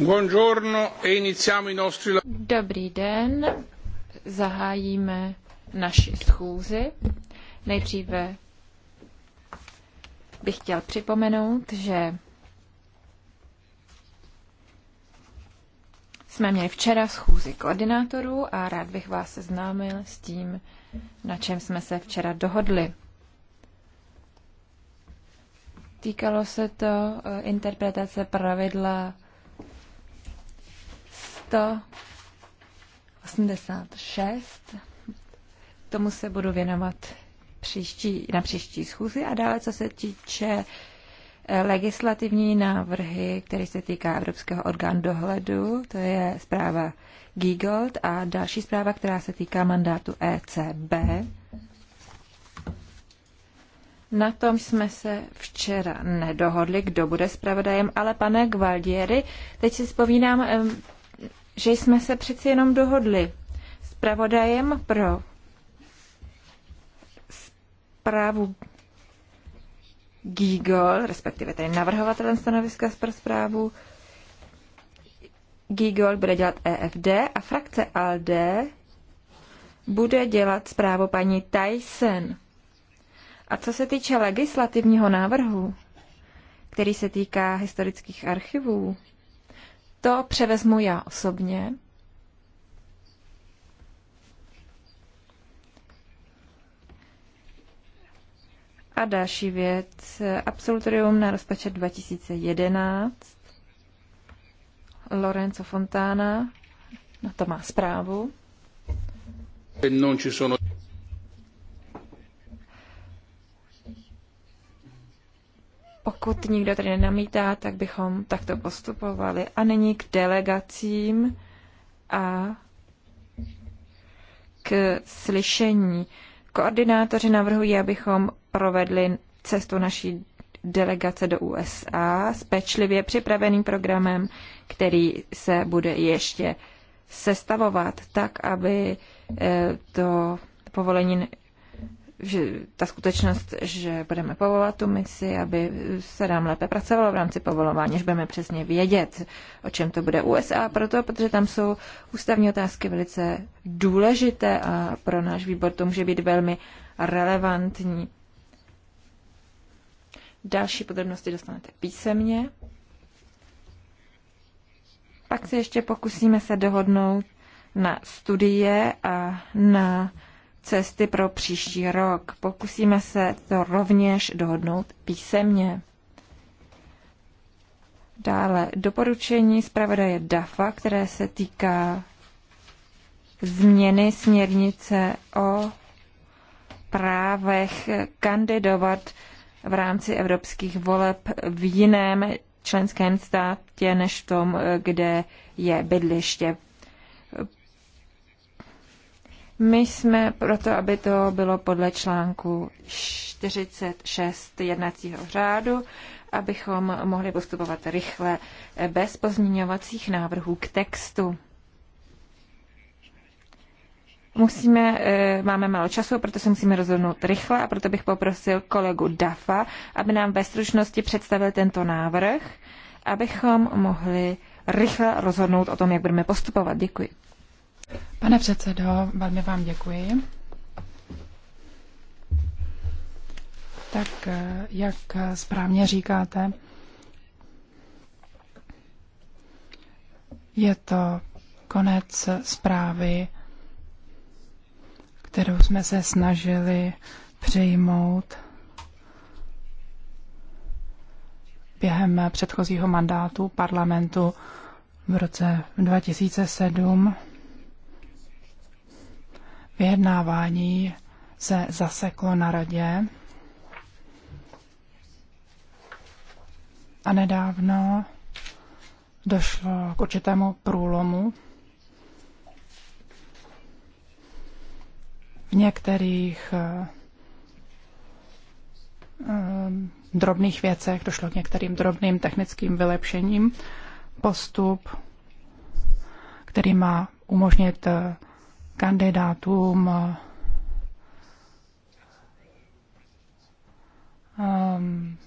E Dobrý den, zahájíme naši schůzi. Nejdříve bych chtěl připomenout, že jsme měli včera schůzi koordinátorů a rád bych vás seznámil s tím, na čem jsme se včera dohodli. Týkalo se to eh, interpretace pravidla 186. Tomu se budu věnovat příští, na příští schůzi a dále, co se týče eh, legislativní návrhy, které se týká Evropského orgánu dohledu, to je zpráva Giegold a další zpráva, která se týká mandátu ECB. Na tom jsme se včera nedohodli, kdo bude zpravodajem, ale pane Gvaldieri, teď si vzpomínám, že jsme se přeci jenom dohodli s pravodajem pro zprávu Gigol, respektive tedy navrhovatelem stanoviska pro zprávu Gigol bude dělat EFD a frakce ALD bude dělat zprávu paní Tyson. A co se týče legislativního návrhu, který se týká historických archivů, to převezmu já osobně. A další věc, absolutorium na rozpočet 2011, Lorenzo Fontana, na no to má zprávu. Pokud nikdo tady nenamítá, tak bychom takto postupovali. A nyní k delegacím a k slyšení. Koordinátoři navrhují, abychom provedli cestu naší delegace do USA s pečlivě připraveným programem, který se bude ještě sestavovat tak, aby eh, to povolení že ta skutečnost, že budeme povolovat tu misi, aby se nám lépe pracovalo v rámci povolování, že budeme přesně vědět, o čem to bude USA, proto, protože tam jsou ústavní otázky velice důležité a pro náš výbor to může být velmi relevantní. Další podrobnosti dostanete písemně. Pak se ještě pokusíme se dohodnout na studie a na cesty pro příští rok. Pokusíme se to rovněž dohodnout písemně. Dále doporučení zpravodaje DAFA, které se týká změny směrnice o právech kandidovat v rámci evropských voleb v jiném členském státě než v tom, kde je bydliště. My jsme proto, aby to bylo podle článku 46 jednacího řádu, abychom mohli postupovat rychle eh, bez pozměňovacích návrhů k textu. Musíme, eh, máme málo času, proto se musíme rozhodnout rychle a proto bych poprosil kolegu Dafa, aby nám ve stručnosti představil tento návrh, abychom mohli rychle rozhodnout o tom, jak budeme postupovat. Děkuji. Pane předsedo, velmi vám děkuji. Tak eh, jak správně říkáte, je to konec zprávy, kterou jsme se snažili přijmout během předchozího mandátu parlamentu v roce 2007 vyjednávání se zaseklo na radě a nedávno došlo k určitému průlomu. V některých eh, eh, drobných věcech došlo k některým drobným technickým vylepšením. Postup, který má umožnit eh, kandidátům um,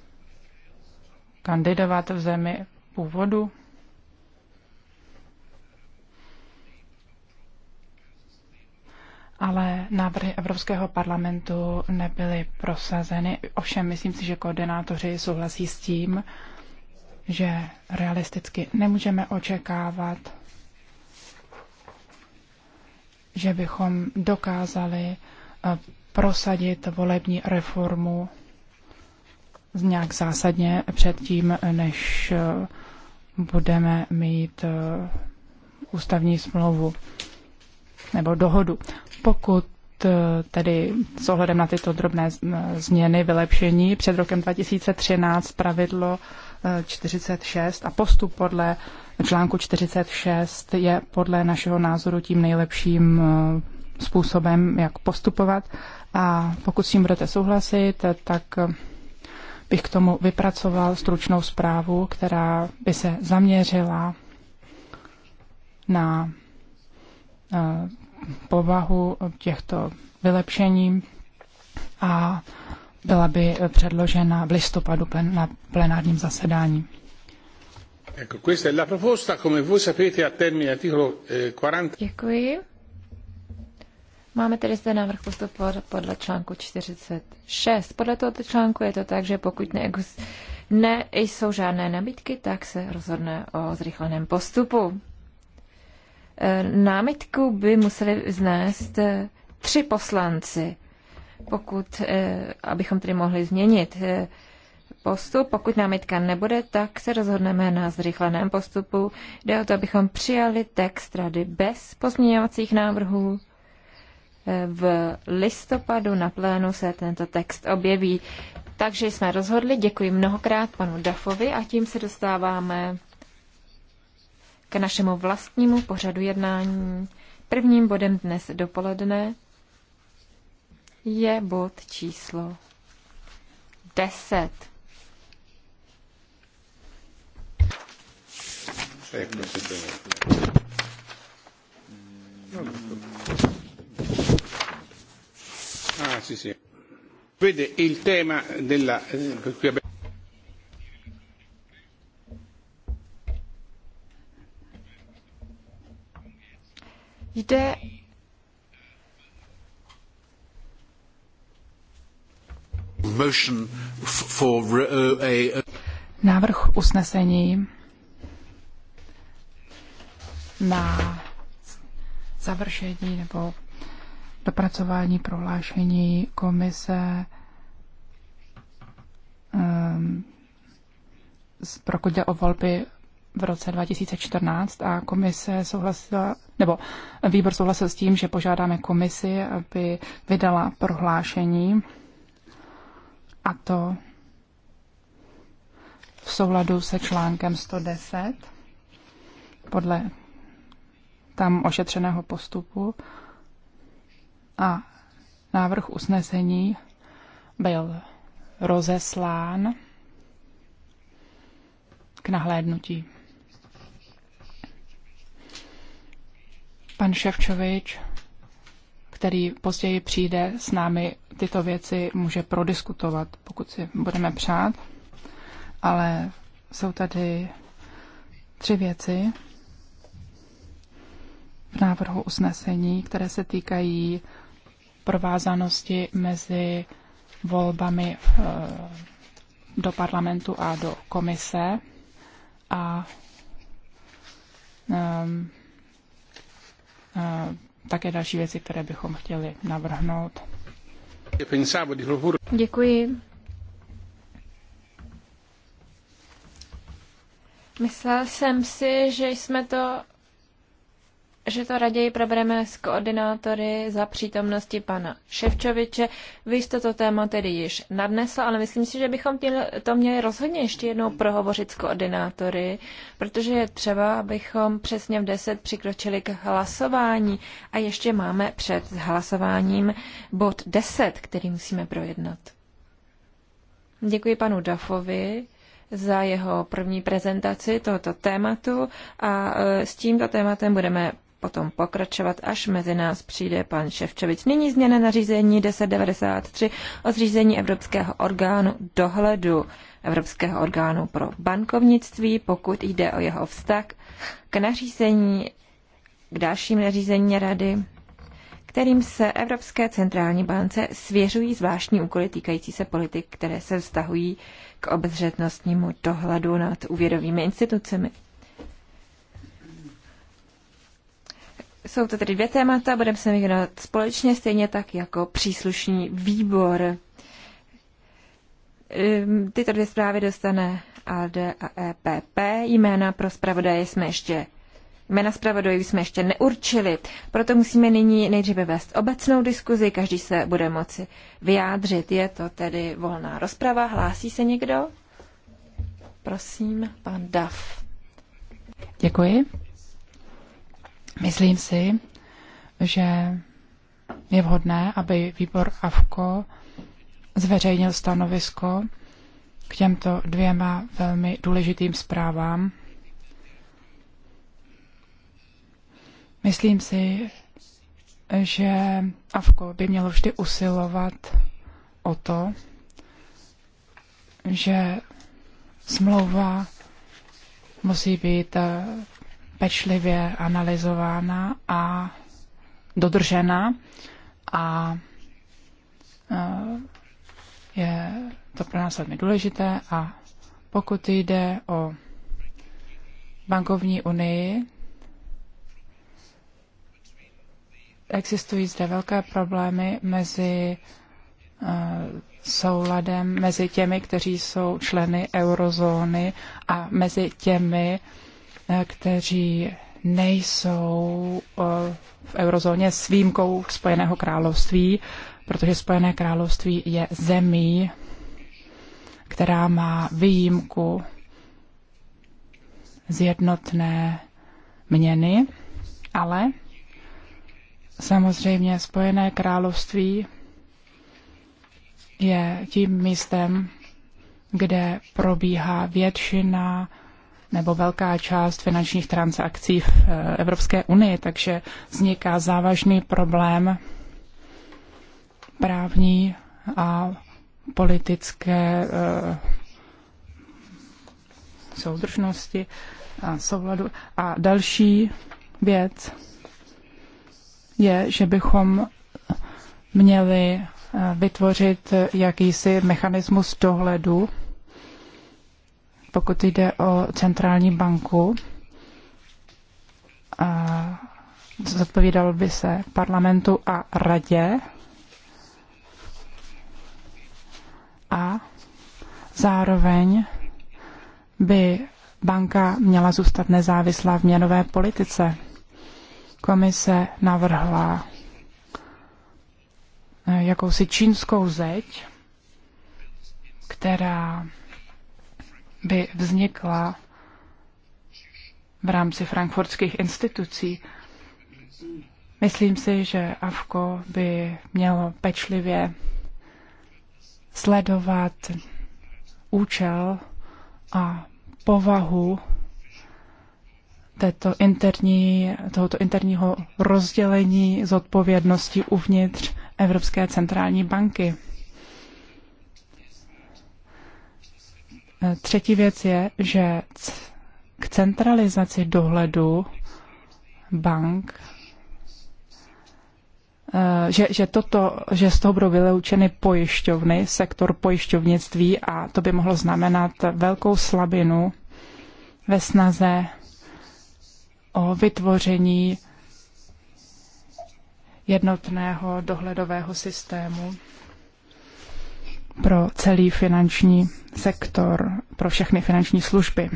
kandidovat v zemi původu. Ale návrhy Evropského parlamentu nebyly prosazeny. Ovšem, myslím si, že koordinátoři souhlasí s tím, že realisticky nemůžeme očekávat že bychom dokázali eh, prosadit volební reformu nějak zásadně předtím, než eh, budeme mít eh, ústavní smlouvu nebo dohodu. Pokud tedy s ohledem na tyto drobné změny, vylepšení před rokem 2013 pravidlo 46 a postup podle článku 46 je podle našeho názoru tím nejlepším eh, způsobem, jak postupovat. A pokud s tím budete souhlasit, tak eh, bych k tomu vypracoval stručnou zprávu, která by se zaměřila na eh, povahu těchto vylepšení a byla by předložena v listopadu na plenárním zasedání. Ecco, questa è la proposta, come voi sapete, a termine articolo 40. Eh, Děkuji. Máme tedy zde návrh postupovat podle článku 46. Podle tohoto článku je to tak, že pokud ne, ne jsou žádné nabídky, tak se rozhodne o zrychleném postupu. Eh, námitku by museli vznést eh, tři poslanci, pokud, abychom tedy mohli změnit postup. Pokud námitka nebude, tak se rozhodneme na zrychleném postupu. Jde o to, abychom přijali text rady bez pozměňovacích návrhů. V listopadu na plénu se tento text objeví. Takže jsme rozhodli. Děkuji mnohokrát panu Dafovi a tím se dostáváme k našemu vlastnímu pořadu jednání. Prvním bodem dnes dopoledne je bod číslo 10. Ah, sì, sì. Vede il tema della... Eh, Jde uh, Návrh usnesení na završení nebo dopracování prohlášení komise um, ehm, pokud o volby v roce 2014 a komise souhlasila, nebo výbor souhlasil s tím, že požádáme komisi, aby vydala prohlášení a to v souladu se článkem 110 podle tam ošetřeného postupu a návrh usnesení byl rozeslán k nahlédnutí. Pan Ševčovič, který později přijde s námi tyto věci, může prodiskutovat, pokud si budeme přát. Ale jsou tady tři věci, v návrhu usnesení, které se týkají provázanosti mezi volbami eh, do parlamentu a do komise a ehm, eh, také další věci, které bychom chtěli navrhnout. Děkuji. Myslel jsem si, že jsme to že to raději probereme s koordinátory za přítomnosti pana Ševčoviče. Vy jste to téma tedy již nadnesl, ale myslím si, že bychom to měli rozhodně ještě jednou prohovořit s koordinátory, protože je třeba, abychom přesně v 10 přikročili k hlasování a ještě máme před hlasováním bod 10, který musíme projednat. Děkuji panu Dafovi za jeho první prezentaci tohoto tématu a e, s tímto tématem budeme potom pokračovat, až mezi nás přijde pan Ševčovič. Nyní změna nařízení 1093 o zřízení Evropského orgánu dohledu Evropského orgánu pro bankovnictví, pokud jde o jeho vztah k nařízení, k dalším nařízení rady, kterým se Evropské centrální bance svěřují zvláštní úkoly týkající se politik, které se vztahují k obezřetnostnímu dohledu nad úvěrovými institucemi. Jsou to tedy dvě témata, budeme se věnovat společně, stejně tak jako příslušný výbor. Ehm, tyto dvě zprávy dostane AD a EPP. Jména pro zpravodaje jsme ještě Jména zpravodajů jsme ještě neurčili, proto musíme nyní nejdříve vést obecnou diskuzi, každý se bude moci vyjádřit. Je to tedy volná rozprava, hlásí se někdo? Prosím, pan Dav. Děkuji. Myslím si, že je vhodné, aby výbor AFKO zveřejnil stanovisko k těmto dvěma velmi důležitým zprávám. Myslím si, že AFKO by mělo vždy usilovat o to, že smlouva musí být eh, pečlivě analyzována a dodržena a e, je to pro nás velmi důležité a pokud jde o bankovní unii, existují zde velké problémy mezi e, souladem mezi těmi, kteří jsou členy eurozóny a mezi těmi, Eh, kteří nejsou eh, v eurozóně s výjimkou Spojeného království, protože Spojené království je zemí, která má výjimku z jednotné měny, ale samozřejmě Spojené království je tím místem, kde probíhá většina nebo velká část finančních transakcí v eh, Evropské unii, takže vzniká závažný problém právní a politické eh, soudržnosti a souladu. A další věc je, že bychom měli eh, vytvořit jakýsi mechanismus dohledu pokud jde o centrální banku, a zodpovídal by se parlamentu a radě a zároveň by banka měla zůstat nezávislá v měnové politice. Komise navrhla eh, jakousi čínskou zeď, která by vznikla v rámci frankfurtských institucí. Myslím si, že AFKO by mělo pečlivě sledovat účel a povahu této interní, tohoto interního rozdělení zodpovědnosti uvnitř Evropské centrální banky. Třetí věc je, že k centralizaci dohledu bank, eh, že, že, toto, že z toho budou vyloučeny pojišťovny, sektor pojišťovnictví a to by mohlo znamenat velkou slabinu ve snaze o vytvoření jednotného dohledového systému pro celý finanční sektor, pro všechny finanční služby.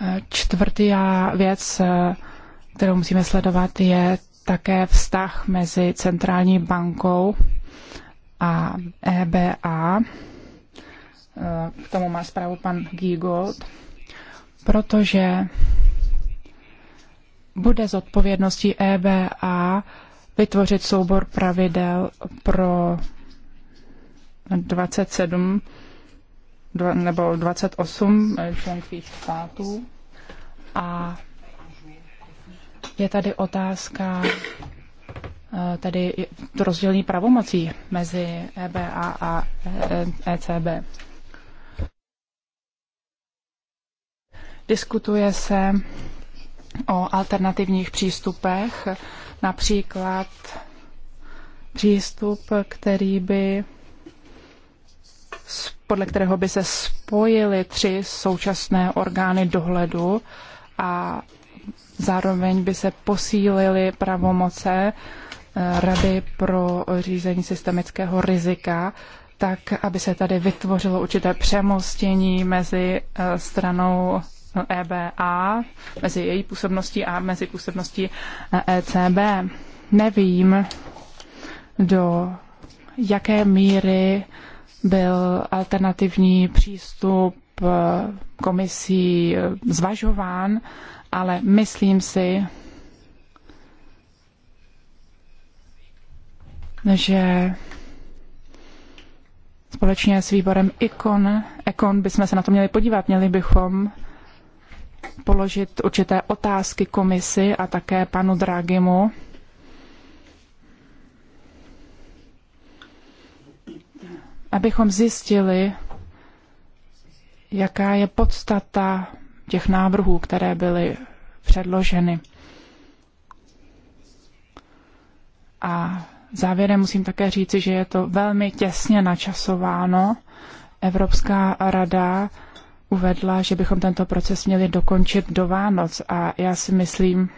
Eh, Čtvrtý věc, eh, kterou musíme sledovat, je také vztah mezi centrální bankou a EBA. Eh, k tomu má zprávu pan Giegold, protože bude z odpovědností EBA vytvořit soubor pravidel pro 27 dva, nebo 28 eh, členských států. A je tady otázka eh, tady to rozdělení pravomocí mezi EBA a ECB. E Diskutuje se o alternativních přístupech, například přístup, který by podle kterého by se spojily tři současné orgány dohledu a zároveň by se posílily pravomoce eh, Rady pro řízení systemického rizika, tak aby se tady vytvořilo určité přemostění mezi eh, stranou EBA, eh, e mezi její působností a mezi působností ECB. E Nevím, do jaké míry byl alternativní přístup eh, komisí eh, zvažován, ale myslím si, že společně s výborem ICON, ICON bychom se na to měli podívat. Měli bychom položit určité otázky komisi a také panu Dragimu abychom zjistili, jaká je podstata těch návrhů, které byly předloženy. A závěrem musím také říci, že je to velmi těsně načasováno. Evropská rada uvedla, že bychom tento proces měli dokončit do Vánoc a já si myslím,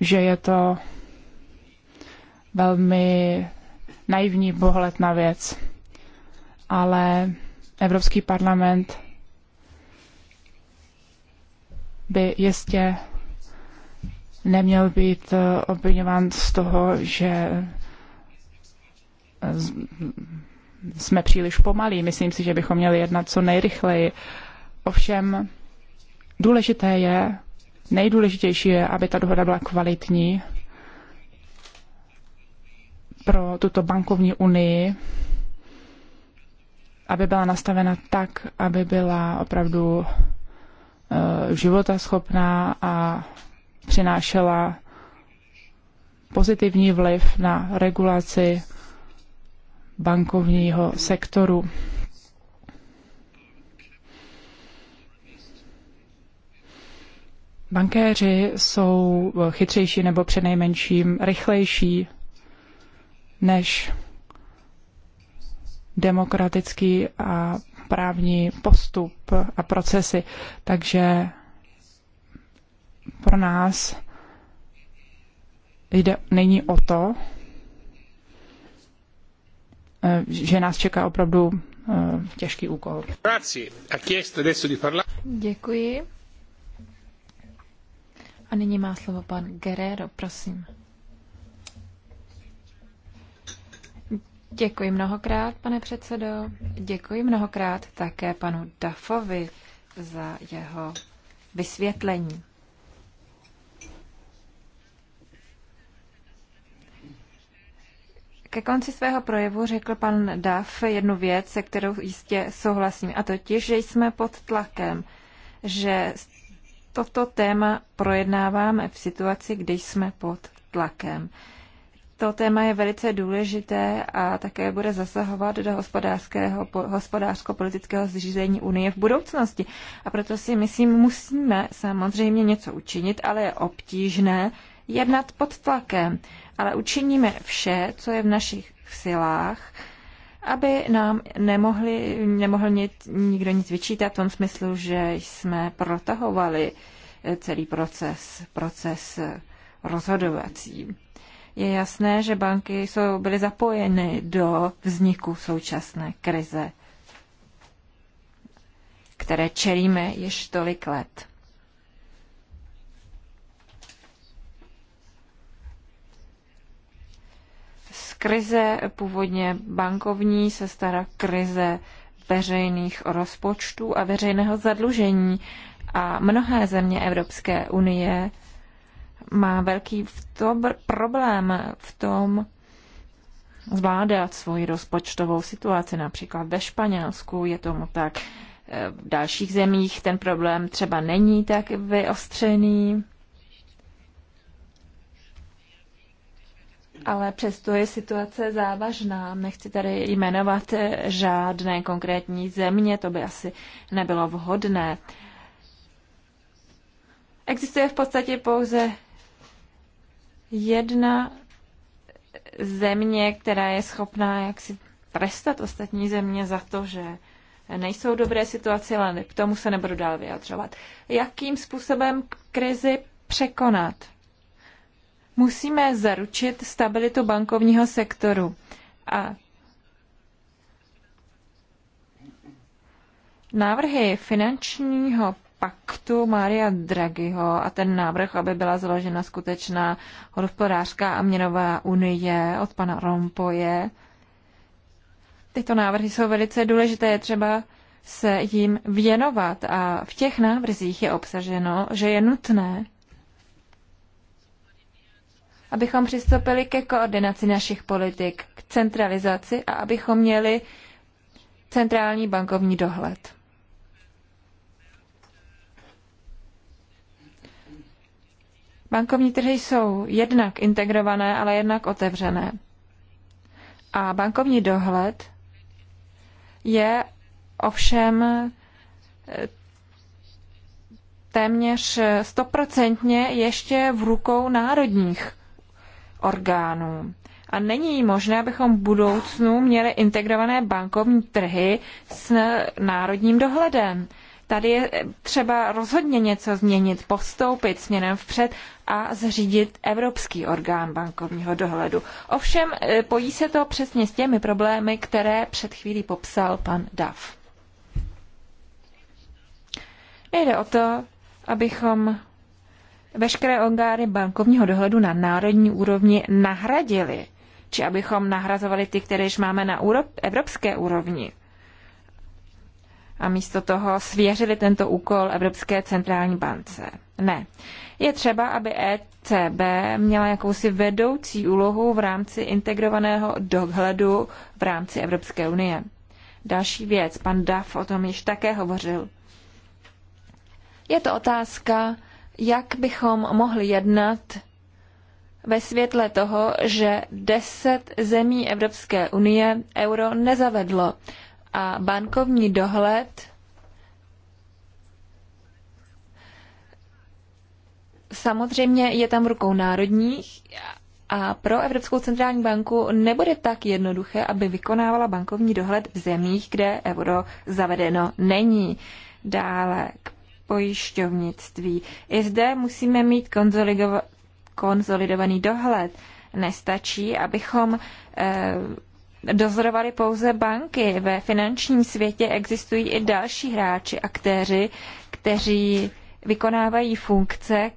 že je to velmi naivní pohled na věc ale Evropský parlament by jistě neměl být eh, obvinován z toho, že eh, jsme příliš pomalí. Myslím si, že bychom měli jednat co nejrychleji. Ovšem důležité je, nejdůležitější je, aby ta dohoda byla kvalitní pro tuto bankovní unii aby byla nastavena tak, aby byla opravdu eh, životaschopná a přinášela pozitivní vliv na regulaci bankovního sektoru. Bankéři jsou chytřejší nebo přenejmenším rychlejší než demokratický a právní postup a procesy. Takže pro nás jde není o to, eh, že nás čeká opravdu eh, těžký úkol. Děkuji. A nyní má slovo pan Guerrero, prosím. Děkuji mnohokrát, pane předsedo. Děkuji mnohokrát také panu Dafovi za jeho vysvětlení. Ke konci svého projevu řekl pan Daf jednu věc, se kterou jistě souhlasím, a totiž, že jsme pod tlakem, že toto téma projednáváme v situaci, kdy jsme pod tlakem. To téma je velice důležité a také bude zasahovat do hospodářského, hospodářsko-politického zřízení Unie v budoucnosti. A proto si myslím, musíme samozřejmě něco učinit, ale je obtížné jednat pod tlakem. Ale učiníme vše, co je v našich silách, aby nám nemohli, nemohl nic, nikdo nic vyčítat v tom smyslu, že jsme protahovali eh, celý proces, proces eh, rozhodovací je jasné, že banky jsou, byly zapojeny do vzniku současné krize, které čelíme již tolik let. Z krize původně bankovní se stará krize veřejných rozpočtů a veřejného zadlužení a mnohé země Evropské unie má velký v problém v tom zvládat svoji rozpočtovou situaci. Například ve Španělsku je tomu tak. V dalších zemích ten problém třeba není tak vyostřený. ale přesto je situace závažná. Nechci tady jmenovat žádné konkrétní země, to by asi nebylo vhodné. Existuje v podstatě pouze jedna země, která je schopná jaksi trestat ostatní země za to, že nejsou dobré situace, ale k tomu se nebudu dál vyjadřovat. Jakým způsobem krizi překonat? Musíme zaručit stabilitu bankovního sektoru a návrhy finančního paktu Maria Draghiho a ten návrh, aby byla založena skutečná hospodářská a měnová unie od pana Rompoje. Tyto návrhy jsou velice důležité, je třeba se jim věnovat a v těch návrzích je obsaženo, že je nutné, abychom přistoupili ke koordinaci našich politik, k centralizaci a abychom měli centrální bankovní dohled. Bankovní trhy jsou jednak integrované, ale jednak otevřené. A bankovní dohled je ovšem eh, téměř stoprocentně ještě v rukou národních orgánů. A není možné, abychom v budoucnu měli integrované bankovní trhy s národním dohledem. Tady je třeba rozhodně něco změnit, postoupit směrem vpřed a zřídit evropský orgán bankovního dohledu. Ovšem e, pojí se to přesně s těmi problémy, které před chvílí popsal pan Dav. Nejde o to, abychom veškeré orgány bankovního dohledu na národní úrovni nahradili, či abychom nahrazovali ty, které již máme na evropské úrovni a místo toho svěřili tento úkol Evropské centrální bance. Ne. Je třeba, aby ECB měla jakousi vedoucí úlohu v rámci integrovaného dohledu v rámci Evropské unie. Další věc, pan Duff o tom již také hovořil. Je to otázka, jak bychom mohli jednat ve světle toho, že deset zemí Evropské unie euro nezavedlo a bankovní dohled samozřejmě je tam rukou národních a pro Evropskou centrální banku nebude tak jednoduché, aby vykonávala bankovní dohled v zemích, kde euro zavedeno není. Dále k pojišťovnictví. I zde musíme mít konzolidovaný dohled. Nestačí, abychom eh, dozorovaly pouze banky. Ve finančním světě existují i další hráči, aktéři, kteří vykonávají funkce,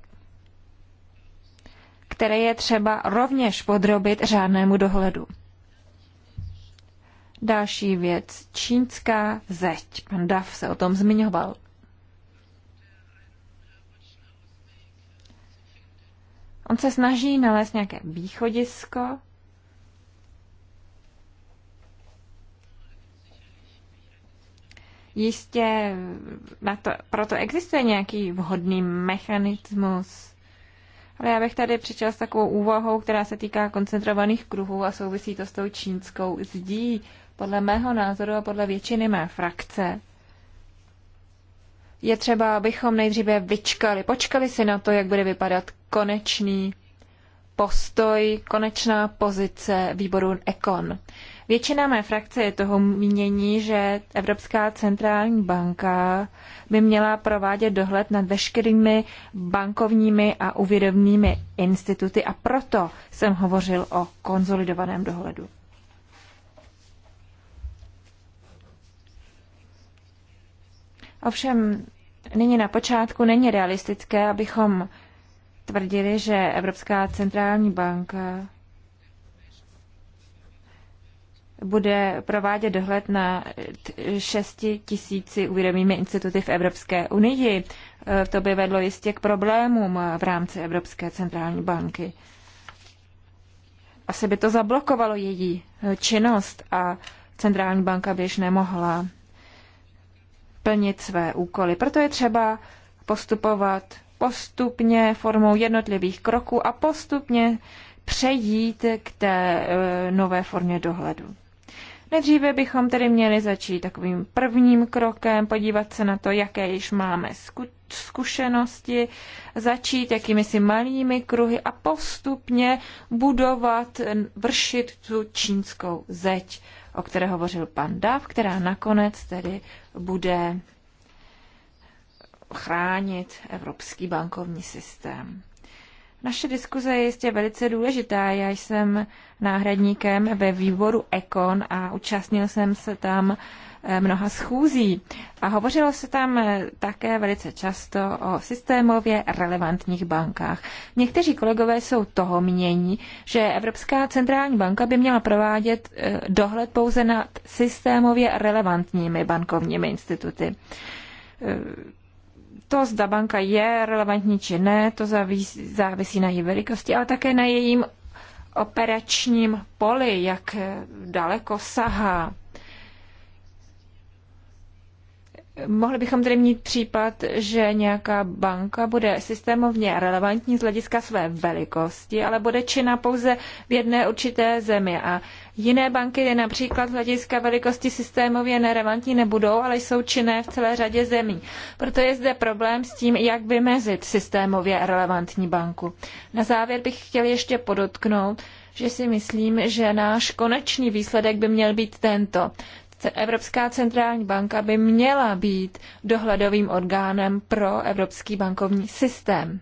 které je třeba rovněž podrobit řádnému dohledu. Další věc. Čínská zeď. Pan Dav se o tom zmiňoval. On se snaží nalézt nějaké východisko, Jistě na to, proto existuje nějaký vhodný mechanismus. Ale já bych tady přičel s takovou úvahou, která se týká koncentrovaných kruhů a souvisí to s tou čínskou zdí. Podle mého názoru a podle většiny mé frakce je třeba, abychom nejdříve vyčkali, počkali si na to, jak bude vypadat konečný postoj, konečná pozice výboru Ekon. Většina mé frakce je toho mínění, že Evropská centrální banka by měla provádět dohled nad veškerými bankovními a úvěrovnými instituty a proto jsem hovořil o konzolidovaném dohledu. Ovšem, nyní na počátku není realistické, abychom tvrdili, že Evropská centrální banka bude provádět dohled na 6 tisíci úvěrovými instituty v Evropské unii. E, to by vedlo jistě k problémům v rámci Evropské centrální banky. Asi by to zablokovalo její činnost a centrální banka by již nemohla plnit své úkoly. Proto je třeba postupovat postupně formou jednotlivých kroků a postupně přejít k té e, nové formě dohledu. Nejdříve bychom tedy měli začít takovým prvním krokem, podívat se na to, jaké již máme zkušenosti, začít jakými si malými kruhy a postupně budovat, vršit tu čínskou zeď, o které hovořil pan Dav, která nakonec tedy bude chránit evropský bankovní systém. Naše diskuze je jistě velice důležitá. Já jsem náhradníkem ve výboru Ekon a účastnil jsem se tam eh, mnoha schůzí. A hovořilo se tam eh, také velice často o systémově relevantních bankách. Někteří kolegové jsou toho mění, že Evropská centrální banka by měla provádět eh, dohled pouze nad systémově relevantními bankovními instituty to, zda banka je relevantní či ne, to závisí, na její velikosti, ale také na jejím operačním poli, jak daleko sahá. Mohli bychom tedy mít případ, že nějaká banka bude systémovně relevantní z hlediska své velikosti, ale bude činná pouze v jedné určité zemi. A jiné banky například z hlediska velikosti systémově nerelevantní nebudou, ale jsou činné v celé řadě zemí. Proto je zde problém s tím, jak vymezit systémově relevantní banku. Na závěr bych chtěl ještě podotknout, že si myslím, že náš konečný výsledek by měl být tento. Evropská centrální banka by měla být dohledovým orgánem pro evropský bankovní systém.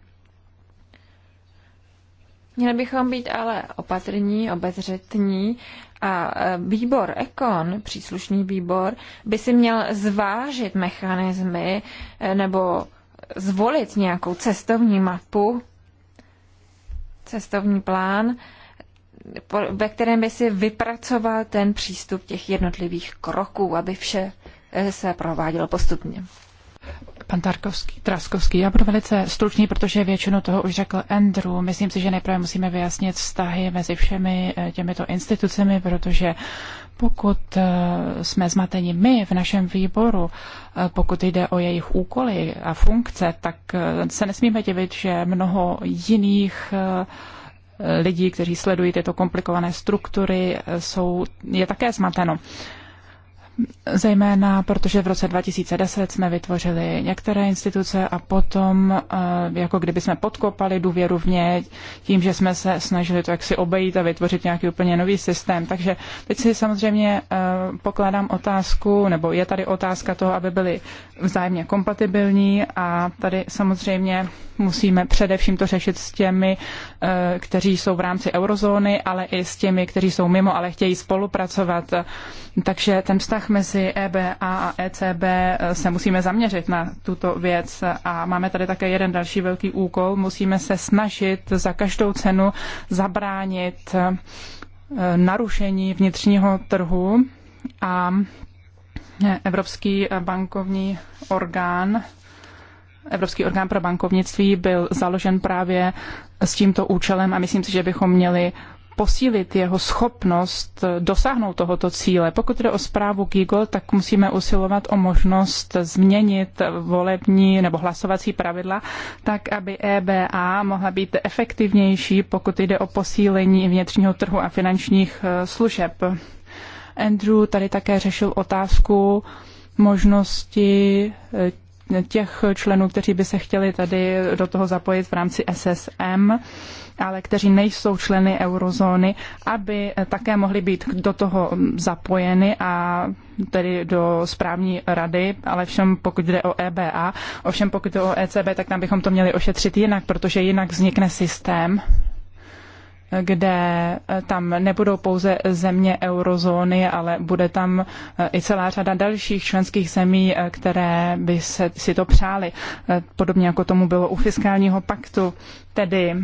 Měli bychom být ale opatrní, obezřetní a e, výbor Ekon, příslušný výbor, by si měl zvážit mechanismy e, nebo zvolit nějakou cestovní mapu, cestovní plán, ve kterém by si vypracoval ten přístup těch jednotlivých kroků, aby vše eh, se provádělo postupně. Pan Tarkovský, Traskovský, já budu velice stručný, protože většinu toho už řekl Andrew. Myslím si, že nejprve musíme vyjasnit vztahy mezi všemi eh, těmito institucemi, protože pokud eh, jsme zmateni my v našem výboru, pokud jde o jejich úkoly a funkce, tak se nesmíme divit, že mnoho jiných lidí, kteří sledují tyto komplikované struktury, jsou, je také zmateno. Zejména protože v roce 2010 jsme vytvořili některé instituce a potom, eh, jako kdyby jsme podkopali důvěru v ně tím, že jsme se snažili to jaksi obejít a vytvořit nějaký úplně nový systém. Takže teď si samozřejmě eh, pokládám otázku, nebo je tady otázka toho, aby byly vzájemně kompatibilní a tady samozřejmě musíme především to řešit s těmi, eh, kteří jsou v rámci eurozóny, ale i s těmi, kteří jsou mimo, ale chtějí spolupracovat. Takže ten vztah mezi EBA a ECB eh, se musíme zaměřit na tuto věc a máme tady také jeden další velký úkol. Musíme se snažit za každou cenu zabránit eh, narušení vnitřního trhu a eh, Evropský bankovní orgán Evropský orgán pro bankovnictví byl založen právě s tímto účelem a myslím si, že bychom měli posílit jeho schopnost dosáhnout tohoto cíle. Pokud jde o zprávu GIGO, tak musíme usilovat o možnost změnit volební nebo hlasovací pravidla, tak aby EBA mohla být efektivnější, pokud jde o posílení vnitřního trhu a finančních eh, služeb. Andrew tady také řešil otázku možnosti eh, těch členů, kteří by se chtěli tady do toho zapojit v rámci SSM ale kteří nejsou členy eurozóny, aby eh, také mohli být do toho mm, zapojeny a tedy do správní rady, ale všem pokud jde o EBA, ovšem pokud jde o ECB, tak tam bychom to měli ošetřit jinak, protože jinak vznikne systém, eh, kde eh, tam nebudou pouze země eurozóny, ale bude tam i celá řada dalších členských zemí, které by se, si to přáli, podobně jako tomu bylo u fiskálního paktu. Tedy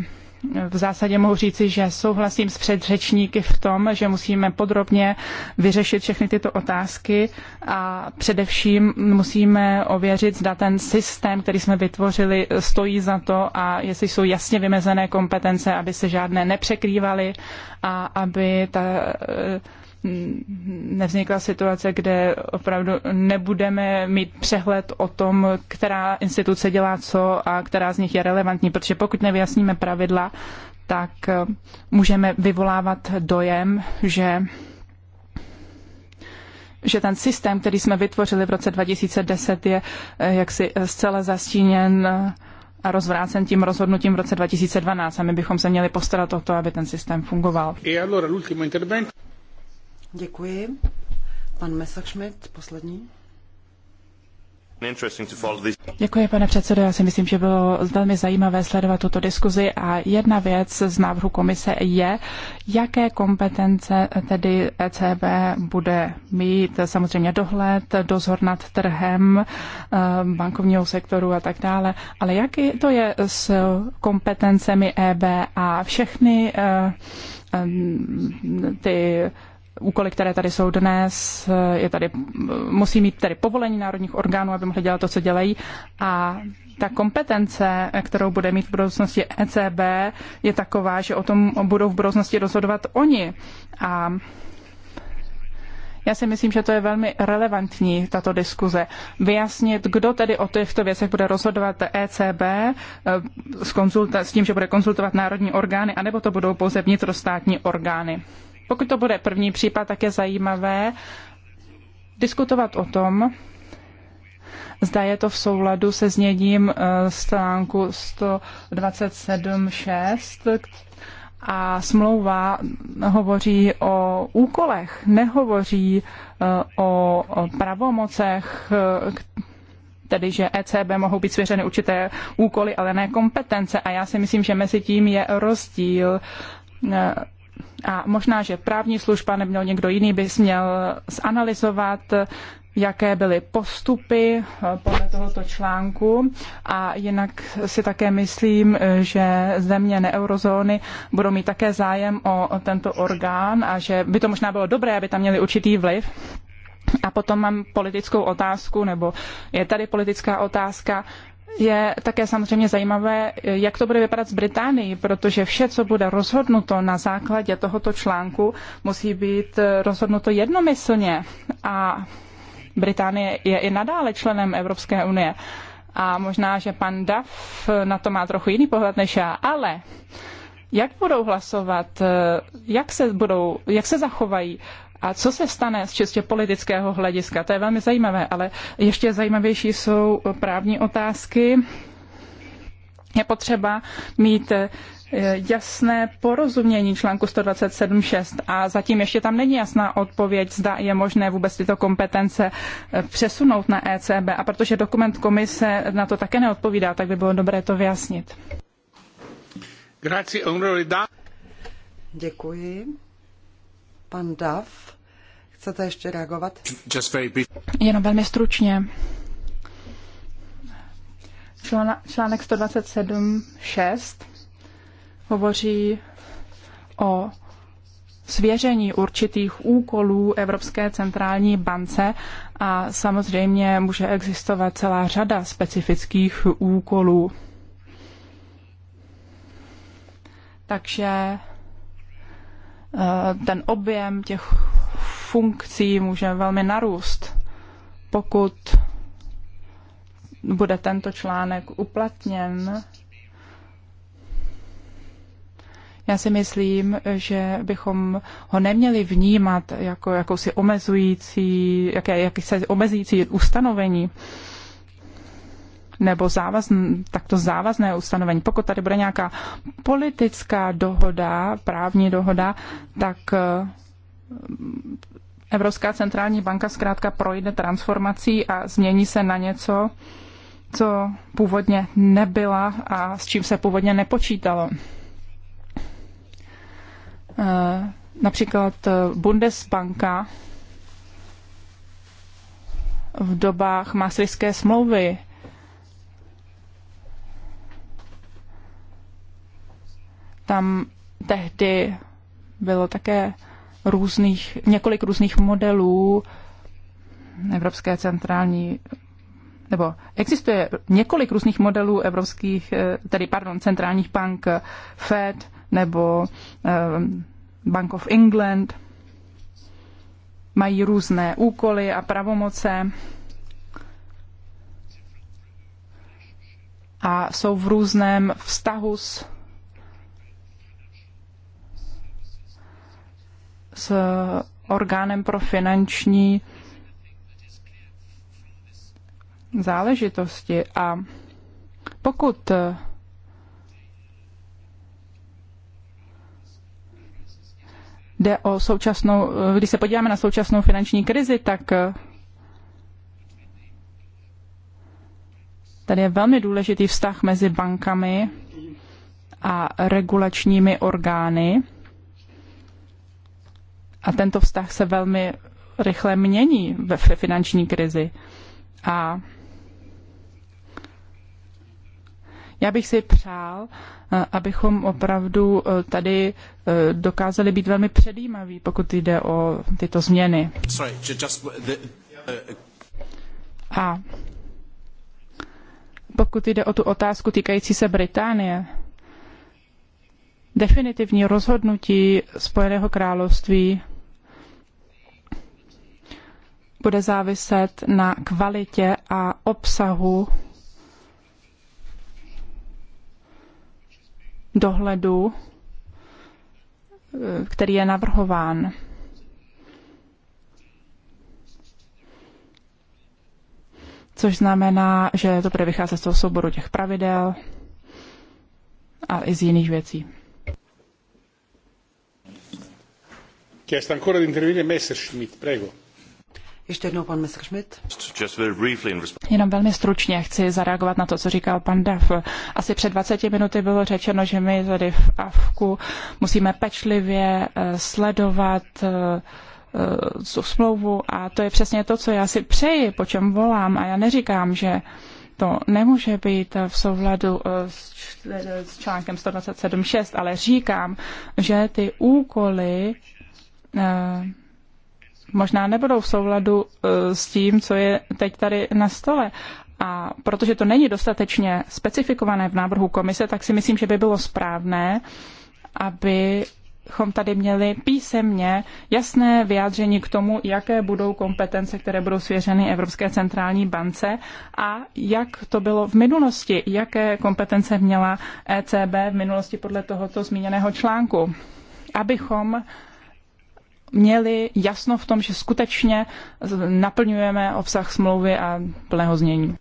v zásadě mohu říci, že souhlasím s předřečníky v tom, že musíme podrobně vyřešit všechny tyto otázky a především musíme ověřit, zda ten systém, který jsme vytvořili, stojí za to a jestli jsou jasně vymezené kompetence, aby se žádné nepřekrývaly a aby ta nevznikla situace, kde opravdu nebudeme mít přehled o tom, která instituce dělá co a která z nich je relevantní, protože pokud nevyjasníme pravidla, tak eh, můžeme vyvolávat dojem, že že ten systém, který jsme vytvořili v roce 2010, je eh, jaksi eh, zcela zastíněn a rozvrácen tím rozhodnutím v roce 2012 a my bychom se měli postarat o to, aby ten systém fungoval. E Děkuji. Pan Messerschmidt, poslední. Děkuji, pane předsedo. Já si myslím, že bylo velmi zajímavé sledovat tuto diskuzi a jedna věc z návrhu komise je, jaké kompetence tedy ECB bude mít, samozřejmě dohled, dozor nad trhem eh, bankovního sektoru a tak dále, ale jak to je s kompetencemi EBA? Všechny eh, eh, ty úkoly, které tady jsou dnes, eh, je tady, musí mít tady povolení národních orgánů, aby mohli dělat to, co dělají. A ta kompetence, eh, kterou bude mít v budoucnosti ECB, je taková, že o tom budou v budoucnosti rozhodovat oni. A já si myslím, že to je velmi relevantní, tato diskuze. Vyjasnit, kdo tedy o těchto věcech bude rozhodovat ECB eh, s, konzulta- s tím, že bude konzultovat národní orgány, anebo to budou pouze vnitrostátní orgány pokud to bude první případ, tak je zajímavé diskutovat o tom, zda je to v souladu se zněním eh, stránku 127.6 a smlouva hovoří o úkolech, nehovoří eh, o pravomocech, eh, tedy že ECB mohou být svěřeny určité úkoly, ale ne kompetence. A já si myslím, že mezi tím je rozdíl a možná, že právní služba nebo někdo jiný by měl zanalizovat, jaké byly postupy eh, podle tohoto článku a jinak si také myslím, eh, že země neeurozóny budou mít také zájem o tento orgán a že by to možná bylo dobré, aby tam měli určitý vliv. A potom mám politickou otázku, nebo je tady politická otázka, je také samozřejmě zajímavé, jak to bude vypadat s Británií, protože vše, co bude rozhodnuto na základě tohoto článku, musí být rozhodnuto jednomyslně. A Británie je i nadále členem Evropské unie. A možná, že pan Duff na to má trochu jiný pohled než já, ale jak budou hlasovat, jak se, budou, jak se zachovají, a co se stane z čistě politického hlediska? To je velmi zajímavé, ale ještě zajímavější jsou právní otázky. Je potřeba mít eh, jasné porozumění článku 127.6 a zatím ještě tam není jasná odpověď, zda je možné vůbec tyto kompetence eh, přesunout na ECB a protože dokument komise na to také neodpovídá, tak by bylo dobré to vyjasnit. Děkuji. Pan Dav, chcete ještě reagovat? Jenom velmi stručně. Článek 127.6 hovoří o svěření určitých úkolů Evropské centrální bance a samozřejmě může existovat celá řada specifických úkolů. Takže Eh, ten objem těch funkcí může velmi narůst, pokud bude tento článek uplatněn. Já si myslím, že bychom ho neměli vnímat jako jakousi omezující, jaké, jakýsi omezující ustanovení. Uh, nebo závazn, takto závazné ustanovení. Pokud tady bude nějaká politická dohoda, právní dohoda, tak eh, Evropská centrální banka zkrátka projde transformací a změní se na něco, co původně nebyla a s čím se původně nepočítalo. Eh, například eh, Bundesbanka v dobách Maastrichtské smlouvy Tam tehdy bylo také různých, několik různých modelů Evropské centrální nebo existuje několik různých modelů evropských, eh, tedy pardon, centrálních bank eh, Fed nebo eh, Bank of England. Mají různé úkoly a pravomoce a jsou v různém vztahu s s orgánem pro finanční záležitosti. A pokud jde o současnou, když se podíváme na současnou finanční krizi, tak tady je velmi důležitý vztah mezi bankami a regulačními orgány a tento vztah se velmi rychle mění ve finanční krizi. A já bych si přál, eh, abychom opravdu eh, tady eh, dokázali být velmi předjímaví, pokud jde o tyto změny. Uh, uh, a pokud jde o tu otázku týkající se Británie, definitivní rozhodnutí Spojeného království bude záviset na kvalitě a obsahu dohledu, eh, který je navrhován. Což znamená, že to bude vycházet z toho souboru těch pravidel a i z jiných věcí. Chiesto ancora di intervenire Messerschmidt, prego. Ještě jednou pan Mr. Schmidt. Jenom velmi stručně chci zareagovat na to, co říkal pan Dav. Asi před 20 minuty bylo řečeno, že my tady v AFKu musíme pečlivě eh, sledovat eh, eh, tu smlouvu a to je přesně to, co já si přeji, po čem volám a já neříkám, že to nemůže být v souladu s článkem 127.6, ale říkám, že ty úkoly možná nebudou v souladu e, s tím, co je teď tady na stole. A protože to není dostatečně specifikované v návrhu komise, tak si myslím, že by bylo správné, abychom tady měli písemně jasné vyjádření k tomu, jaké budou kompetence, které budou svěřeny Evropské centrální bance a jak to bylo v minulosti, jaké kompetence měla ECB v minulosti podle tohoto zmíněného článku. Abychom měli jasno v tom, že skutečně naplňujeme obsah smlouvy a plného znění.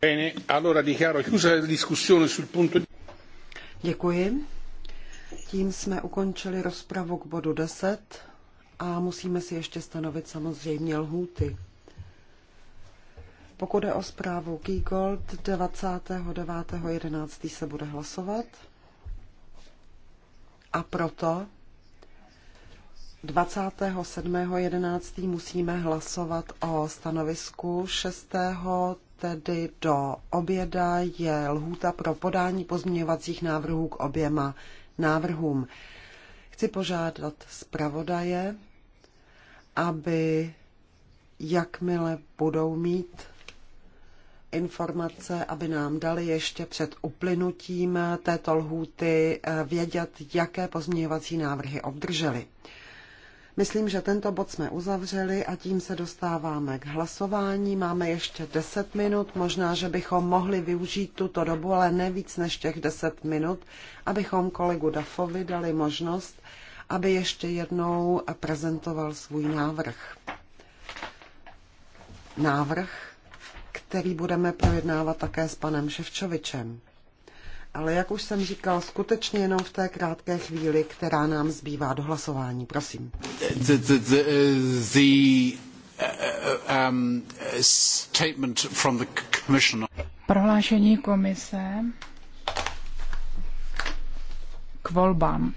Děkuji. Tím jsme ukončili rozpravu k bodu 10 a musíme si ještě stanovit samozřejmě lhůty. Pokud je o zprávu Keygold, 29.11. se bude hlasovat. A proto 27.11. musíme hlasovat o stanovisku 6. tedy do oběda je lhůta pro podání pozměňovacích návrhů k oběma návrhům. Chci požádat zpravodaje, aby jakmile budou mít informace, aby nám dali ještě před uplynutím této lhůty eh, vědět, jaké pozměňovací návrhy obdrželi. Myslím, že tento bod jsme uzavřeli a tím se dostáváme k hlasování. Máme ještě 10 minut, možná, že bychom mohli využít tuto dobu, ale ne víc než těch 10 minut, abychom kolegu Dafovi dali možnost, aby ještě jednou prezentoval svůj návrh. Návrh, který budeme projednávat také s panem Ševčovičem ale jak už jsem říkal, skutečně jenom v té krátké chvíli, která nám zbývá do hlasování. Prosím. The, the, the, the uh, um, statement from the commission. Prohlášení komise k volbám.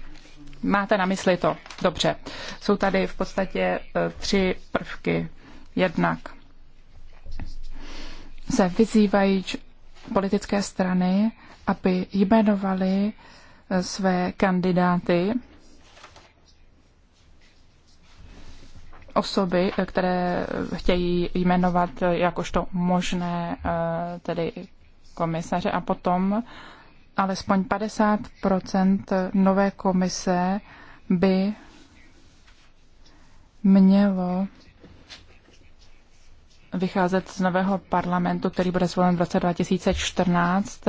Máte na mysli to? Dobře. Jsou tady v podstatě e, tři prvky. Jednak se vyzývají politické strany, aby jmenovali eh, své kandidáty, osoby, eh, které eh, chtějí jmenovat jakožto možné tedy komisaře a potom alespoň 50 nové komise by mělo vycházet z nového parlamentu, který bude zvolen v roce 2014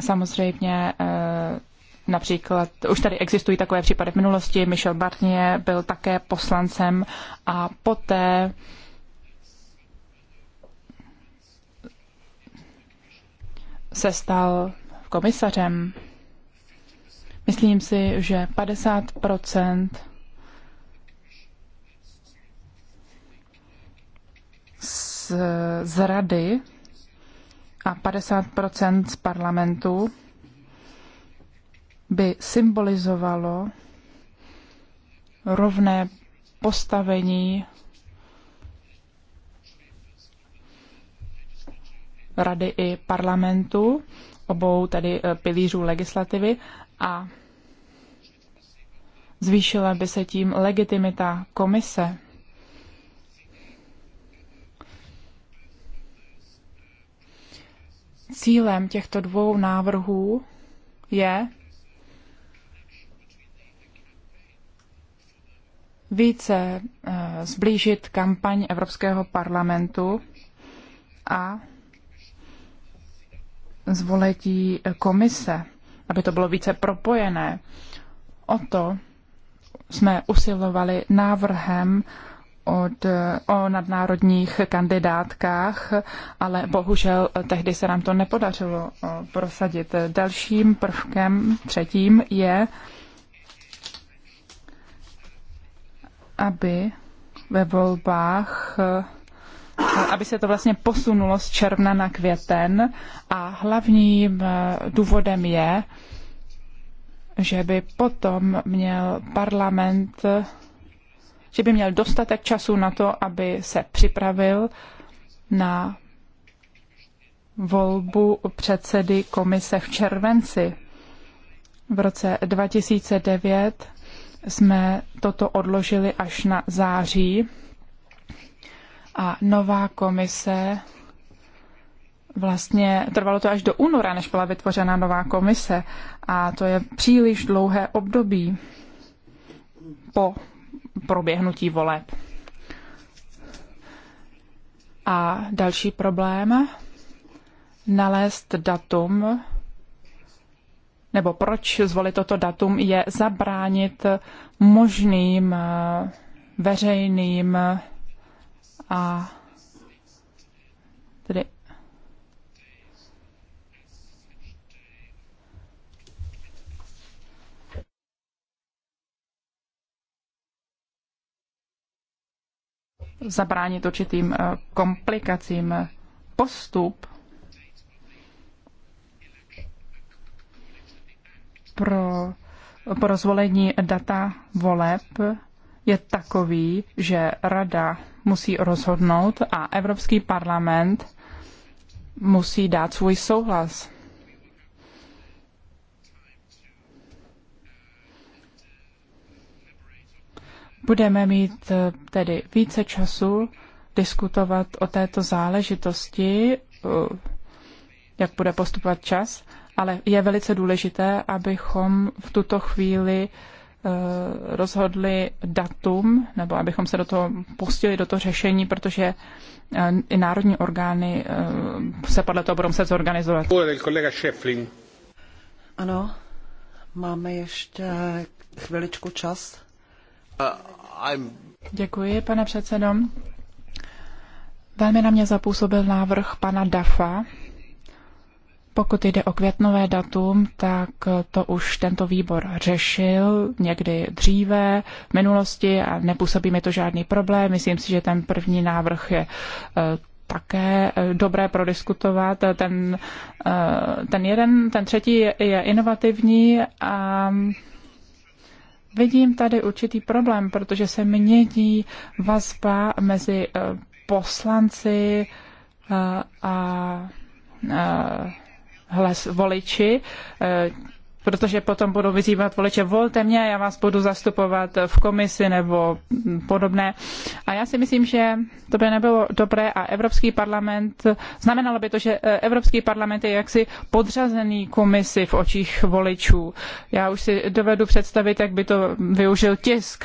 Samozřejmě eh, Například už tady existují takové případy v minulosti. Michel Barnier byl také poslancem a poté se stal komisařem. Myslím si, že 50 z, z rady a 50 z parlamentu by symbolizovalo rovné postavení rady i parlamentu, obou tedy e, pilířů legislativy a zvýšila by se tím legitimita komise. Cílem těchto dvou návrhů je více eh, zblížit kampaň Evropského parlamentu a zvoletí komise, aby to bylo více propojené. O to jsme usilovali návrhem od, o nadnárodních kandidátkách, ale bohužel tehdy se nám to nepodařilo eh, prosadit. Dalším prvkem, třetím, je, aby ve volbách eh, aby se to vlastně posunulo z června na květen a hlavním eh, důvodem je, že by potom měl parlament že by měl dostatek času na to, aby se připravil na volbu předsedy komise v červenci. V roce 2009 jsme toto odložili až na září a nová komise vlastně trvalo to až do února, než byla vytvořena nová komise a to je příliš dlouhé období po proběhnutí voleb. A další problém, nalézt datum, nebo proč zvolit toto datum, je zabránit možným eh, veřejným a tedy zabránit určitým eh, komplikacím. Postup pro, pro zvolení data voleb je takový, že Rada musí rozhodnout a Evropský parlament musí dát svůj souhlas. Budeme mít eh, tedy více času diskutovat o této záležitosti, eh, jak bude postupovat čas, ale je velice důležité, abychom v tuto chvíli eh, rozhodli datum, nebo abychom se do toho pustili, do toho řešení, protože i národní orgány se podle toho budou muset zorganizovat. Ano, máme ještě chviličku čas. Uh, Děkuji, pane předsedo. Velmi na mě zapůsobil návrh pana Dafa. Pokud jde o květnové datum, tak to už tento výbor řešil někdy dříve, v minulosti a nepůsobí mi to žádný problém. Myslím si, že ten první návrh je eh, také eh, dobré prodiskutovat. Ten, eh, ten jeden, ten třetí je inovativní a Vidím tady určitý problém, protože se mění vazba mezi eh, poslanci eh, a, a, eh, hlas voliči protože potom budou vyzývat voliče, volte mě, já vás budu zastupovat v komisi nebo podobné. A já si myslím, že to by nebylo dobré a Evropský parlament, znamenalo by to, že eh, Evropský parlament je jaksi podřazený komisi v očích voličů. Já už si dovedu představit, jak by to využil tisk.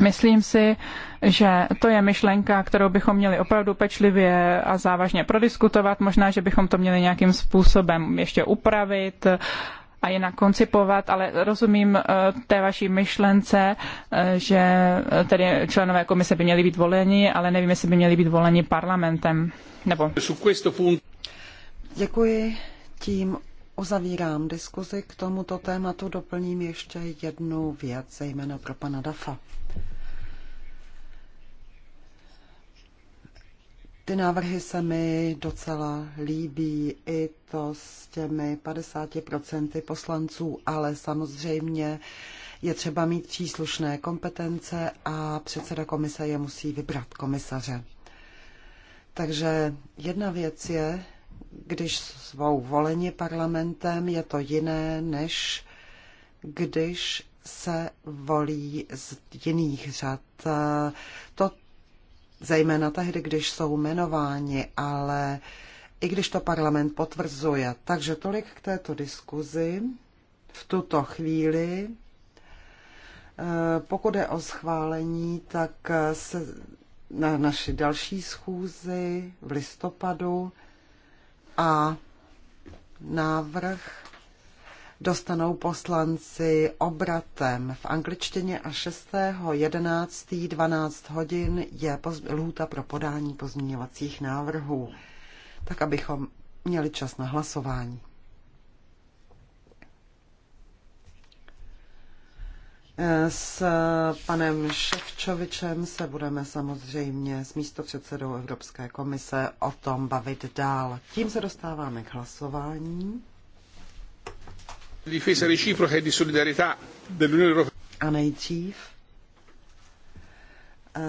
Myslím si, že to je myšlenka, kterou bychom měli opravdu pečlivě a závažně prodiskutovat. Možná, že bychom to měli nějakým způsobem ještě upravit a jinak koncipovat, ale rozumím eh, té vaší myšlence, eh, že eh, tedy členové komise by měli být voleni, ale nevím, jestli by měli být voleni parlamentem. Nebo... Děkuji. Tím uzavírám diskuzi k tomuto tématu. Doplním ještě jednu věc, zejména pro pana Dafa. Ty návrhy se mi docela líbí, i to s těmi 50% poslanců, ale samozřejmě je třeba mít příslušné kompetence a předseda komise je musí vybrat komisaře. Takže jedna věc je, když svou voleni parlamentem, je to jiné, než když se volí z jiných řad. To zejména tehdy, když jsou jmenováni, ale i když to parlament potvrzuje. Takže tolik k této diskuzi v tuto chvíli. Eh, pokud je o schválení, tak eh, se na naši další schůzi v listopadu a návrh dostanou poslanci obratem v angličtině a 11. 12 hodin je lhůta pro podání pozměňovacích návrhů, tak abychom měli čas na hlasování. S panem Ševčovičem se budeme samozřejmě s místo předsedou Evropské komise o tom bavit dál. Tím se dostáváme k hlasování. E a nejdřív eh,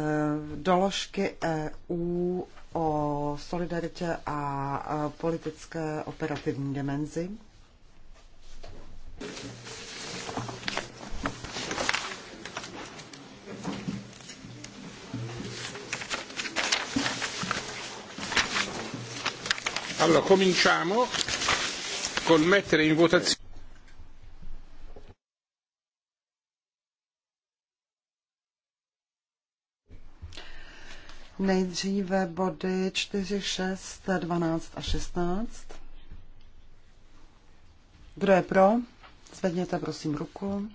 doložky EU o solidaritě a eh, politické operativní dimenzi. Allora, cominciamo col mettere in votazione. Nejdříve body 4, 6, 12 a 16. Kdo je pro? Zvedněte prosím ruku.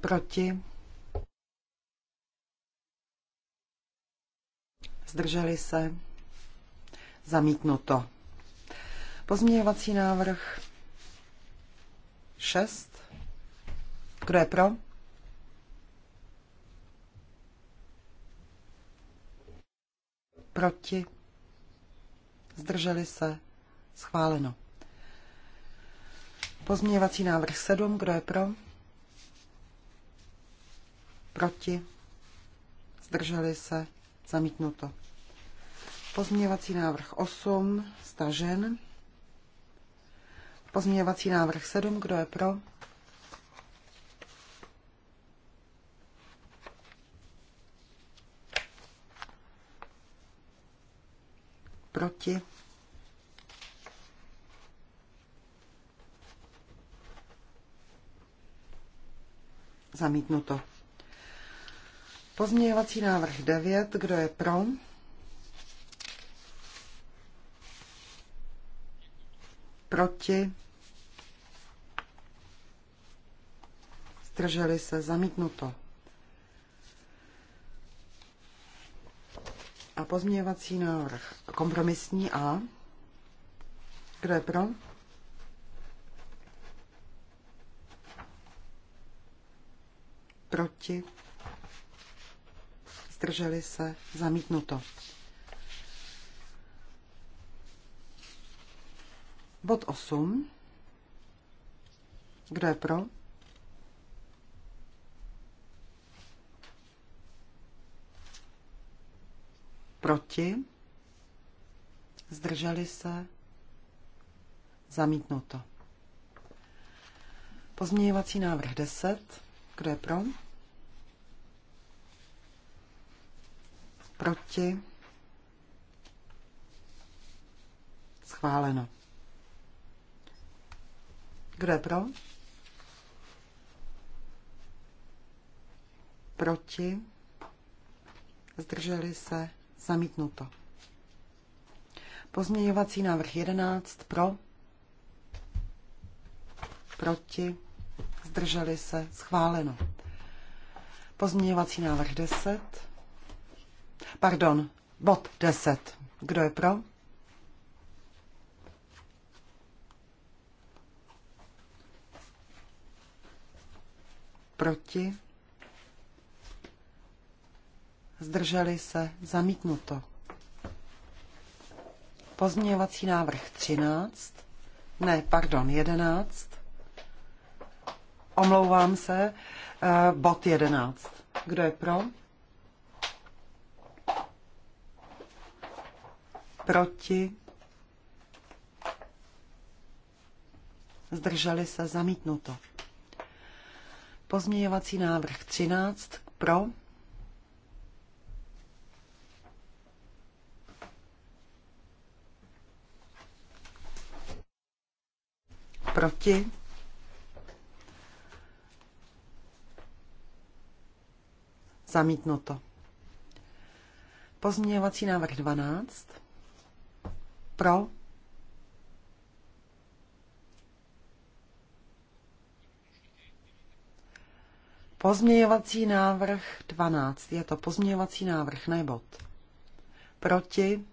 Proti? Zdrželi se? Zamítnuto. Pozměňovací návrh 6. Kdo je pro? Proti? Zdrželi se? Schváleno. Pozměňovací návrh 7. Kdo je pro? Proti? Zdrželi se? Zamítnuto. Pozměňovací návrh 8. Stažen. Pozměňovací návrh 7, kdo je pro? Proti? Zamítnuto. Pozměňovací návrh 9, kdo je pro? proti, zdrželi se, zamítnuto. A pozměňovací návrh kompromisní A. Kdo je pro? Proti? Zdrželi se? Zamítnuto. Bod 8. Kdo je pro? Proti? Zdrželi se? Zamítnuto. Pozměňovací návrh 10. Kdo je pro? Proti? Schváleno. Kdo je pro? Proti? Zdrželi se? Zamítnuto. Pozměňovací návrh 11 pro? Proti? Zdrželi se? Schváleno. Pozměňovací návrh 10. Pardon, bod 10. Kdo je pro? proti, zdrželi se, zamítnuto. Pozměňovací návrh 13, ne, pardon, 11, omlouvám se, eh, bod 11. Kdo je pro? Proti? Zdrželi se, zamítnuto. Pozměňovací návrh 13 pro. Proti. Zamítnuto. Pozměňovací návrh 12. Pro. Pozměňovací návrh 12. Je to pozměňovací návrh nebod. Proti.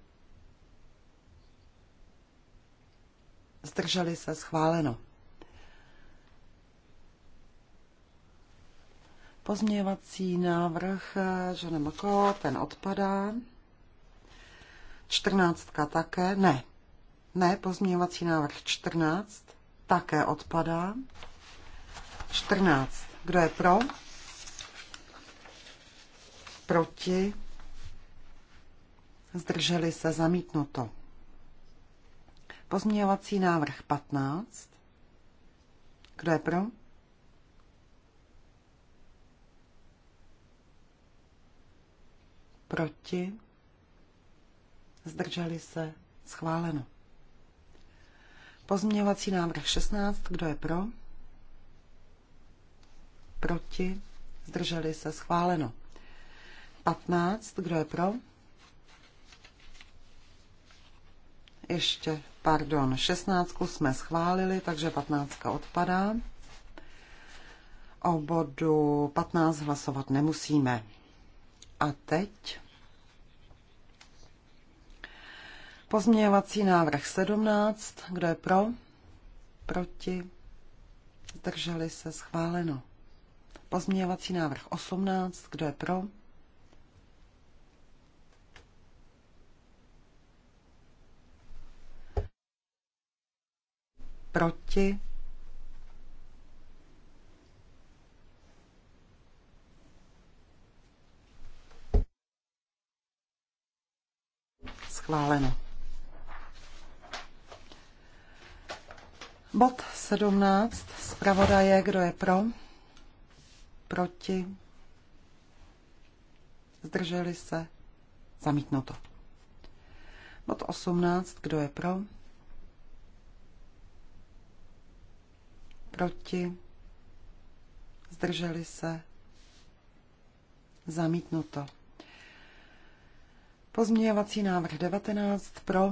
Zdrželi se schváleno. Pozměňovací návrh eh, že Mako, ten odpadá. Čtrnáctka také, ne. Ne, pozměňovací návrh 14 také odpadá. 14 kdo je pro? Proti? Zdrželi se zamítnuto. Pozměňovací návrh 15. Kdo je pro? Proti? Zdrželi se schváleno. Pozměňovací návrh 16. Kdo je pro? proti, zdrželi se, schváleno. 15, kdo je pro? Ještě, pardon, 16 jsme schválili, takže 15 odpadá. O bodu 15 hlasovat nemusíme. A teď pozměňovací návrh 17, kdo je pro? Proti? Zdrželi se schváleno. Pozměňovací návrh 18. Kdo je pro? Proti? Schváleno. Bod 17. Zpravodaje, kdo je pro? proti, zdrželi se, zamítnuto. Bod 18, kdo je pro, proti, zdrželi se, zamítnuto. Pozměňovací návrh 19 pro,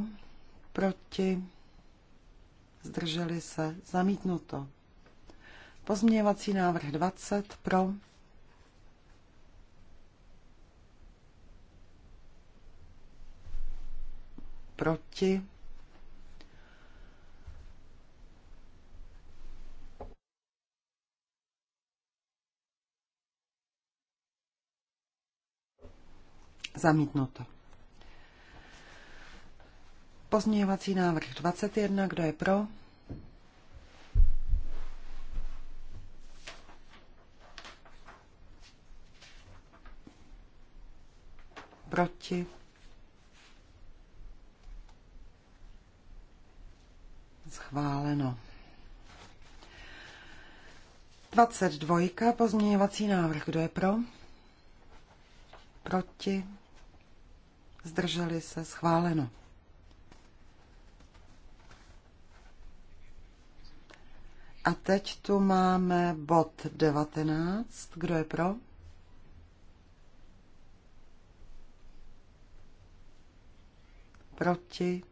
proti, zdrželi se, zamítnuto. Pozměňovací návrh 20 pro. Proti. Zamítnuto. Pozměňovací návrh 21. Kdo je pro? proti, schváleno. 22. Pozměňovací návrh. Kdo je pro? Proti? Zdrželi se? Schváleno. A teď tu máme 19. Kdo je pro? proti,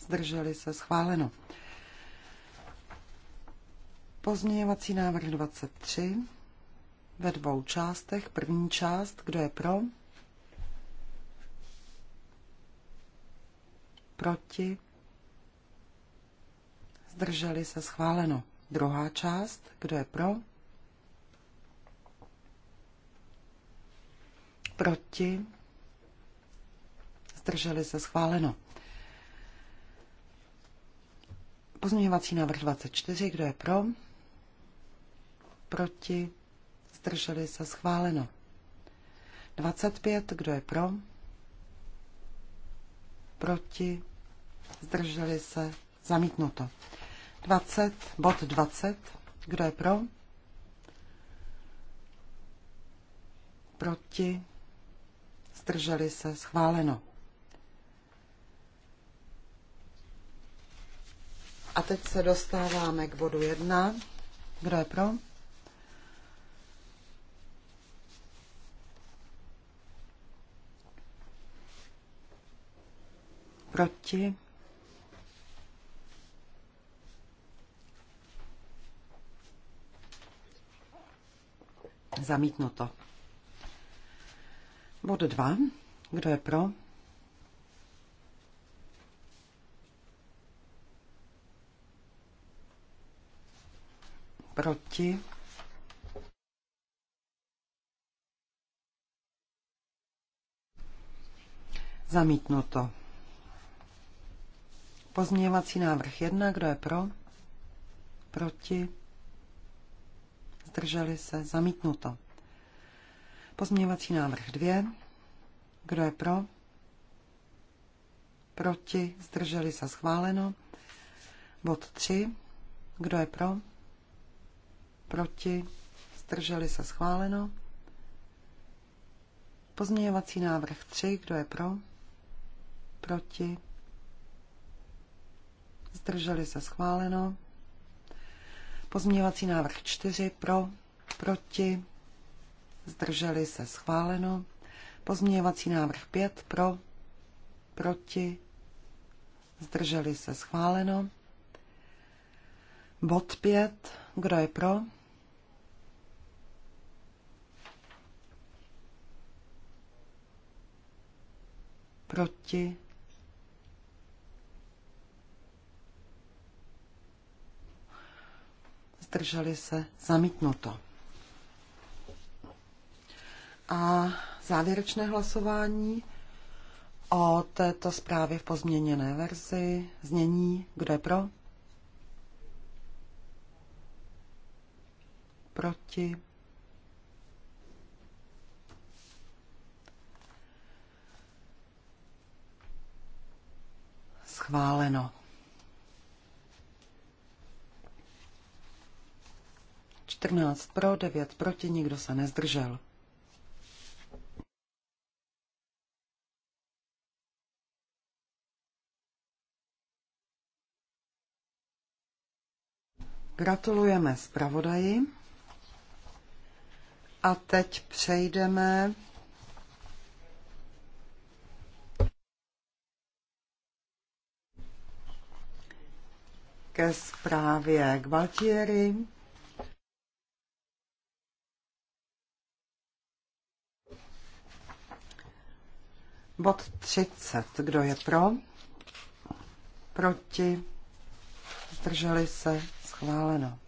zdrželi se, schváleno. Pozměňovací návrh 23 ve dvou částech. První část, kdo je pro? Proti? Zdrželi se schváleno. Druhá část, kdo je pro? Proti? zdrželi se schváleno. Pozměňovací návrh 24, kdo je pro? Proti? Zdrželi se schváleno. 25, kdo je pro? Proti? Zdrželi se zamítnuto. 20, bod 20, kdo je pro? Proti? Zdrželi se schváleno. A teď se dostáváme k bodu jedna. Kdo je pro? Proti? Zamítnuto. Bod dva. Kdo je pro? proti. Zamítnuto. Pozměňovací návrh 1, kdo je pro? Proti? Zdrželi se? Zamítnuto. Pozměňovací návrh 2, kdo je pro? Proti? Zdrželi se? Schváleno. Bod 3, kdo je pro? proti, zdrželi se schváleno. Pozměňovací návrh 3, kdo je pro, proti, zdrželi se schváleno. Pozměňovací návrh 4, pro, proti, zdrželi se schváleno. Pozměňovací návrh 5, pro, proti, zdrželi se schváleno. Bod 5, kdo je pro, proti, zdrželi se, zamítnuto. A závěrečné hlasování o této zprávě v pozměněné verzi, znění, kdo je pro? Proti? Schváleno. 14 pro, 9 proti, nikdo se nezdržel. Gratulujeme zpravodaji. A teď přejdeme ke zprávě Gvaltieri. Bod 30. Kdo je pro? Proti? Zdrželi se? Schváleno.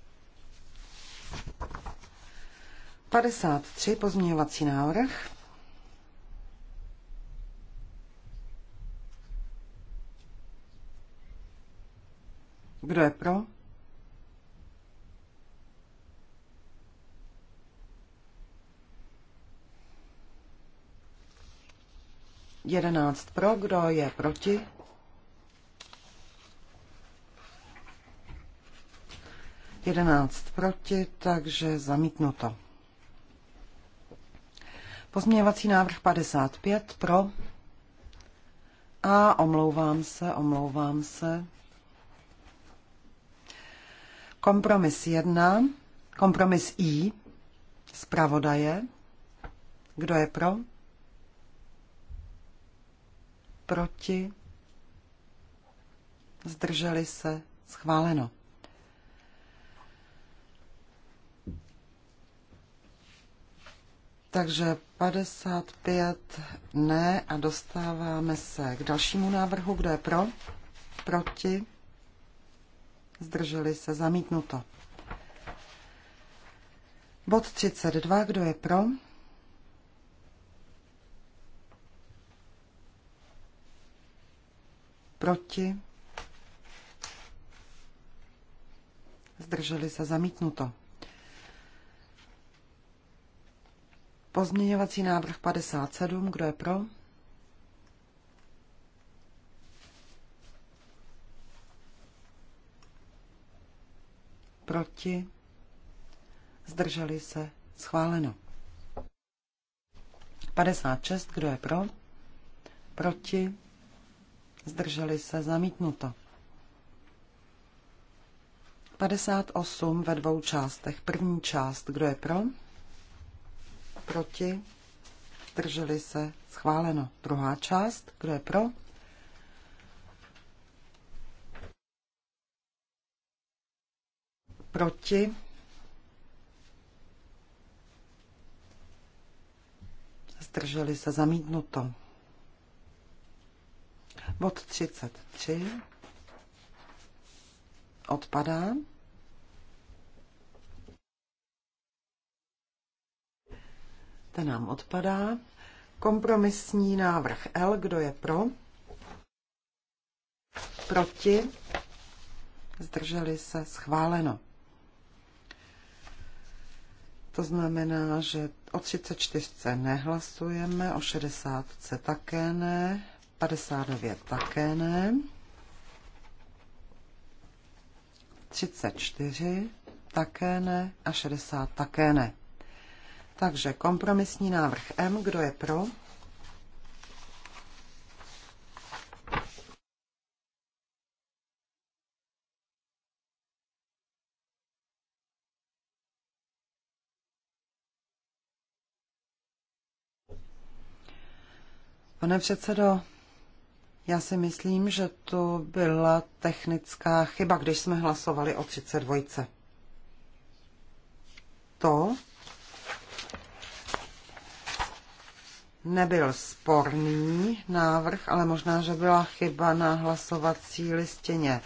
53. Pozměňovací návrh. Kdo je pro? Jedenáct pro, kdo je proti? Jedenáct proti, takže zamítnuto. Pozměňovací návrh 55 pro. A omlouvám se, omlouvám se. Kompromis 1, kompromis I, zpravodaje. Kdo je pro? Proti? Zdrželi se? Schváleno. Takže 55 ne a dostáváme se k dalšímu návrhu. Kdo je pro? Proti? zdrželi se, zamítnuto. Bod 32, kdo je pro? Proti? Zdrželi se, zamítnuto. Pozměňovací návrh 57, kdo je pro? proti, zdrželi se, schváleno. 56, kdo je pro, proti, zdrželi se, zamítnuto. 58 ve dvou částech. První část, kdo je pro, proti, zdrželi se, schváleno. Druhá část, kdo je pro, Proti? Zdrželi se zamítnuto. Bod 33 odpadá. Ten nám odpadá. Kompromisní návrh L, kdo je pro? Proti? Zdrželi se schváleno. To znamená, že o 34 nehlasujeme, o 60 také ne, 59 také ne, 34 také ne a 60 také ne. Takže kompromisní návrh M, kdo je pro? Pane předsedo, já si myslím, že to byla technická chyba, když jsme hlasovali o 32. To nebyl sporný návrh, ale možná, že byla chyba na hlasovací listině.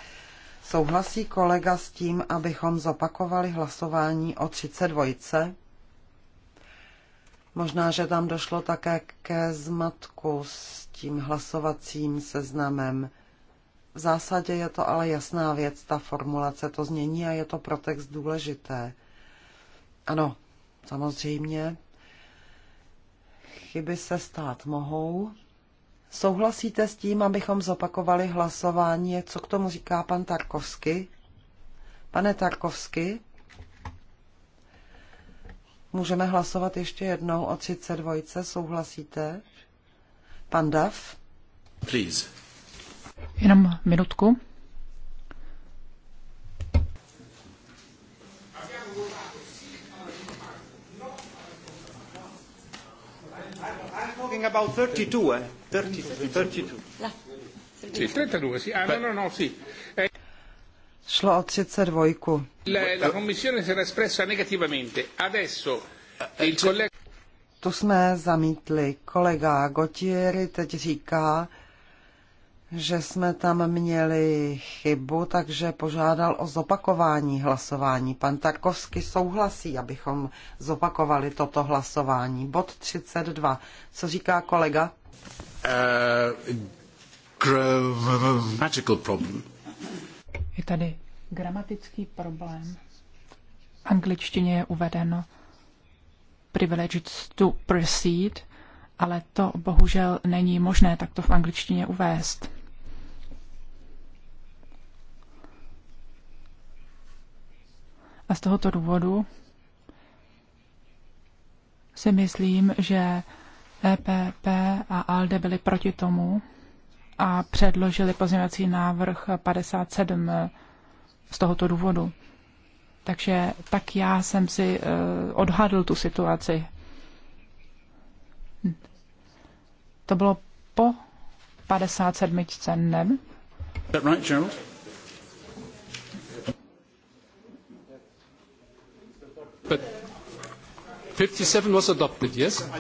Souhlasí kolega s tím, abychom zopakovali hlasování o 32? Možná, že tam došlo také ke zmatku s tím hlasovacím seznamem. V zásadě je to ale jasná věc, ta formulace to změní a je to pro text důležité. Ano, samozřejmě. Chyby se stát mohou. Souhlasíte s tím, abychom zopakovali hlasování? Co k tomu říká pan Tarkovsky? Pane Tarkovsky? Můžeme hlasovat ještě jednou o 32. Souhlasíte? Pan Dav? Please. Jenom minutku. talking about 32, eh? 32. 32. 32, sì. Ah, no, no, no, sì. Eh. Šlo o 32. La, To eh, eh, jsme zamítli. Kolega Gotieri teď říká, že jsme tam měli chybu, takže požádal o zopakování hlasování. Pan Tarkovsky souhlasí, abychom zopakovali toto hlasování. Bod 32. Co říká kolega? Uh, problem. Je tady gramatický problém. V angličtině je uvedeno privileged to proceed, ale to bohužel není možné takto v angličtině uvést. A z tohoto důvodu si myslím, že EPP a ALDE byli proti tomu, a předložili pozměňovací návrh 57 eh, z tohoto důvodu. Takže tak já jsem si eh, odhadl tu situaci. To bylo po 57. cenem. right, But 57 was adopted, yes?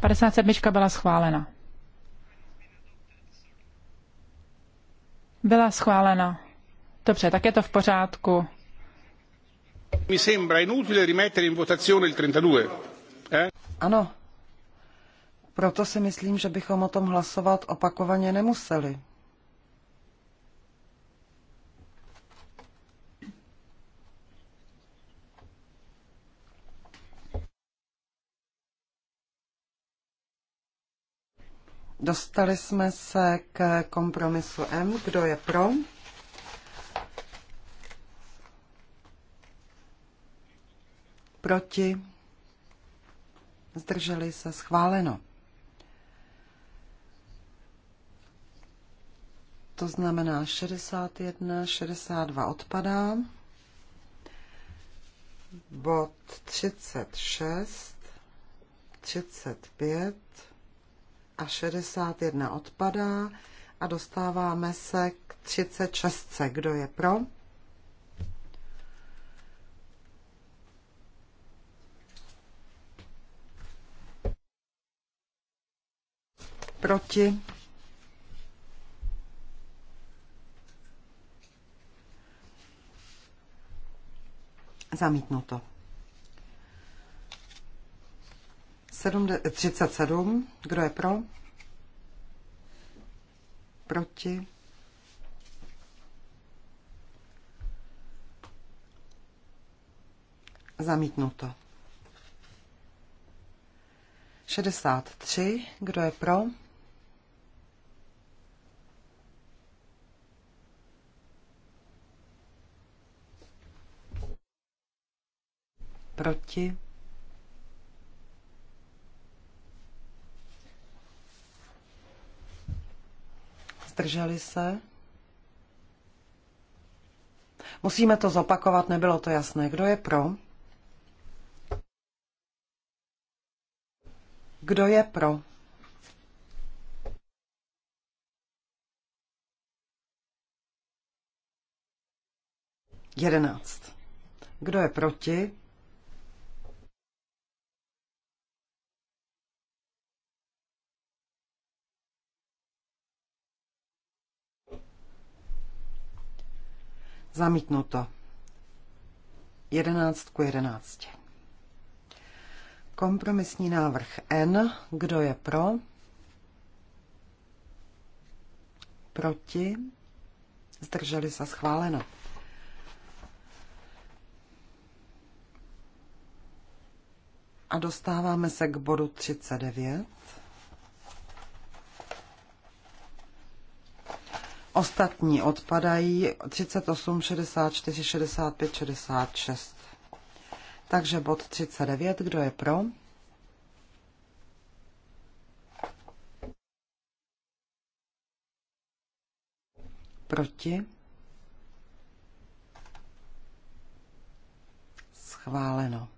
57 byla schválena. Byla schválena. Dobře, tak je to v pořádku. Mi sembra inutile rimettere in votazione il 32. Eh? Ano. Proto si myslím, že bychom o tom hlasovat opakovaně nemuseli. Dostali jsme se k kompromisu M. Kdo je pro? Proti? Zdrželi se schváleno. To znamená 61, 62 odpadá. Bod 36, 35, a 61 odpadá a dostáváme se k 36. Kdo je pro? Proti? Zamítnuto. 37. Kdo je pro? Proti? Zamítnuto. 63. Kdo je pro? Proti? Zdrželi se? Musíme to zopakovat, nebylo to jasné. Kdo je pro? Kdo je pro? Jedenáct. Kdo je proti? Zamítnuto. 11 ku 11. Kompromisní návrh N. Kdo je pro? Proti? Zdrželi se schváleno. A dostáváme se k bodu 39. Ostatní odpadají 38, 64, 65, 66. Takže bod 39, kdo je pro? Proti? Schváleno.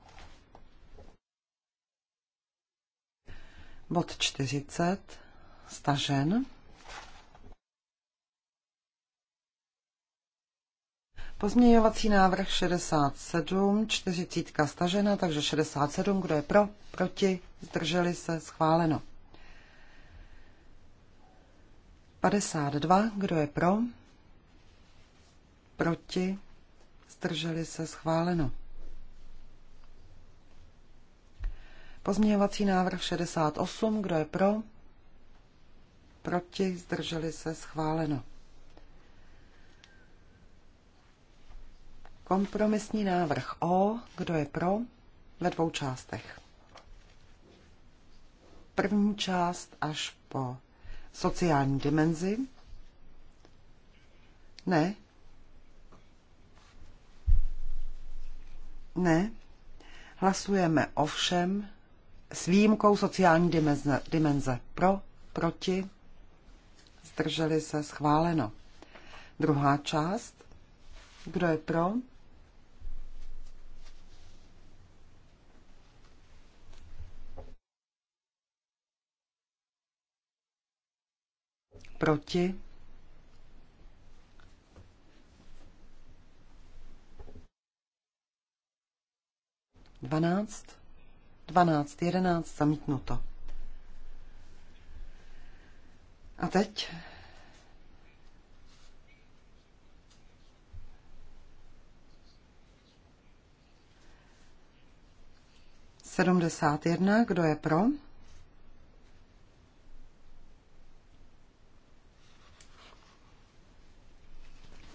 Bod 40, stažen. Pozměňovací návrh 67, 40 stažena, takže 67, kdo je pro, proti, zdrželi se, schváleno. 52, kdo je pro, proti, zdrželi se, schváleno. Pozměňovací návrh 68, kdo je pro, proti, zdrželi se, schváleno. Kompromisní návrh O. Kdo je pro? Ve dvou částech. První část až po sociální dimenzi. Ne. Ne. Hlasujeme o všem s výjimkou sociální dimenze. dimenze. Pro, proti, zdrželi se, schváleno. Druhá část. Kdo je pro? Proti? Dvanáct? Dvanáct, jedenáct, zamítnuto. A teď? Sedmdesát jedna, kdo je pro?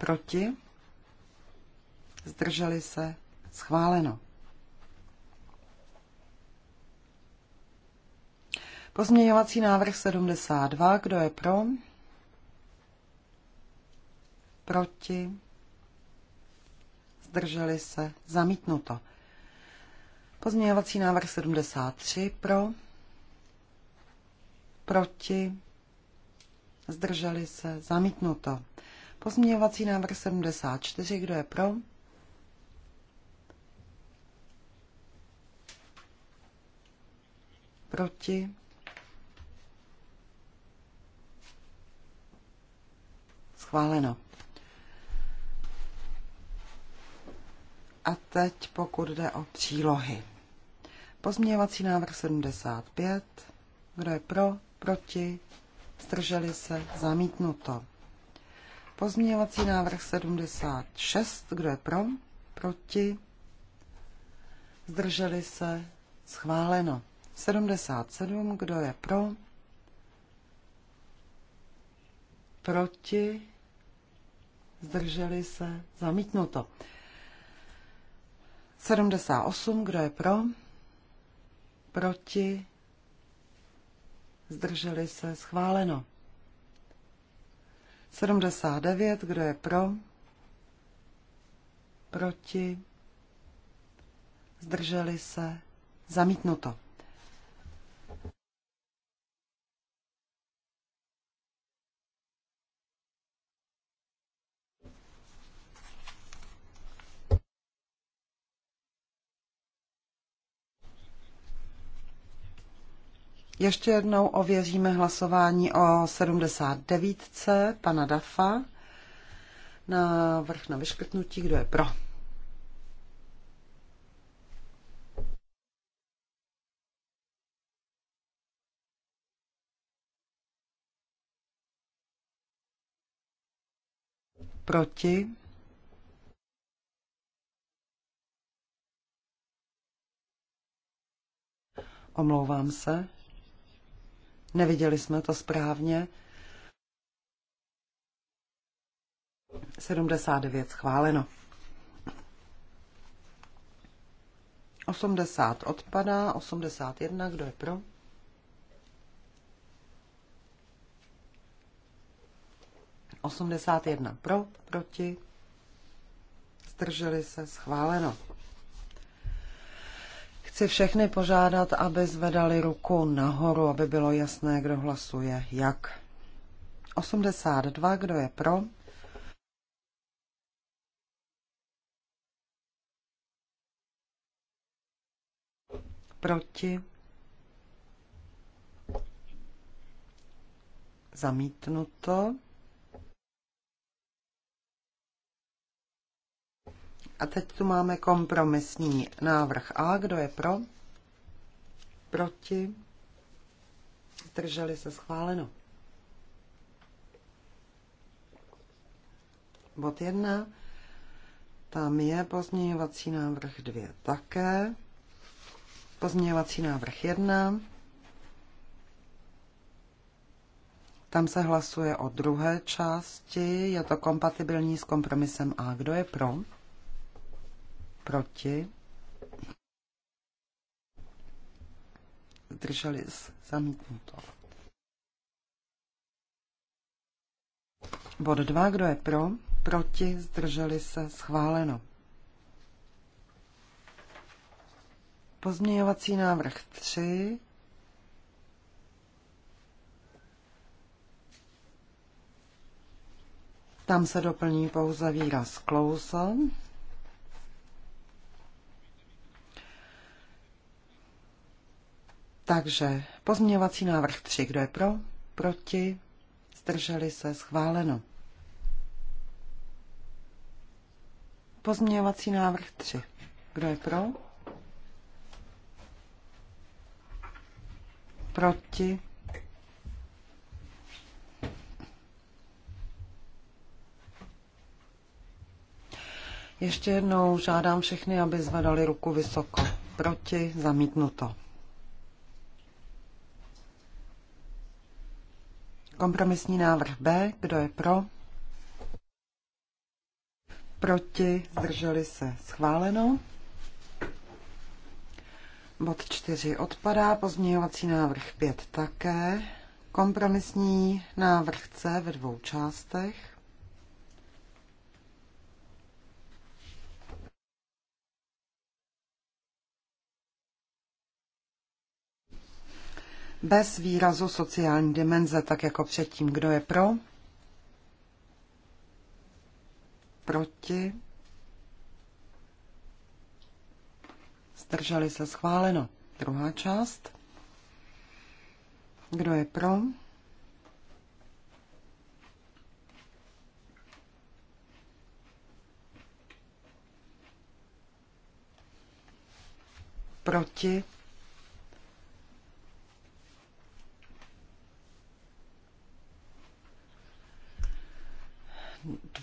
Proti? Zdrželi se? Schváleno. Pozměňovací návrh 72. Kdo je pro? Proti? Zdrželi se? Zamítnuto. Pozměňovací návrh 73. Pro? Proti? Zdrželi se? Zamítnuto. Pozměňovací návrh 74, kdo je pro? Proti? Schváleno. A teď pokud jde o přílohy. Pozměňovací návrh 75. Kdo je pro? Proti? Zdrželi se? Zamítnuto. Pozměňovací návrh 76. Kdo je pro? Proti? Zdrželi se? Schváleno. 77. Kdo je pro? Proti? Zdrželi se? Zamítnuto. 78. Kdo je pro? Proti? Zdrželi se? Schváleno. 79, kdo je pro? Proti? Zdrželi se? Zamítnuto. Ještě jednou ověříme hlasování o 79. pana Dafa. vrch na vyškrtnutí, kdo je pro? Proti? Omlouvám se. Neviděli jsme to správně. 79 schváleno. 80 odpadá, 81, kdo je pro? Osmdesát jedna pro, proti, strželi se, schváleno chci všechny požádat, aby zvedali ruku nahoru, aby bylo jasné, kdo hlasuje jak. 82, kdo je pro? Proti? Zamítnuto. A teď tu máme kompromisní návrh A. Kdo je pro? Proti? Drželi se schváleno. Bod 1. Tam je pozměňovací návrh 2 také. Pozměňovací návrh 1. Tam se hlasuje o druhé části. Je to kompatibilní s kompromisem A. Kdo je pro? proti, zdrželi se, zamítnuto. Bod 2, kdo je pro, proti, zdrželi se, schváleno. Pozměňovací návrh 3. Tam se doplní pouze výraz close. Takže pozměňovací návrh 3, kdo je pro, proti, zdrželi se, schváleno. Pozměňovací návrh 3, kdo je pro, proti, Ještě jednou žádám všechny, aby zvedali ruku vysoko. Proti, zamítnuto. Kompromisní návrh B. Kdo je pro? Proti? Zdrželi se? Schváleno. Bod 4 odpadá, pozměňovací návrh 5 také. Kompromisní návrh C ve dvou částech. bez výrazu sociální dimenze, tak jako předtím. Kdo je pro? Proti? Zdrželi se schváleno. Druhá část. Kdo je pro? Proti?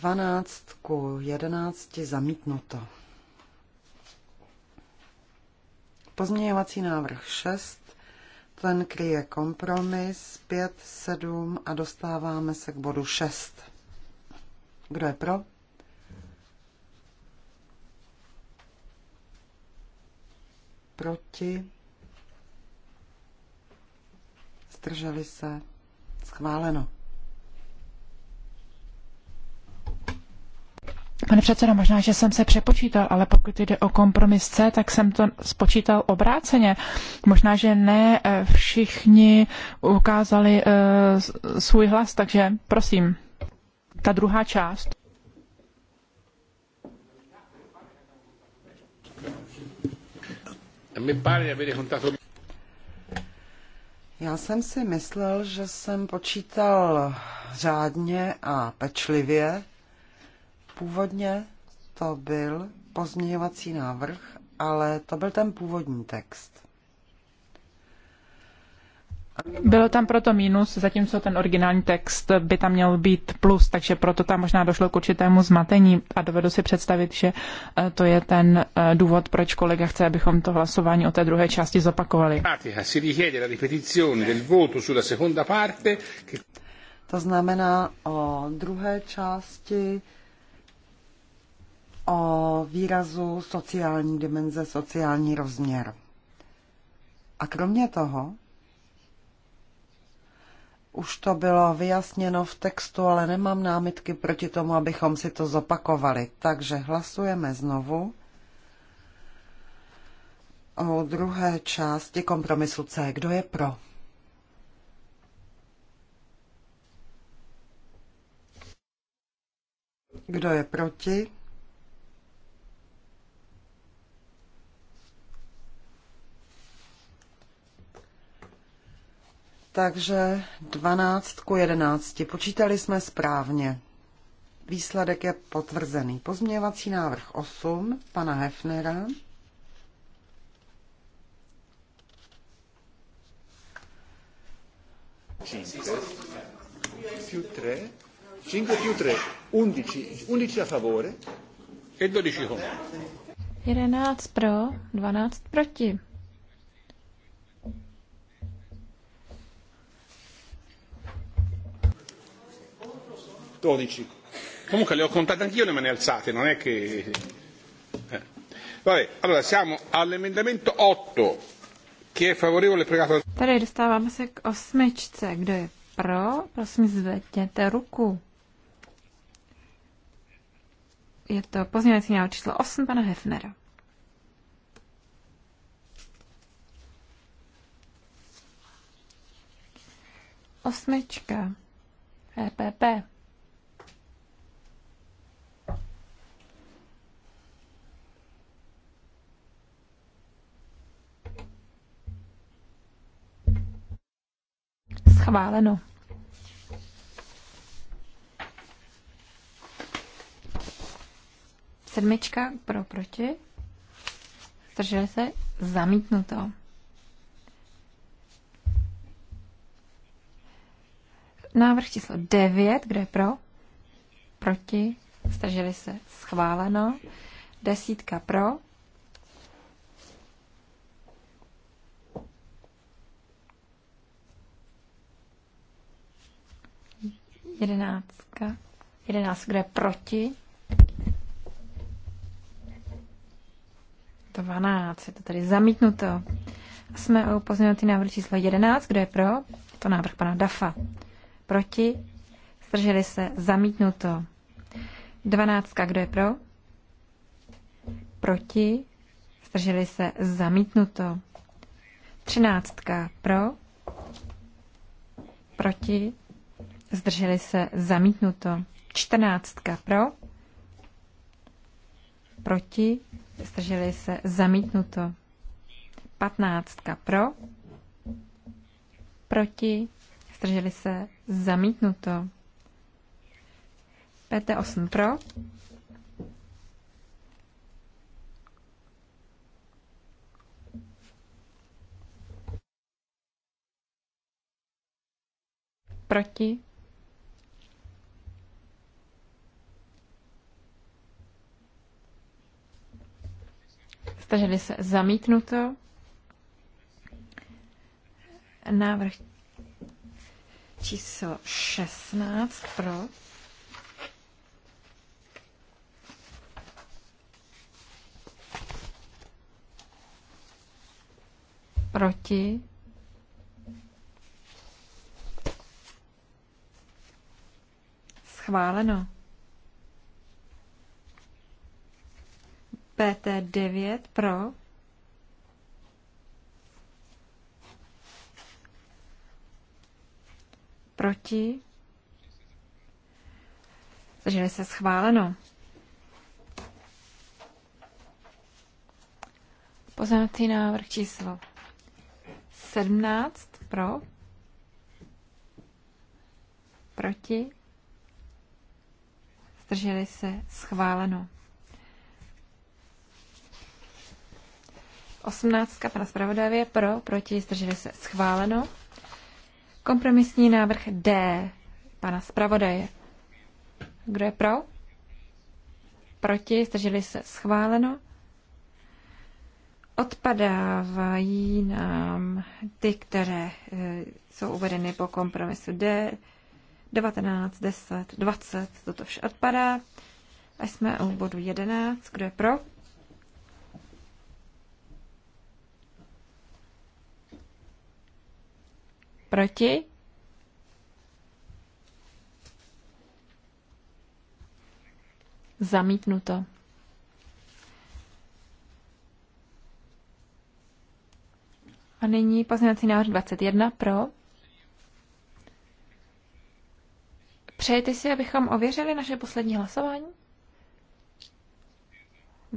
12 ku 11 zamítnuto. Pozměňovací návrh 6, ten kryje kompromis 5, 7 a dostáváme se k bodu 6. Kdo je pro? Proti? Zdrželi se? Schváleno. Pane předsedo, možná, že jsem se přepočítal, ale pokud jde o kompromis C, tak jsem to spočítal obráceně. Možná, že ne eh, všichni ukázali eh, svůj hlas, takže prosím, ta druhá část. Já jsem si myslel, že jsem počítal řádně a pečlivě, Původně to byl pozměňovací návrh, ale to byl ten původní text. Bylo tam proto mínus, zatímco ten originální text by tam měl být plus, takže proto tam možná došlo k určitému zmatení a dovedu si představit, že eh, to je ten eh, důvod, proč kolega chce, abychom to hlasování o té druhé části zopakovali. To znamená o druhé části o výrazu sociální dimenze, sociální rozměr. A kromě toho, už to bylo vyjasněno v textu, ale nemám námitky proti tomu, abychom si to zopakovali. Takže hlasujeme znovu o druhé části kompromisu C. Kdo je pro? Kdo je proti? Takže 12 ku 11. Počítali jsme správně. Výsledek je potvrzený. Pozměňovací návrh 8 pana Hefnera. E Jedenáct 3 5 3 11 11 favore 12 11 pro 12 proti 12. Comunque le ho contate anch'io le mani alzate, non è che... Eh. Vabbè, allora siamo all'emendamento 8, che è favorevole pregato... Tady dostáváme se k osmičce, kdo je pro, prosím zvedněte ruku. Je to pozměňovací návrh číslo 8 pana Hefnera. Osmička. EPP. schváleno. Sedmička pro proti. Zdrželi se zamítnuto. Návrh číslo 9, kde pro? Proti. Zdrželi se schváleno. Desítka pro. Jedenáctka. Jedenáct, kdo je proti? Dvanáct, je to tady zamítnuto. Jsme u pozměnutý návrh číslo jedenáct, kdo je pro? Je to návrh pana Dafa. Proti? Zdrželi se zamítnuto. Dvanáctka, kdo je pro? Proti? Zdrželi se zamítnuto. Třináctka pro? Proti? zdrželi se, zamítnuto. Čtrnáctka pro, proti, zdrželi se, zamítnuto. Patnáctka pro, proti, zdrželi se, zamítnuto. PT8 pro, proti, Zdrželi se zamítnuto. Návrh číslo 16 pro. Proti. Schváleno. PT9 pro, proti, zdrželi se schváleno. Poznací návrh číslo 17 pro, proti, zdrželi se schváleno. 18. pana zpravodavě pro, proti, zdrželi se schváleno. Kompromisní návrh D pana zpravodaje. Kdo je pro? Proti, zdrželi se schváleno. Odpadávají nám ty, které eh, jsou uvedeny po kompromisu D. 19, 10, 20, toto vše odpadá. A jsme u bodu 11. Kdo je pro? Proti? Zamítnuto. A nyní pozměňovací návrh 21 pro. Přejete si, abychom ověřili naše poslední hlasování?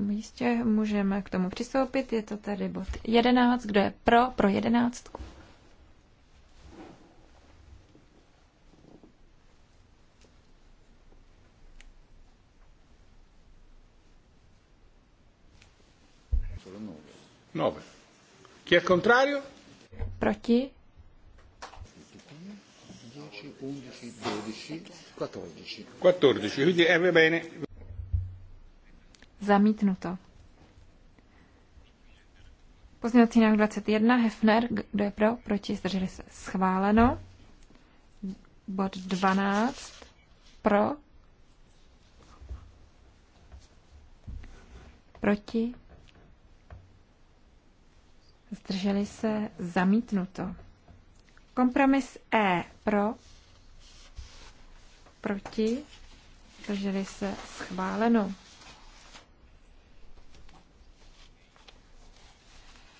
Jistě můžeme k tomu přistoupit. Je to tady bod 11. Kdo je pro? Pro jedenáctku. 9. Chi è contrario? Proti? 10, 11, 12, 14. 14, quindi è eh, bene. Zamítnuto. Pozměňovací návrh 21, Hefner, kdo je pro, proti, zdrželi se, schváleno. Bod 12, pro, proti, zdrželi se, zamítnuto. Kompromis E pro, proti, zdrželi se, schváleno.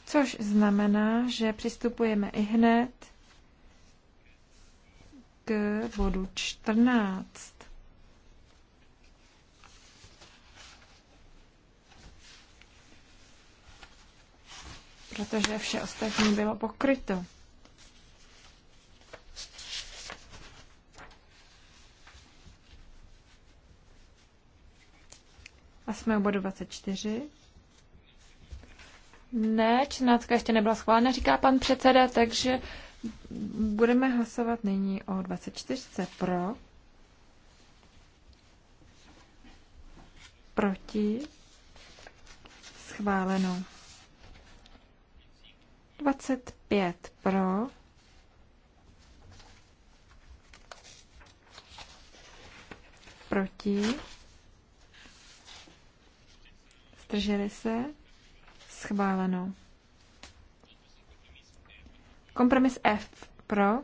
Což znamená, že přistupujeme i hned k bodu 14. protože vše ostatní bylo pokryto. A jsme u bodu 24. Ne, 14 ještě nebyla schválena, říká pan předseda, takže budeme hlasovat nyní o 24 pro. Proti. Schváleno. 25 pro, proti, zdrželi se, schváleno. Kompromis F pro,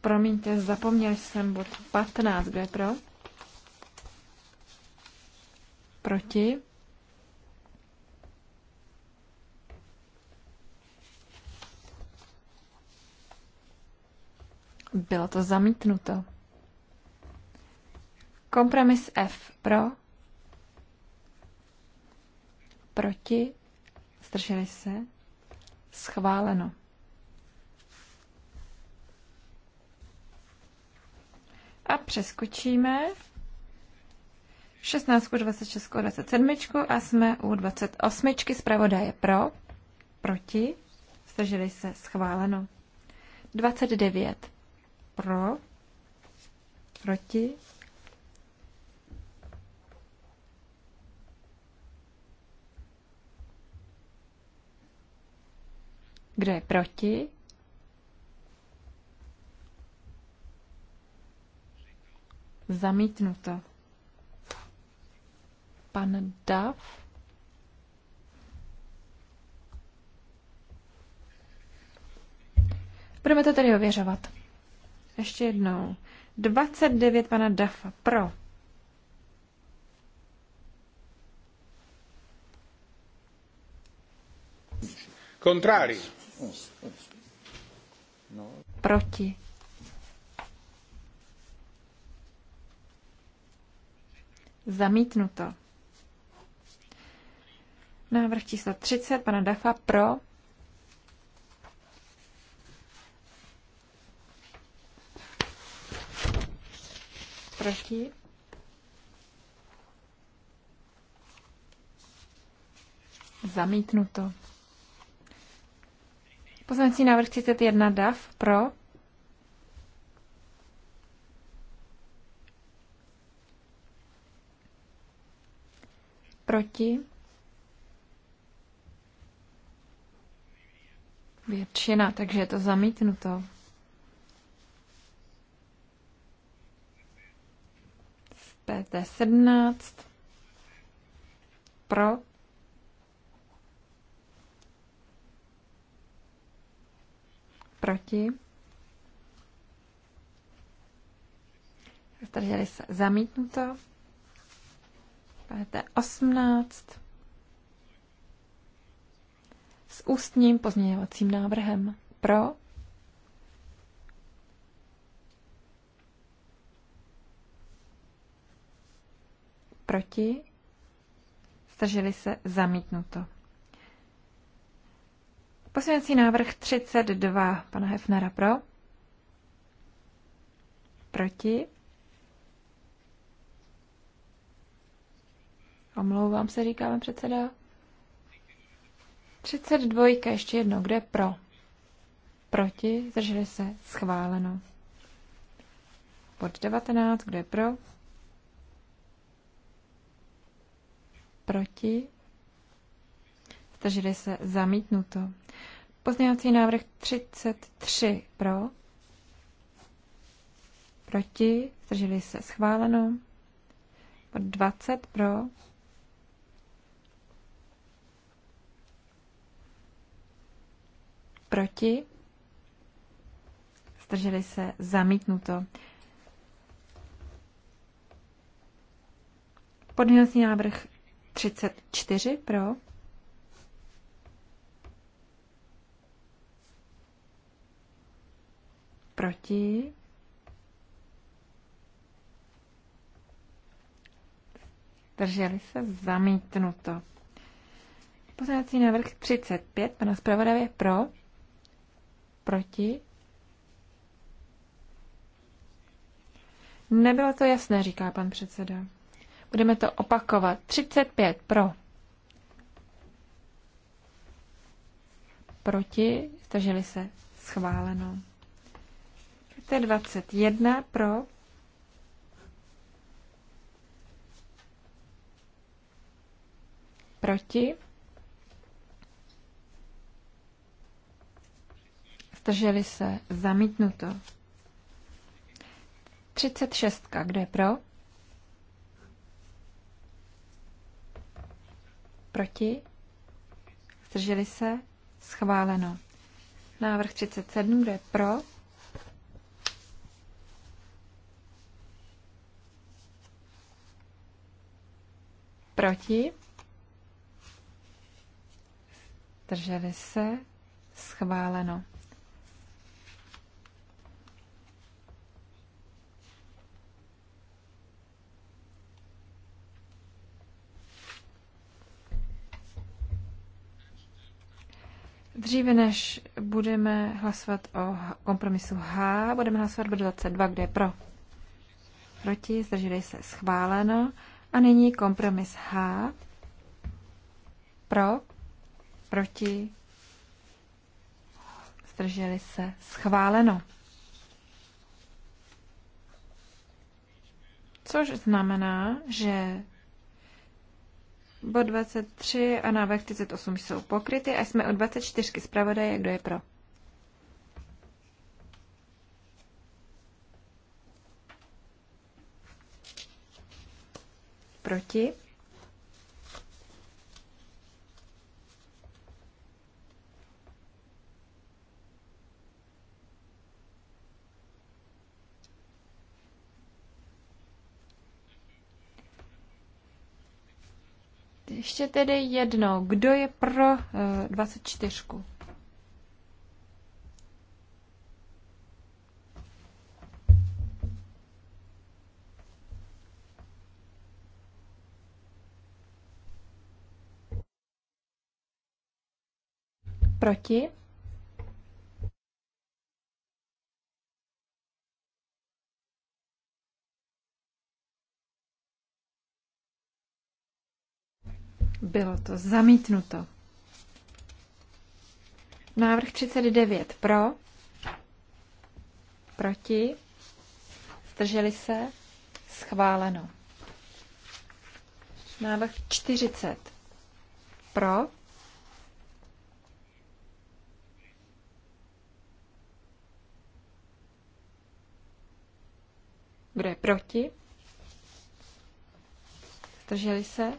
Promiňte, zapomněl jsem bod 15, kde je pro? Proti? Bylo to zamítnuto. Kompromis F pro. Proti. Zdrželi se. Schváleno. A přeskočíme 16, 26, 27 a jsme u 28. Zpravodaje pro, proti, zdrželi se, schváleno. 29 pro, proti, Kdo je proti? Zamítnuto. Pan Dav. Budeme to tedy ověřovat. Ještě jednou. 29 pana Dafa. Pro. Kontrári. Proti. Zamítnuto. Návrh číslo 30, pana Dafa, pro. Proti. Zamítnuto. Poslanecí návrh 31 DAF pro. Proti. většina, takže je to zamítnuto. V PT 17 pro proti zdrželi se zamítnuto PT 18 s ústním pozměňovacím návrhem. Pro? Proti? Zdrželi se zamítnuto. Pozměňovací návrh 32 pana Hefnera pro. Proti. Omlouvám se, říkáme předseda. 32. Ještě jedno, Kde pro? Proti. Zdrželi se. Schváleno. Bod 19. Kde pro? Proti. Zdrželi se. Zamítnuto. Pozměňovací návrh 33. Pro? Proti. Zdrželi se. Schváleno. Bod 20. Pro? Proti? Zdrželi se zamítnuto. Podmínovací návrh 34 pro. Proti. Drželi se zamítnuto. Poznávací návrh 35 pana zpravodaje pro. Proti? Nebylo to jasné, říká pan předseda. Budeme to opakovat. 35 pro. Proti, zdrželi se, schváleno. 21 pro. Proti. Zdrželi se. Zamítnuto. 36. Kdo je pro? Proti? Zdrželi se? Schváleno. Návrh 37. Kdo je pro? Proti? Zdrželi se? Schváleno. Dříve než budeme hlasovat o kompromisu H, budeme hlasovat bod 22, kde je pro. Proti, zdrželi se, schváleno. A nyní kompromis H. Pro, proti, zdrželi se, schváleno. Což znamená, že Bod 23 a návrh 38 jsou pokryty a jsme o 24 zpravodaje, kdo je pro. Proti. Ještě tedy jedno. Kdo je pro 24? Eh, Proti? Bylo to zamítnuto. Návrh 39 pro, proti, zdrželi se, schváleno. Návrh 40 pro, kdo je proti, zdrželi se,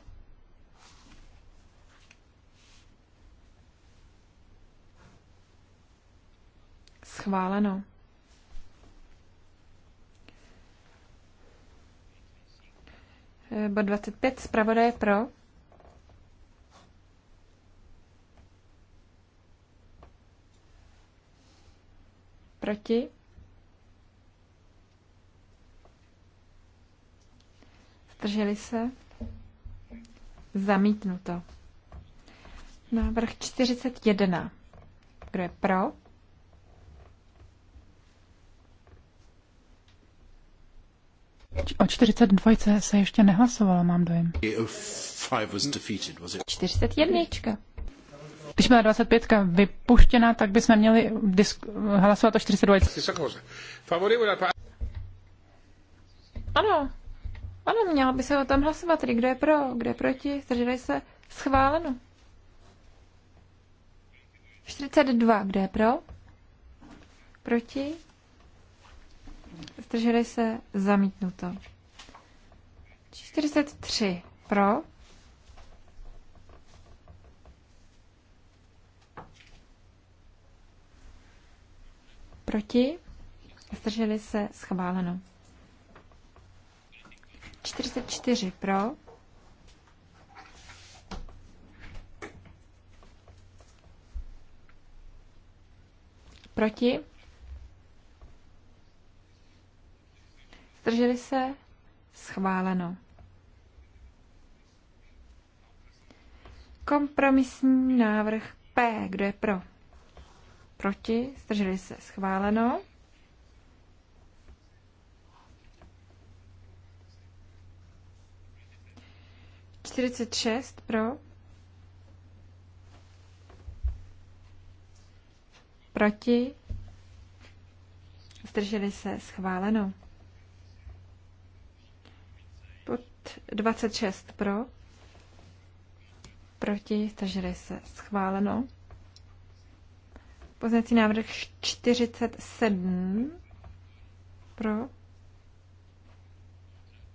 Schváleno. Eh, bod 25. Zpravodaje pro. Proti. Zdrželi se? Zamítnuto. Návrh 41. Kdo je pro? O 42 se ještě nehlasovalo, mám dojem. 41. Když byla 25 vypuštěna, tak bychom měli disk- hlasovat o 42. Ano, ano, měla by se o tom hlasovat, kdo je pro, kdo je proti, zdrželi se, schváleno. 42, kdo je pro, proti, zdrželi se, zamítnuto. 43 pro, proti, zdrželi se, schváleno. 44 pro, proti, Zdrželi se? Schváleno. Kompromisní návrh P. Kdo je pro? Proti? Zdrželi se? Schváleno. Čtyřicet šest pro. Proti? Zdrželi se? Schváleno. 26 pro, proti, zdrželi se schváleno. Poznací návrh 47 pro,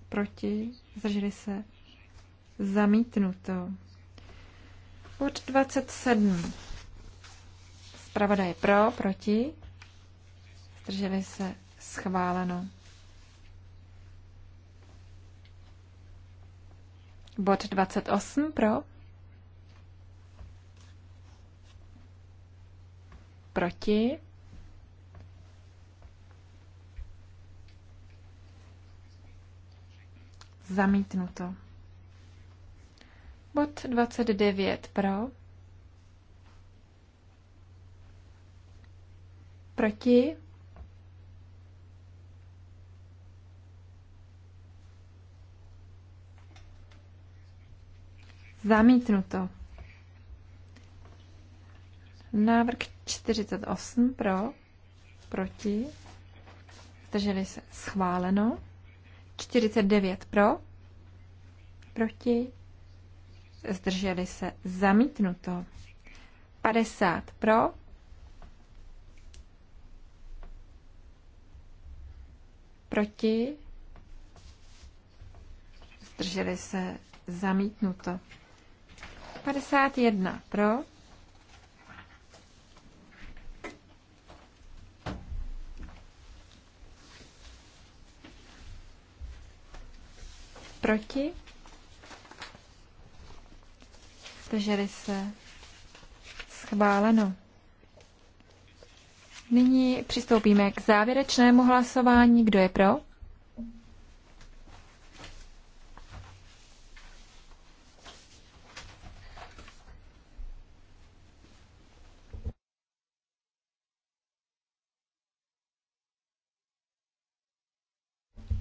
proti, zdrželi se zamítnuto. Bod 27. Zpravodaj pro, proti, zdrželi se schváleno. Bod 28 pro. Proti. Zamítnuto. Bod 29 pro. Proti. Zamítnuto. Návrh 48 pro, proti, zdrželi se schváleno. 49 pro, proti, zdrželi se zamítnuto. 50 pro, proti, zdrželi se zamítnuto. 51 pro. Proti. Zdrželi se. Schváleno. Nyní přistoupíme k závěrečnému hlasování. Kdo je pro?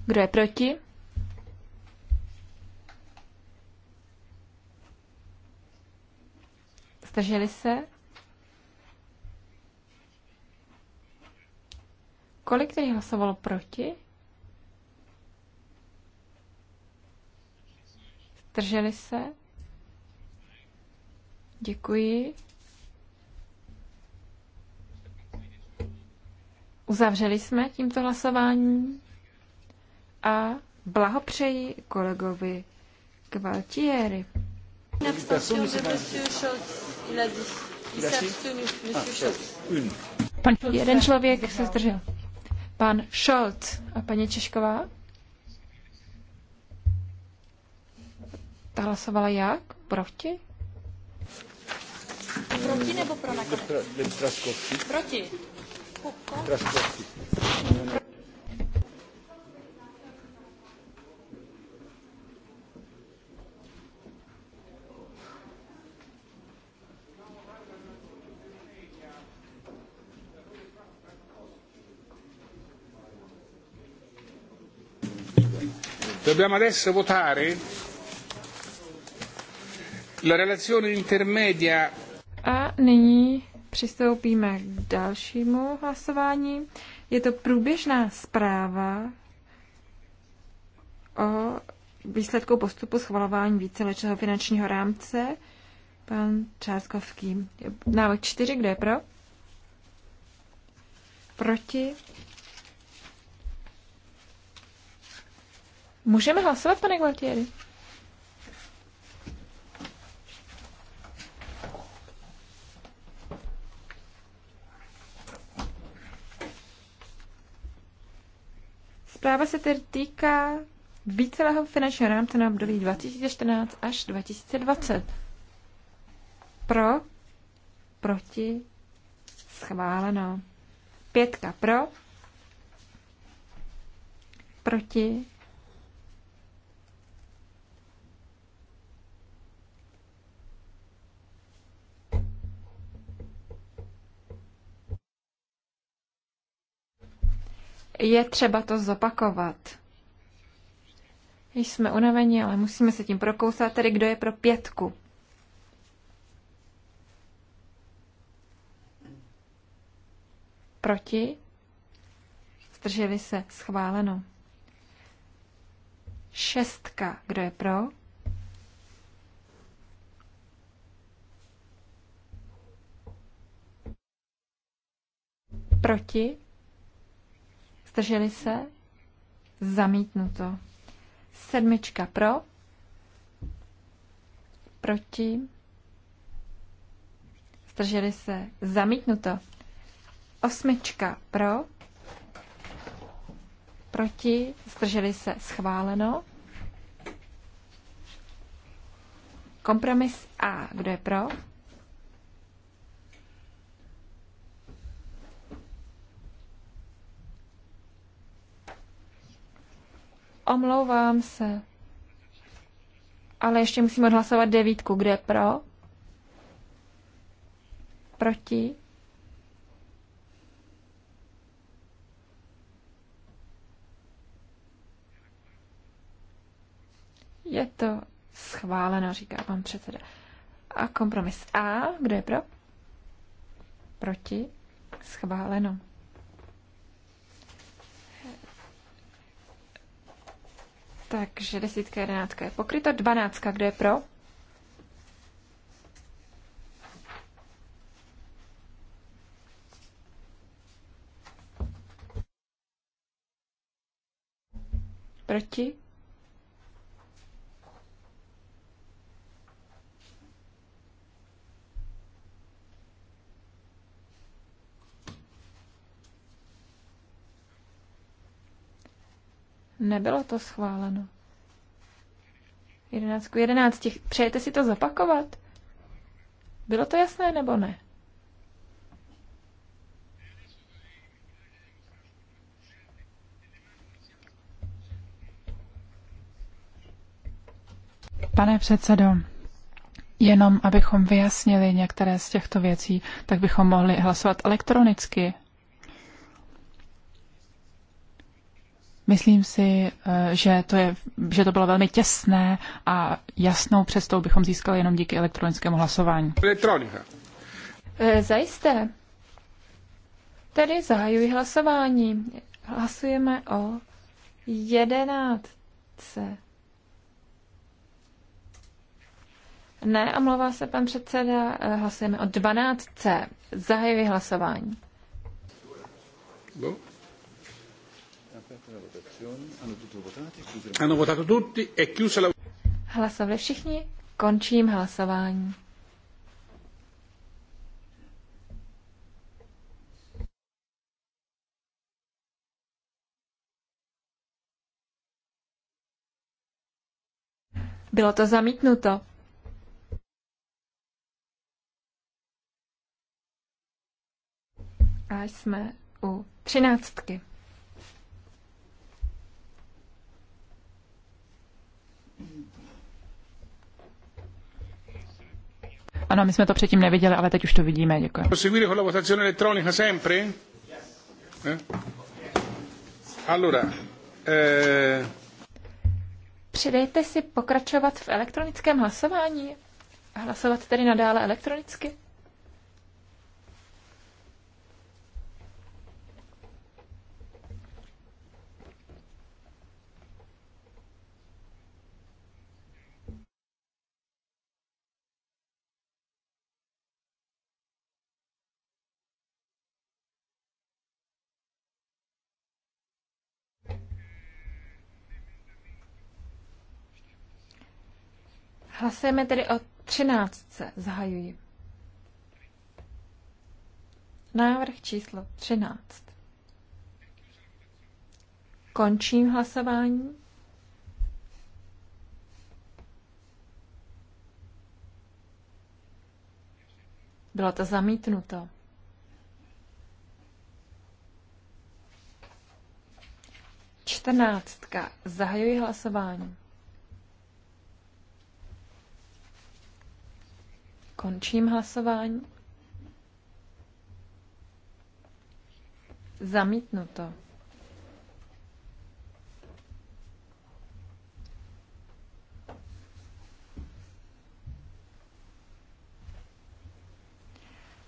Kdo je proti? Zdrželi se? Kolik tedy hlasovalo proti? Zdrželi se? Děkuji. Uzavřeli jsme tímto hlasováním a blahopřeji kolegovi Gvaltieri. Pan, jeden člověk se zdržel. Pan Scholz a paní Češková? Ta hlasovala jak? Proti? Proti nebo pro nakonec? Proti. Proti. Dobbiamo adesso votare la relazione intermedia. A nyní přistoupíme k dalšímu hlasování. Je to průběžná zpráva o výsledku postupu schvalování víceletého finančního rámce. Pan Čáskovský. Návrh čtyři, kdo je pro? Proti? Můžeme hlasovat, pane Gualtieri? Zpráva se tedy týká vícelého finančního rámce na období 2014 až 2020. Pro, proti, schváleno. Pětka pro, proti, Je třeba to zopakovat. Jsme unaveni, ale musíme se tím prokousat. Tedy kdo je pro pětku? Proti? Zdrželi se. Schváleno. Šestka. Kdo je pro? Proti? Zdrželi se? Zamítnuto. Sedmička pro. Proti. Zdrželi se? Zamítnuto. Osmička pro. Proti. Zdrželi se? Schváleno. Kompromis A. Kdo je pro? Omlouvám se. Ale ještě musím odhlasovat devítku. Kde pro? Proti? Je to schváleno, říká pan předseda. A kompromis A, kdo je pro? Proti? Schváleno. Takže desítka, jedenáctka je pokryta. Dvanáctka, kde je pro? Proti? Nebylo to schváleno. Jedenáctku, jedenácti. Přejete si to zapakovat? Bylo to jasné nebo ne? Pane předsedo, jenom abychom vyjasnili některé z těchto věcí, tak bychom mohli hlasovat elektronicky. Myslím si, eh, že to, je, že to bylo velmi těsné a jasnou přestou bychom získali jenom díky elektronickému hlasování. Elektronika. E, zajisté. Tedy zahajuji hlasování. Hlasujeme o jedenáctce. Ne, omlouvá se pan předseda, eh, hlasujeme o dvanáctce. Zahajuji hlasování. No. Hanno votato tutti, è chiusa la... Hlasovali všichni, končím hlasování. Bylo to zamítnuto. A jsme u třináctky. Ano, my jsme to předtím neviděli, ale teď už to vidíme. Děkuji. Proseguire con la votazione elettronica sempre? Eh? Allora, eh... Přidejte si pokračovat v elektronickém hlasování. Hlasovat tedy nadále elektronicky? Hlasujeme tedy o 13. Zahajuji. Návrh číslo 13. Končím hlasování. Bylo to zamítnuto. Čtrnáctka. Zahajuji hlasování. Končím hlasování. Zamítnuto.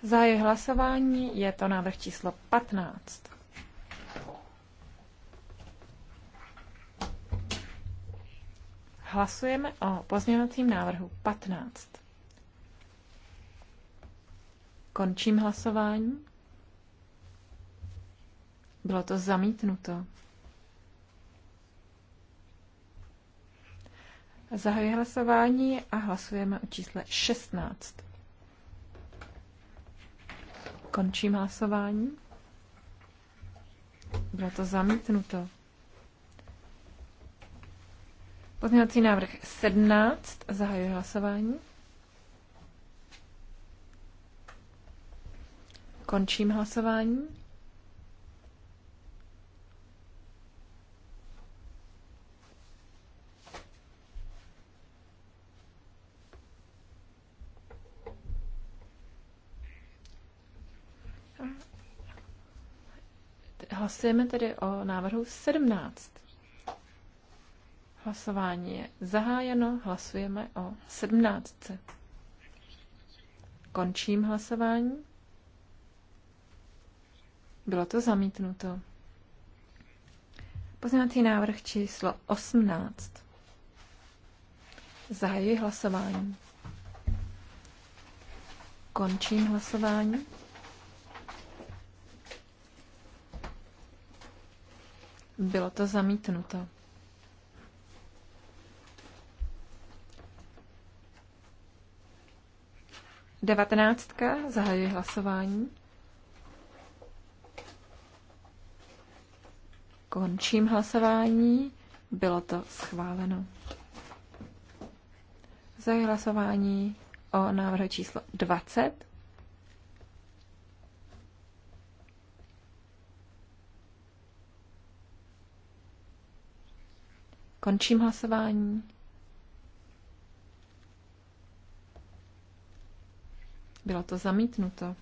Za je hlasování je to návrh číslo 15. Hlasujeme o pozměnacím návrhu 15. Končím hlasování. Bylo to zamítnuto. Zahajuji hlasování a hlasujeme o čísle 16. Končím hlasování. Bylo to zamítnuto. Pozměňovací návrh 17. Zahajuji hlasování. Končím hlasování. Hlasujeme tedy o návrhu 17. Hlasování je zahájeno, hlasujeme o 17. Končím hlasování. Bylo to zamítnuto. Poznací návrh číslo 18. Zahajuji hlasování. Končím hlasování. Bylo to zamítnuto. Devatenáctka. Zahajuji hlasování. Končím hlasování. Bylo to schváleno. Za hlasování o návrhu číslo 20. Končím hlasování. Bylo to zamítnuto.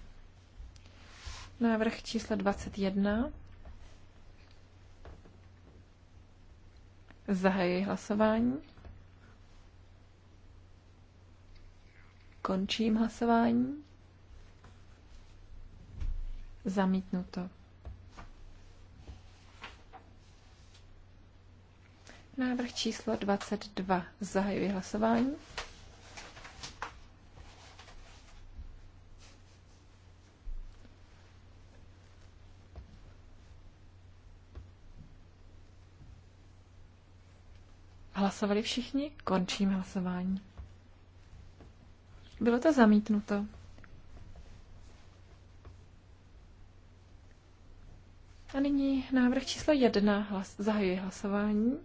Návrh číslo 21. Zahajuji hlasování. Končím hlasování. Zamítnuto. Návrh číslo 22. Zahajuji hlasování. Hlasovali všichni? Končím hlasování. Bylo to zamítnuto. A nyní návrh číslo jedna. Hlas, zahajuje hlasování.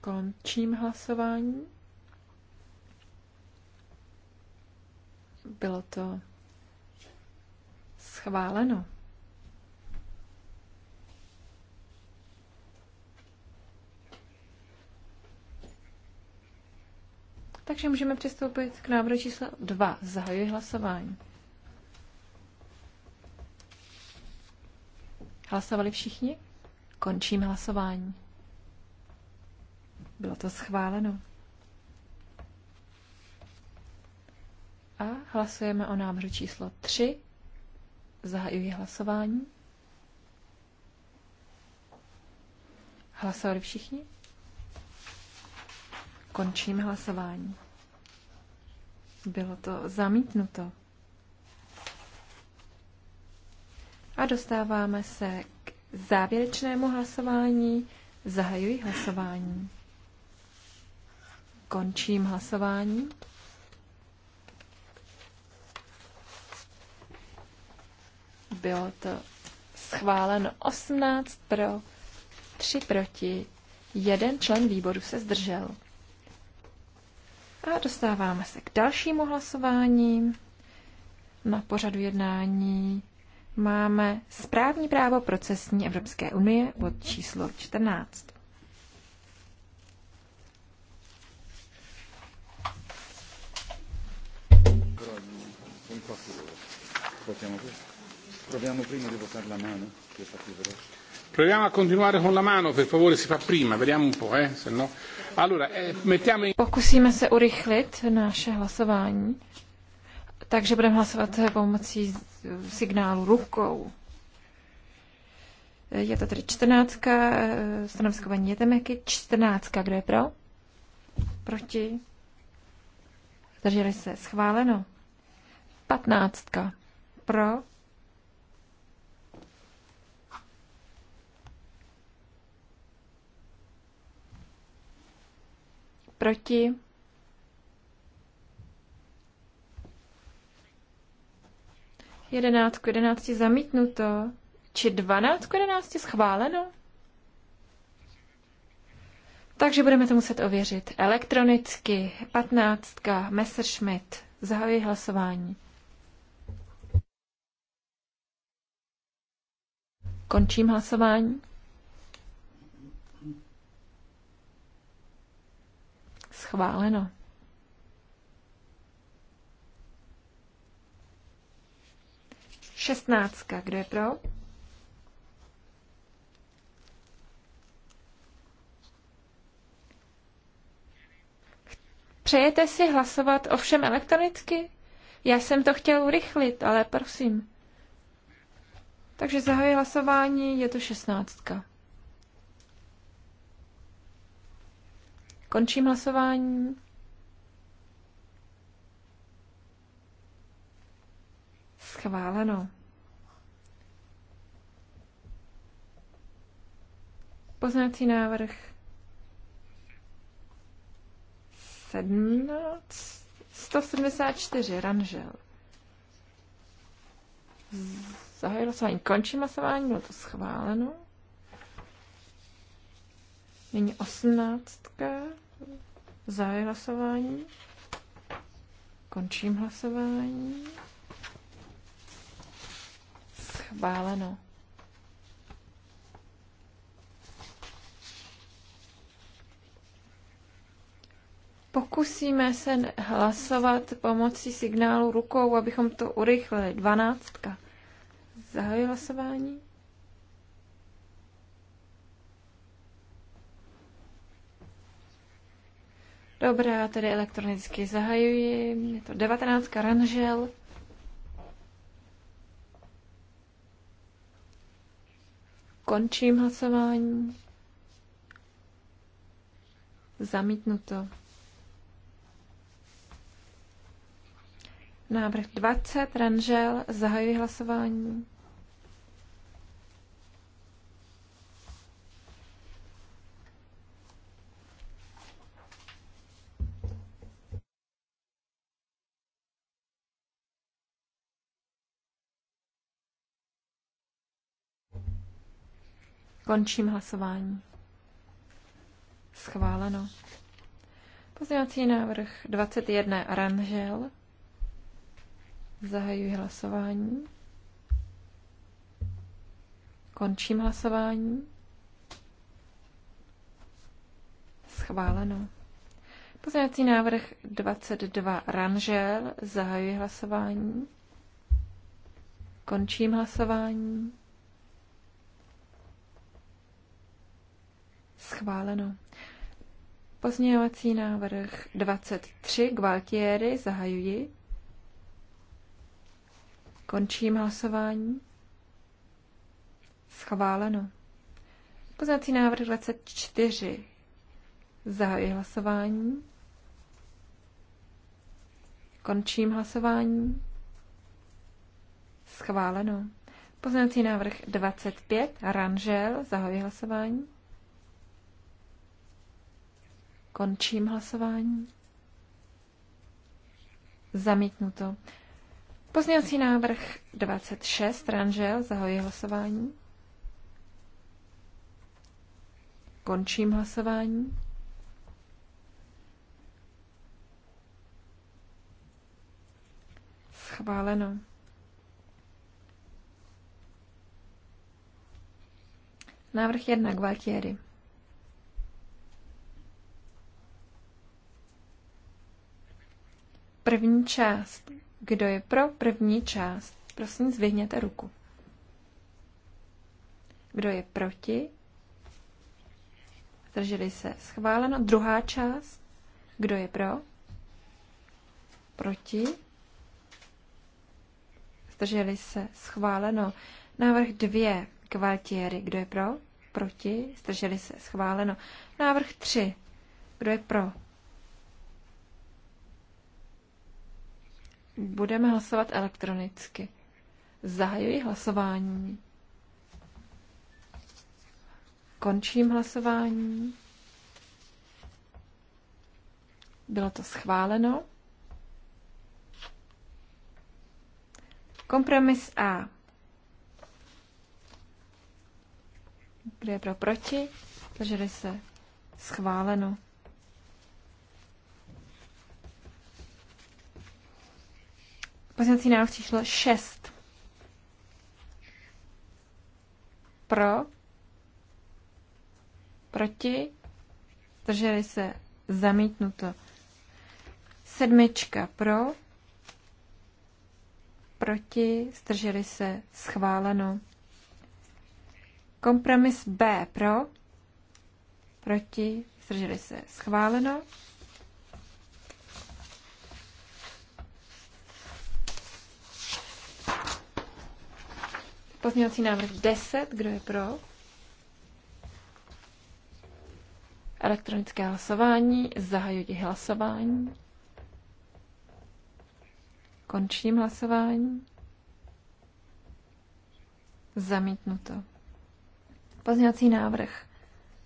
Končím hlasování. Bylo to schváleno. Takže můžeme přistoupit k návrhu číslo 2. Zahajuji hlasování. Hlasovali všichni? Končím hlasování. Bylo to schváleno. A hlasujeme o návrhu číslo 3. Zahajuji hlasování. Hlasovali všichni? Končím hlasování. Bylo to zamítnuto. A dostáváme se k závěrečnému hlasování. Zahajuji hlasování. Končím hlasování. Bylo to schváleno 18 pro, 3 proti, jeden člen výboru se zdržel. A dostáváme se k dalšímu hlasování. Na pořadu jednání máme správní právo procesní Evropské unie bod číslo 14. Potiamo Proviamo prima di votare la mano, che più veloce. Proviamo a continuare con la mano, per favore, si fa prima, vediamo un po', eh, se no. Allora, eh, mettiamo in... Pokusíme se urychlit naše hlasování, takže budeme hlasovat pomocí signálu rukou. Eh, je to tedy čtrnáctka, eh, stanovisko paní Jetemeky, čtrnáctka, kdo je pro? Proti? Zdrželi se, schváleno. Patnáctka, pro? Proti? Jedenáctku jedenácti zamítnuto. Či dvanáctku jedenácti schváleno? Takže budeme to muset ověřit. Elektronicky. Patnáctka. Messerschmitt. Zahajuji hlasování. Končím hlasování. schváleno. Šestnáctka, kdo je pro? Přejete si hlasovat ovšem elektronicky? Já jsem to chtěl urychlit, ale prosím. Takže zahajuji hlasování, je to šestnáctka. Končím hlasování. Schváleno. Poznací návrh 17, 174, ranžel. Zahajuji hlasování. Končím hlasování, bylo to schváleno. Nyní osmnáctka. Zahajuji hlasování. Končím hlasování. Schváleno. Pokusíme se hlasovat pomocí signálu rukou, abychom to urychlili. Dvanáctka. Zahajuji hlasování. Dobrá, tedy elektronicky zahajuji. Je to 19. Ranžel. Končím hlasování. Zamítnuto. Návrh 20, Ranžel, zahajuji hlasování. Končím hlasování. Schváleno. Pozměňovací návrh 21 Aranžel. Zahajuji hlasování. Končím hlasování. Schváleno. Pozměňovací návrh 22 Ranžel. Zahajuji hlasování. Končím hlasování. Schváleno. Pozměňovací návrh 23 Gualtieri zahajuji. Končím hlasování. Schváleno. Pozměňovací návrh 24. Zahajuji hlasování. Končím hlasování. Schváleno. Pozměňovací návrh 25. Ranžel. Zahajuji hlasování. Končím hlasování. Zamítnuto. Pozměňovací návrh 26, Ranžel, zahoji hlasování. Končím hlasování. Schváleno. Návrh 1, Gvaltieri. První část. Kdo je pro první část? Prosím, zvihněte ruku. Kdo je proti? Zdrželi se. Schváleno. Druhá část. Kdo je pro? Proti? Zdrželi se. Schváleno. Návrh dvě. Kvaltieri. Kdo je pro? Proti? Zdrželi se. Schváleno. Návrh tři. Kdo je pro? Budeme hlasovat elektronicky. Zahajuji hlasování. Končím hlasování. Bylo to schváleno. Kompromis A. Kdo je pro proti? Takže se. Schváleno. Pozměňovací návrh číslo 6. Pro. Proti. Drželi se. Zamítnuto. Sedmička pro. Proti. Zdrželi se. Schváleno. Kompromis B pro. Proti. Zdrželi se. Schváleno. Pozměňovací návrh 10, kdo je pro? Elektronické hlasování, zahajuji hlasování. Končím hlasování. Zamítnuto. Pozměňovací návrh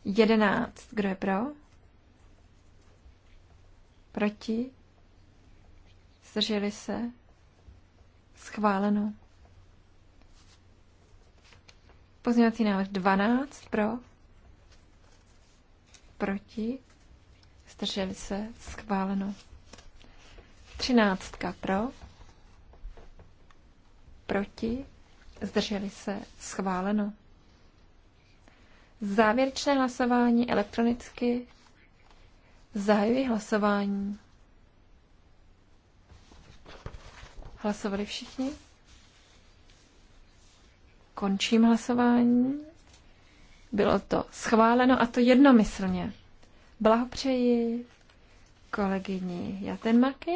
11. Kdo je pro? Proti? Zdrželi se? Schváleno. Pozměňovací návrh 12 pro, proti, zdrželi se, schváleno. 13 pro, proti, zdrželi se, schváleno. Závěrečné hlasování elektronicky. Zahajuji hlasování. Hlasovali všichni? Končím hlasování. Bylo to schváleno a to jednomyslně. Blahopřeji kolegyni Jatenmaky.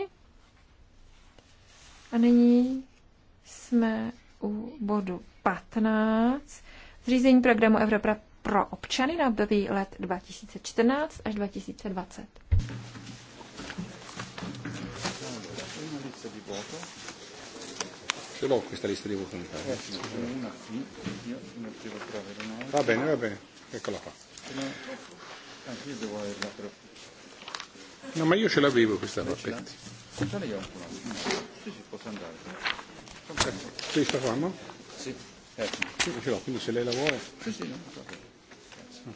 A nyní jsme u bodu 15. Zřízení programu Evropa pro občany na období let 2014 až 2020. Ce l'ho questa lista di voti unitaria. Eh, Va bene, va bene, eccola qua. Ah, no, ma io ce l'avevo questa rappetti. Sono io ancora. Sì, sì, posso andare. Questa qua, no? Eh, sì. Sì, ce l'ho, quindi se lei la vuole. Sì, sì, no.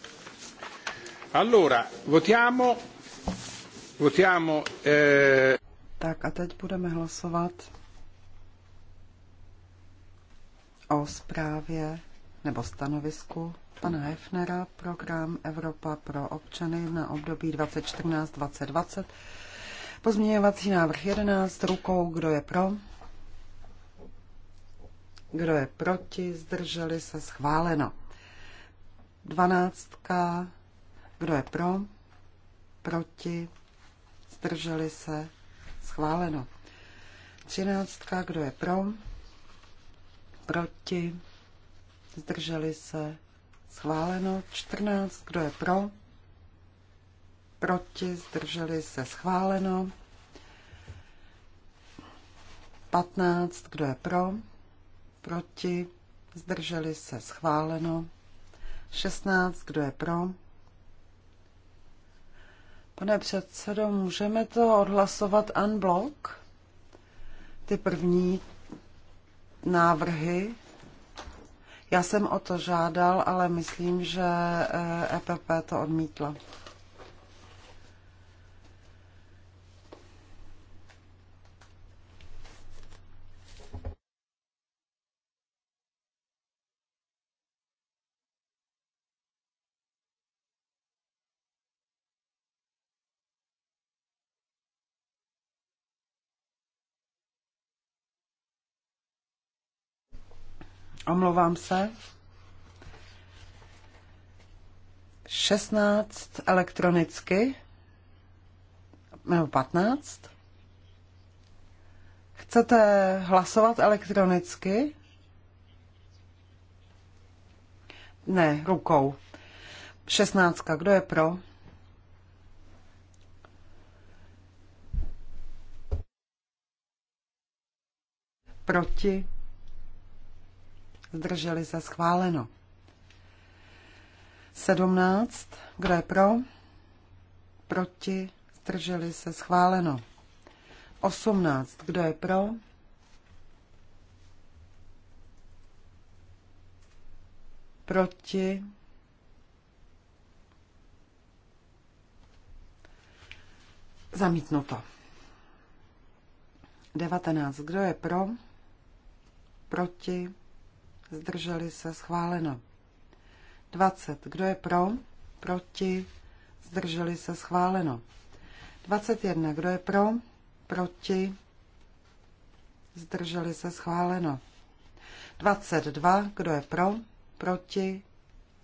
Allora, votiamo. Votiamo. Eh... Tak a teď budeme hlasovat o zprávě nebo stanovisku pana Hefnera, program Evropa pro občany na období 2014-2020. Pozměňovací návrh 11 rukou, kdo je pro? Kdo je proti? Zdrželi se schváleno. 12. Kdo je pro? Proti? Zdrželi se schváleno. 13. Kdo je pro? proti, zdrželi se, schváleno. 14, kdo je pro, proti, zdrželi se, schváleno. 15, kdo je pro, proti, zdrželi se, schváleno. 16, kdo je pro, Pane předsedo, můžeme to odhlasovat unblock? Ty první návrhy. Já jsem o to žádal, ale myslím, že EPP eh, e to odmítla. Omlouvám se. 16 elektronicky, nebo 15. Chcete hlasovat elektronicky? Ne, rukou. 16. Kdo je pro? Proti? zdrželi se schváleno. 17, kdo je pro, proti, zdrželi se schváleno. 18, kdo je pro, proti, zamítnuto. 19, kdo je pro, proti, zdrželi se, schváleno. 20. Kdo je pro? Proti? Zdrželi se schváleno. 21. Kdo je pro? Proti? Zdrželi se schváleno. 22. Kdo je pro? Proti?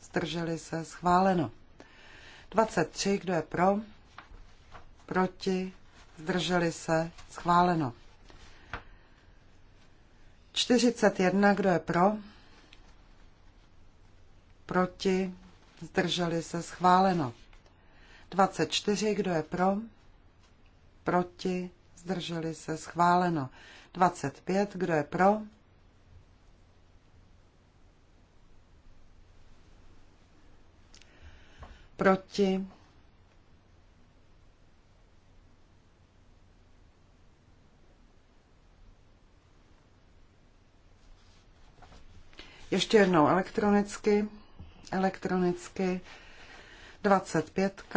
Zdrželi se schváleno. 23. Kdo je pro? Proti? Zdrželi se schváleno. 41. Kdo je pro? proti, zdrželi se schváleno. 24, kdo je pro, proti, zdrželi se schváleno. 25, kdo je pro, proti, Ještě jednou elektronicky elektronicky. 25.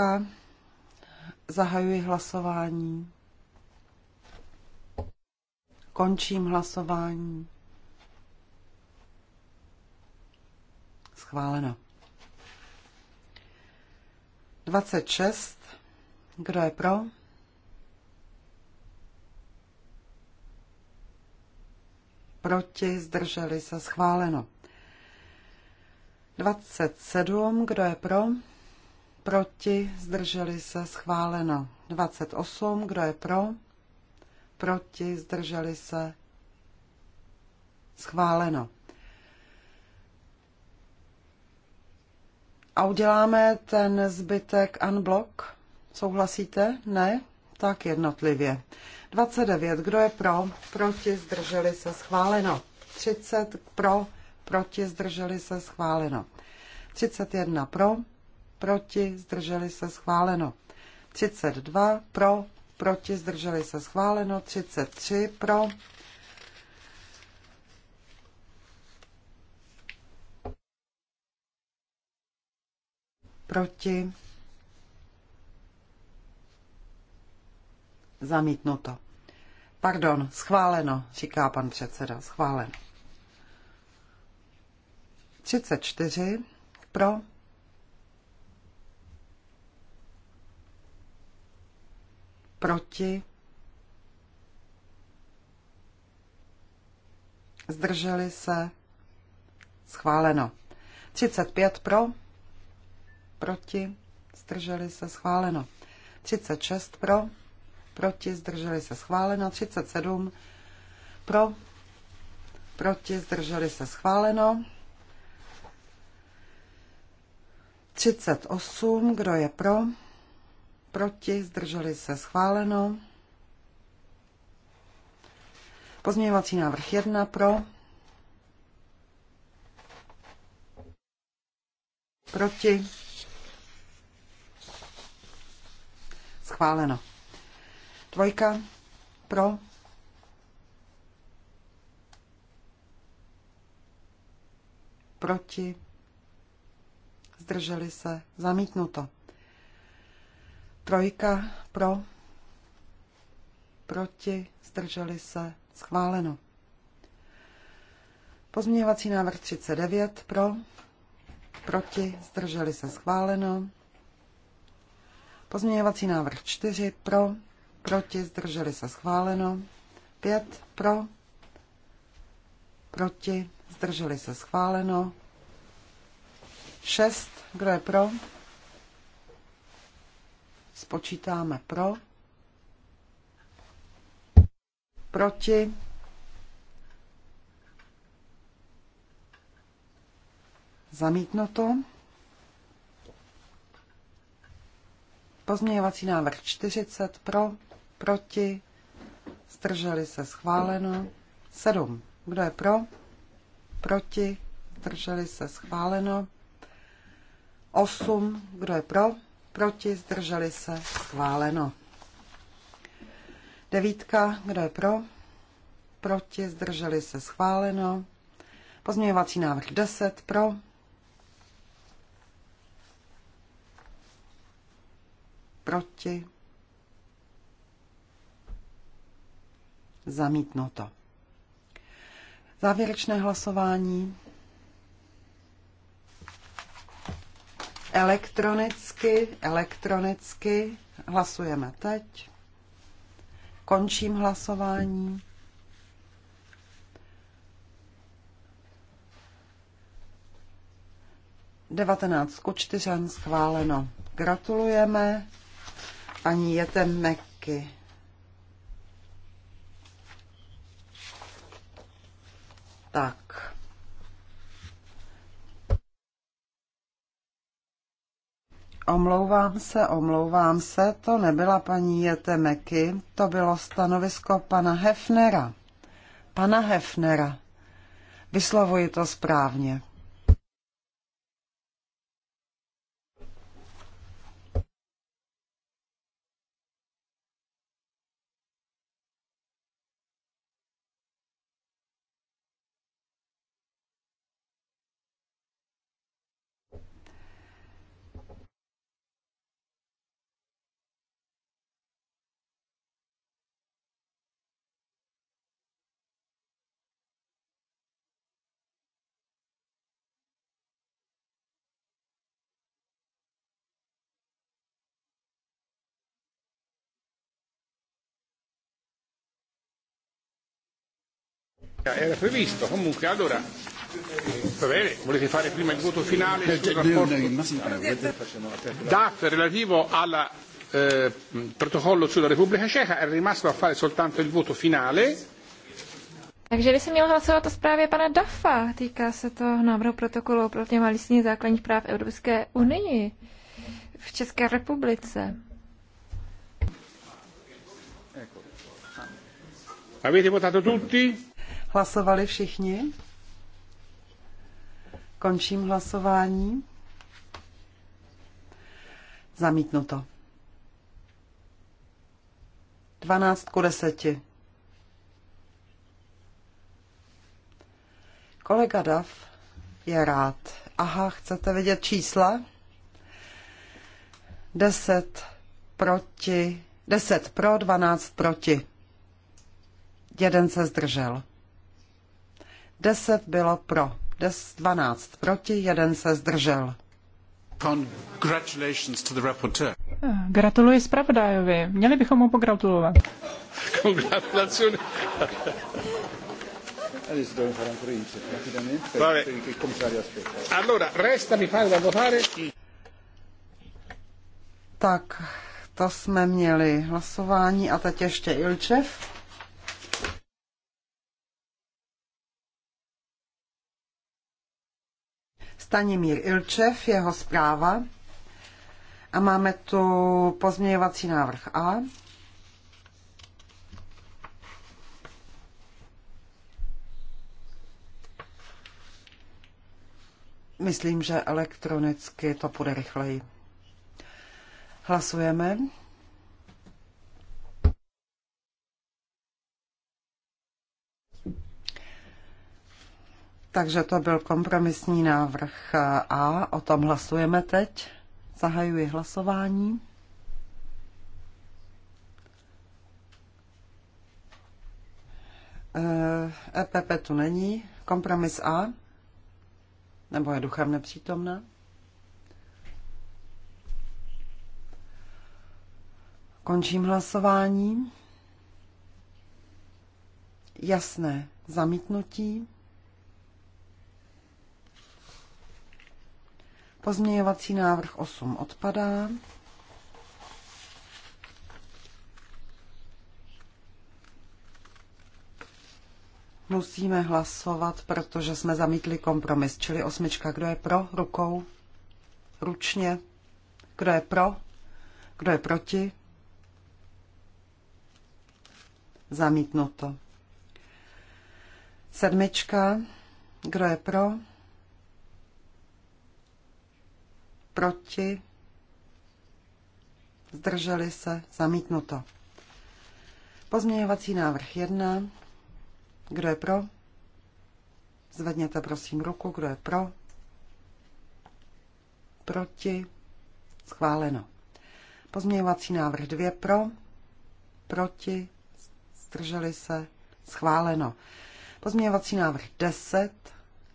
Zahajuji hlasování. Končím hlasování. Schváleno. 26. Kdo je pro? Proti, zdrželi se, schváleno. 27, kdo je pro? Proti, zdrželi se, schváleno. 28, kdo je pro? Proti, zdrželi se, schváleno. A uděláme ten zbytek unblock? Souhlasíte? Ne? Tak jednotlivě. 29. Kdo je pro? Proti? Zdrželi se? Schváleno. 30. Pro? proti, zdrželi se, schváleno. 31 pro, proti, zdrželi se, schváleno. 32 pro, proti, zdrželi se, schváleno. 33 pro, proti, zamítnuto. Pardon, schváleno, říká pan předseda, schváleno. 34 pro, proti, zdrželi se, schváleno. 35 pro, proti, zdrželi se, schváleno. 36 pro, proti, zdrželi se, schváleno. 37 pro, proti, zdrželi se, schváleno. 38, kdo je pro? Proti, zdrželi se, schváleno. Pozměňovací návrh 1 pro. Proti. Schváleno. Dvojka pro. Proti zdrželi se, zamítnuto. Trojka pro, proti, zdrželi se, schváleno. Pozměňovací návrh 39 pro, proti, zdrželi se, schváleno. Pozměňovací návrh 4 pro, proti, zdrželi se, schváleno. 5 pro, proti, zdrželi se, schváleno. 6. Kdo je pro? Spočítáme pro. Proti. Zamítnuto. Pozměňovací návrh 40 pro, proti, zdrželi se schváleno. 7. Kdo je pro? Proti, zdrželi se schváleno. 8, kdo je pro, proti, zdrželi se, schváleno. Devítka, kdo je pro, proti, zdrželi se, schváleno. Pozměňovací návrh 10, pro, proti, zamítnuto. Závěrečné hlasování. elektronicky, elektronicky. Hlasujeme teď. Končím hlasování. Devatenáct ku čtyřem schváleno. Gratulujeme Ani Jetem Meky. Tak. Omlouvám se, omlouvám se, to nebyla paní Jetemeky, to bylo stanovisko pana Hefnera. Pana Hefnera. Vyslovuji to správně. Era previsto, comunque allora va bene, volete fare prima il voto finale sul rapporto DAF relativo al eh, protocollo sulla Repubblica Ceca è rimasto a fare soltanto il voto finale. Takže by se měl hlasovat o zprávě pana Dafa. Týká se to návrhu protokolu o vněma listní základních práv Evropské unii v České republice. Avete votato tutti? Hlasovali všichni? Končím hlasování. Zamítnuto. Dvanáct ku deseti. Kolega Dav je rád. Aha, chcete vidět čísla? Deset proti, Deset pro, Dvanáct proti. Jeden se zdržel. 10 bylo pro, 10, 12 proti, jeden se zdržel. Congratulations to the rapporteur. Eh, gratuluji zpravodajovi. Měli bychom mu pogratulovat. Tak, to jsme měli hlasování a teď ještě Ilčev. Staněmír Ilčev, jeho zpráva. A máme tu pozměňovací návrh A. Myslím, že elektronicky to půjde rychleji. Hlasujeme. Takže to byl kompromisní návrh A, o tom hlasujeme teď. Zahajuji hlasování. EPP eh, e tu není. Kompromis A? Nebo je duchem nepřítomná? Končím hlasování. Jasné zamítnutí. Pozměňovací návrh 8 odpadá. Musíme hlasovat, protože jsme zamítli kompromis, čili osmička. Kdo je pro rukou? Ručně. Kdo je pro? Kdo je proti? Zamítnuto. Sedmička. Kdo je pro? proti, zdrželi se, zamítnuto. Pozměňovací návrh 1, kdo je pro? Zvedněte prosím ruku, kdo je pro? Proti, schváleno. Pozměňovací návrh 2 pro, proti, zdrželi se, schváleno. Pozměňovací návrh 10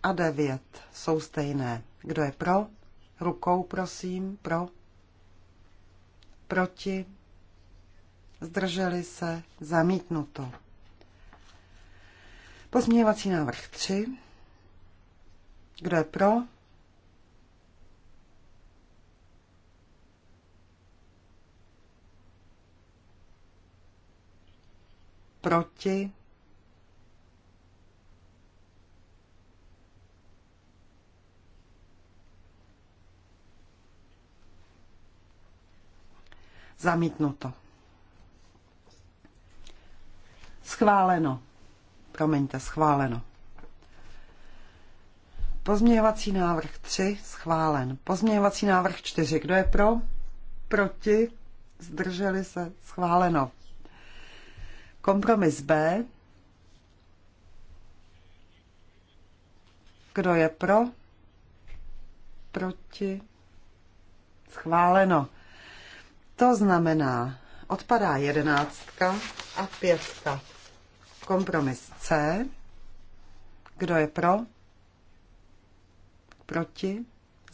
a 9 jsou stejné. Kdo je pro? Rukou, prosím, pro. Proti. Zdrželi se. Zamítnuto. Pozměňovací návrh 3. Kdo je pro? Proti? Zamítnuto. Schváleno. Promiňte, schváleno. Pozměňovací návrh 3 schválen. Pozměňovací návrh 4. Kdo je pro? Proti? Zdrželi se? Schváleno. Kompromis B. Kdo je pro? Proti? Schváleno. To znamená, odpadá jedenáctka a pětka. Kompromis C. Kdo je pro? Proti?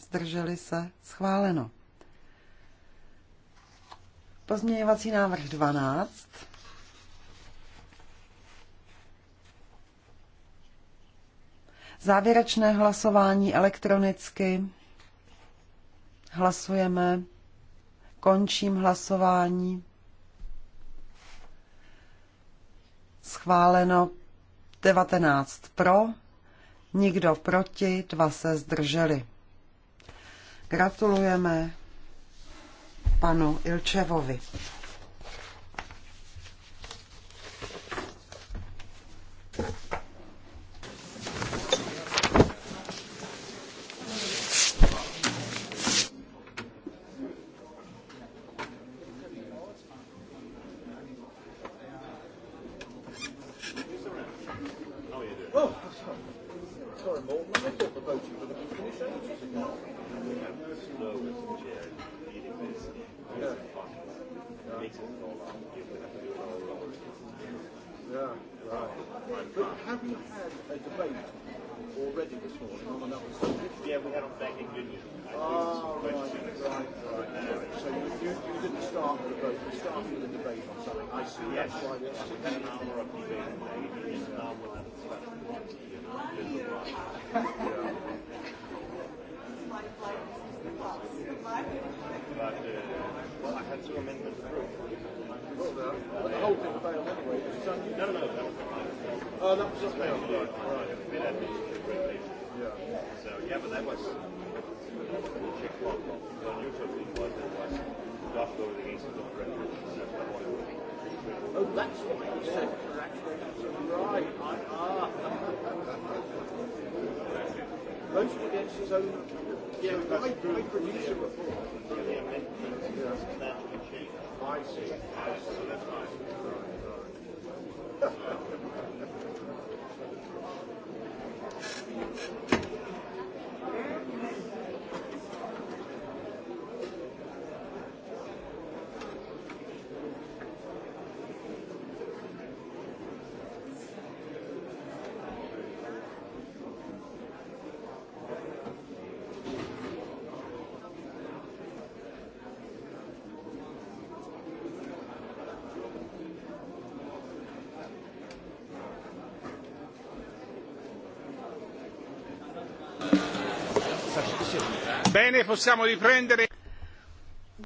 Zdrželi se? Schváleno. Pozměňovací návrh 12. Závěrečné hlasování elektronicky. Hlasujeme. Končím hlasování. Schváleno 19 pro, nikdo proti, dva se zdrželi. Gratulujeme panu Ilčevovi.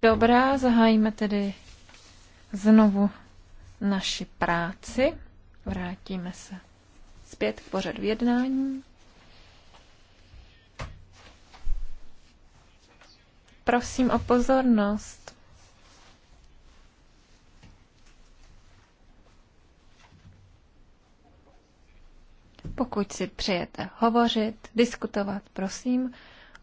Dobrá, zahájíme tedy znovu naši práci. Vrátíme se zpět k pořadu jednání. Prosím o pozornost. Pokud si přejete hovořit, diskutovat, prosím,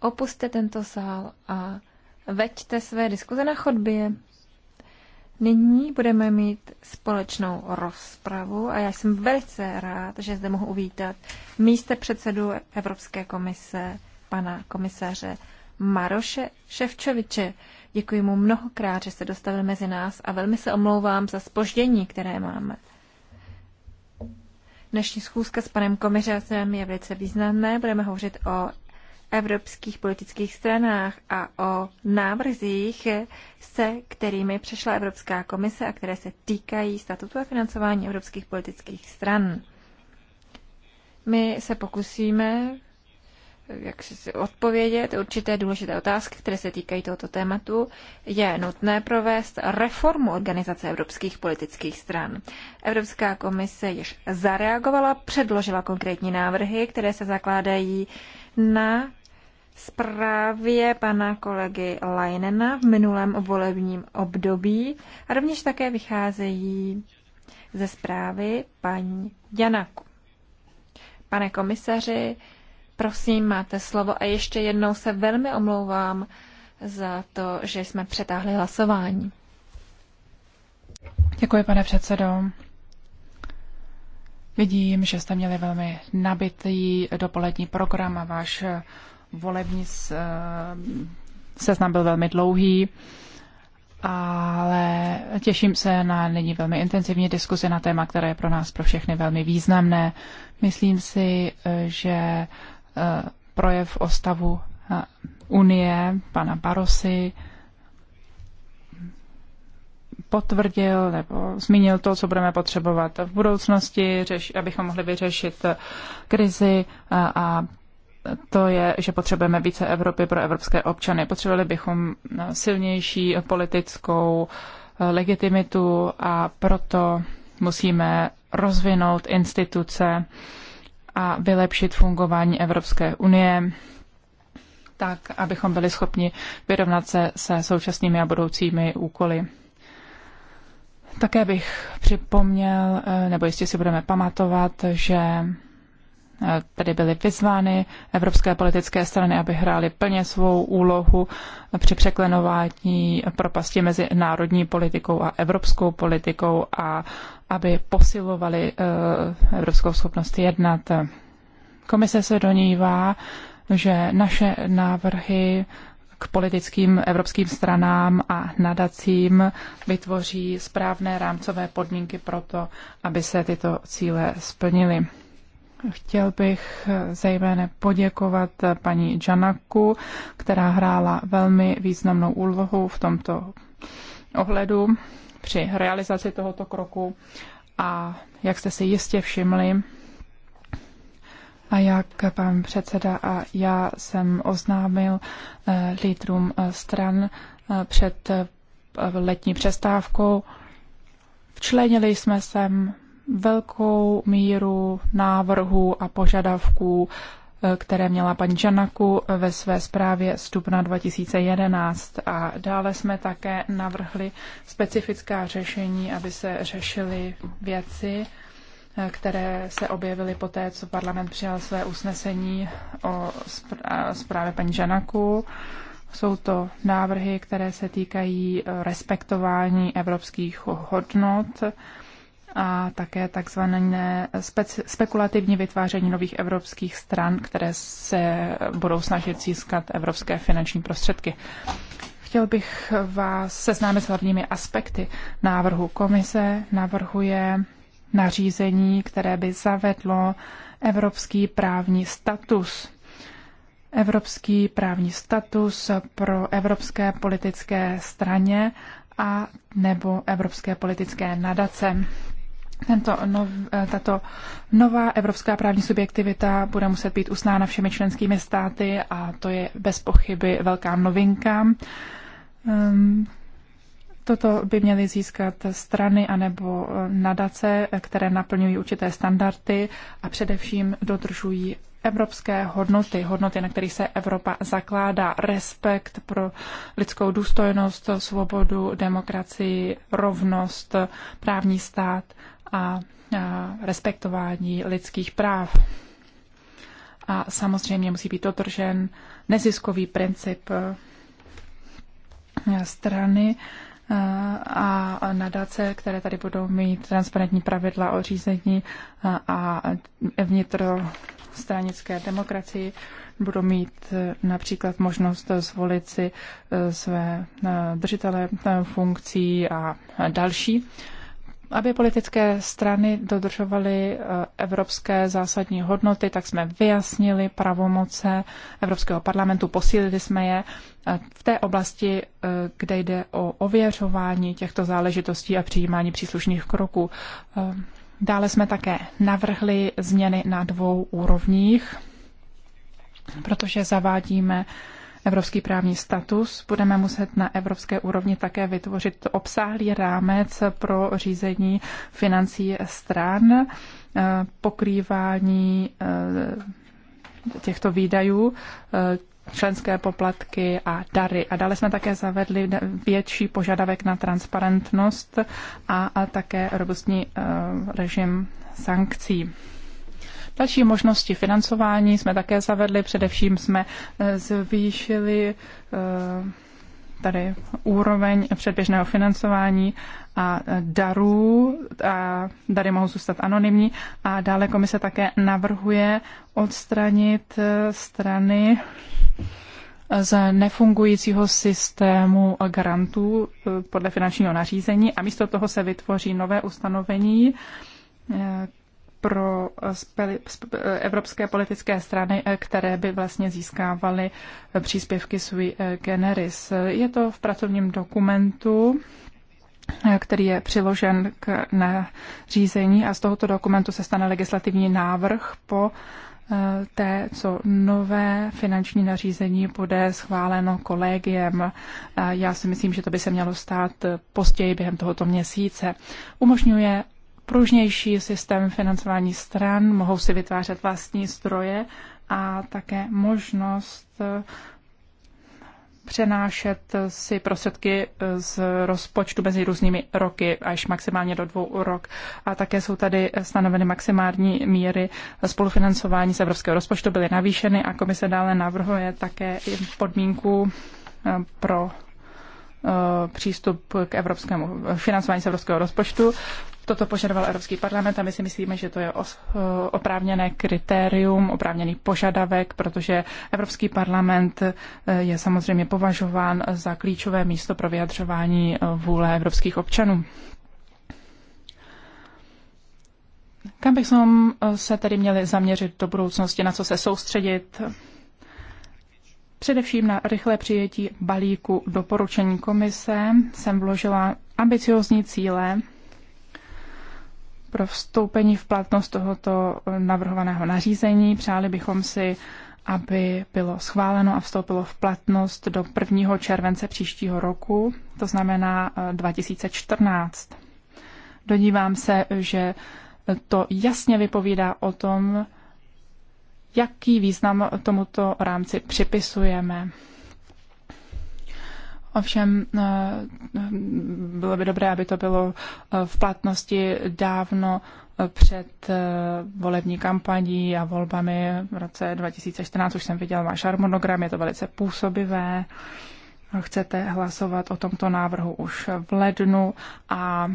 Opuste tento sál a veďte své diskuze na chodbě. Nyní budeme mít společnou rozpravu a já jsem velice rád, že zde mohu uvítat místě předsedu Evropské komise, pana komisaře Maroše Ševčoviče. Děkuji mu mnohokrát, že se dostavil mezi nás a velmi se omlouvám za spoždění, které máme. Dnešní schůzka s panem komisařem je velice významné. Budeme hovořit o evropských politických stranách a o návrzích, se kterými přišla Evropská komise a které se týkají statutu a financování evropských politických stran. My se pokusíme jak si odpovědět určité důležité otázky, které se týkají tohoto tématu, je nutné provést reformu organizace evropských politických stran. Evropská komise již zareagovala, předložila konkrétní návrhy, které se zakládají na zprávě pana kolegy Leinena v minulém volebním období a rovněž také vycházejí ze zprávy paní Janaku. Pane komisaři, prosím, máte slovo a ještě jednou se velmi omlouvám za to, že jsme přetáhli hlasování. Děkuji, pane předsedo. Vidím, že jste měli velmi nabitý dopolední program a váš volební eh, seznam byl velmi dlouhý, ale těším se na nyní velmi intenzivní diskuzi na téma, které je pro nás pro všechny velmi významné. Myslím si, eh, že eh, projev o stavu Unie pana Barosy potvrdil nebo zmínil to, co budeme potřebovat v budoucnosti, řeš, abychom mohli vyřešit krizi a, a to je, že potřebujeme více Evropy pro evropské občany. Potřebovali bychom silnější politickou eh, legitimitu a proto musíme rozvinout instituce a vylepšit fungování Evropské unie tak, abychom byli schopni vyrovnat se se současnými a budoucími úkoly. Také bych připomněl, eh, nebo jistě si budeme pamatovat, že tedy byly vyzvány evropské politické strany, aby hrály plně svou úlohu při překlenování propasti mezi národní politikou a evropskou politikou a aby posilovali eh, evropskou schopnost jednat. Komise se donívá, že naše návrhy k politickým evropským stranám a nadacím vytvoří správné rámcové podmínky pro to, aby se tyto cíle splnily. Chtěl bych zejména poděkovat paní Janaku, která hrála velmi významnou úlohu v tomto ohledu při realizaci tohoto kroku. A jak jste si jistě všimli, a jak pan předseda a já jsem oznámil eh, lídrům eh, stran eh, před letní přestávkou, včlenili jsme sem velkou míru návrhů a požadavků, eh, které měla paní Žanaku eh, ve své zprávě stupna 2011. A dále jsme také navrhli specifická řešení, aby se řešily věci, eh, které se objevily poté, co parlament přijal své usnesení o zprávě paní Žanaku. Jsou to návrhy, které se týkají respektování evropských hodnot, a také takzvané spekulativní vytváření nových evropských stran, které se budou snažit získat evropské finanční prostředky. Chtěl bych vás seznámit s hlavními aspekty návrhu. Komise navrhuje nařízení, které by zavedlo evropský právní status. Evropský právní status pro evropské politické straně a nebo evropské politické nadace. Tento nov, eh, tato nová evropská právní subjektivita bude muset být usnána všemi členskými státy a to je bez pochyby velká novinka. Ehm, toto by měly získat strany anebo eh, nadace, které naplňují určité standardy a především dodržují evropské hodnoty, hodnoty, na kterých se Evropa zakládá, respekt pro lidskou důstojnost, svobodu, demokracii, rovnost, právní stát a respektování lidských práv. A samozřejmě musí být dodržen neziskový princip e, strany e, a nadace, které tady budou mít transparentní pravidla o řízení e, a vnitrostranické demokracii, budou mít například možnost zvolit si své držitele funkcí a další aby politické strany dodržovaly eh, evropské zásadní hodnoty, tak jsme vyjasnili pravomoce Evropského parlamentu, posílili jsme je eh, v té oblasti, eh, kde jde o ověřování těchto záležitostí a přijímání příslušných kroků. Dále jsme také navrhli změny na dvou úrovních, protože zavádíme evropský právní status, budeme muset na evropské úrovni také vytvořit obsáhlý rámec pro řízení financí stran, eh, pokrývání eh, těchto výdajů, eh, členské poplatky a dary. A dále jsme také zavedli větší požadavek na transparentnost a, a také robustní režim sankcí. Další možnosti financování jsme také zavedli, především jsme eh, zvýšili eh, tady úroveň předběžného financování a eh, darů. A dary mohou zůstat anonymní. A dále komise také navrhuje odstranit strany z nefungujícího systému grantů podle finančního nařízení a místo toho se vytvoří nové ustanovení, pro eh, eh, evropské politické strany, eh, které by vlastně získávaly příspěvky sui generis. Je to v pracovním dokumentu, který je přiložen k nařízení a z tohoto dokumentu se stane legislativní návrh po té, co nové finanční nařízení bude schváleno kolegiem. Já si myslím, že to by se mělo stát později během tohoto měsíce. Umožňuje pružnější systém financování stran, mohou si vytvářet vlastní zdroje a také možnost eh, přenášet si prostředky eh, z rozpočtu mezi různými roky, až maximálně do dvou rok. A také jsou tady eh, stanoveny maximální míry spolufinancování z evropského rozpočtu, byly navýšeny a komise dále navrhuje také podmínku pro Eh, přístup k evropskému financování z evropského rozpočtu. Toto požadoval Evropský parlament a my si myslíme, že to je eh, oprávněné kritérium, oprávněný požadavek, protože Evropský parlament eh, je samozřejmě považován za klíčové místo pro vyjadřování vůle evropských občanů. Kam bychom se tedy měli zaměřit do budoucnosti, na co se soustředit? Především na rychlé přijetí balíku doporučení komise jsem vložila ambiciozní cíle pro vstoupení v platnost tohoto eh, navrhovaného nařízení. Přáli bychom si, aby bylo schváleno a vstoupilo v platnost do 1. července příštího roku, to znamená 2014. Eh, Dodívám se, že to jasně vypovídá o tom, jaký význam tomuto rámci připisujeme. Ovšem eh, eh, bylo by dobré, aby to bylo eh, v platnosti dávno před volební kampaní a volbami v roce 2014. Už jsem viděl váš harmonogram, je to velice působivé. Chcete hlasovat o tomto návrhu už v lednu a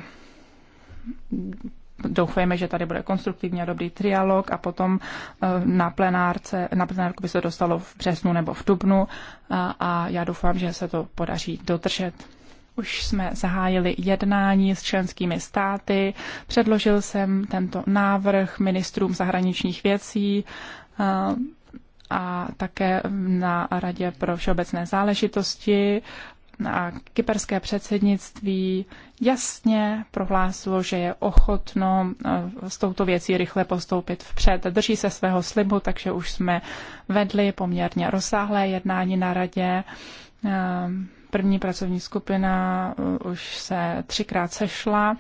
Doufejme, že tady bude konstruktivní a dobrý trialog a potom eh, na, plenárce, na plenárku by se dostalo v březnu nebo v dubnu a, eh, a já doufám, že se to podaří dotržet. Už jsme zahájili jednání s členskými státy, předložil jsem tento návrh ministrům zahraničních věcí a, eh, a také na Radě pro všeobecné záležitosti a kyperské předsednictví jasně prohlásilo, že je ochotno eh, s touto věcí rychle postoupit vpřed. Drží se svého slibu, takže už jsme vedli poměrně rozsáhlé jednání na radě. Eh, první pracovní skupina eh, už se třikrát sešla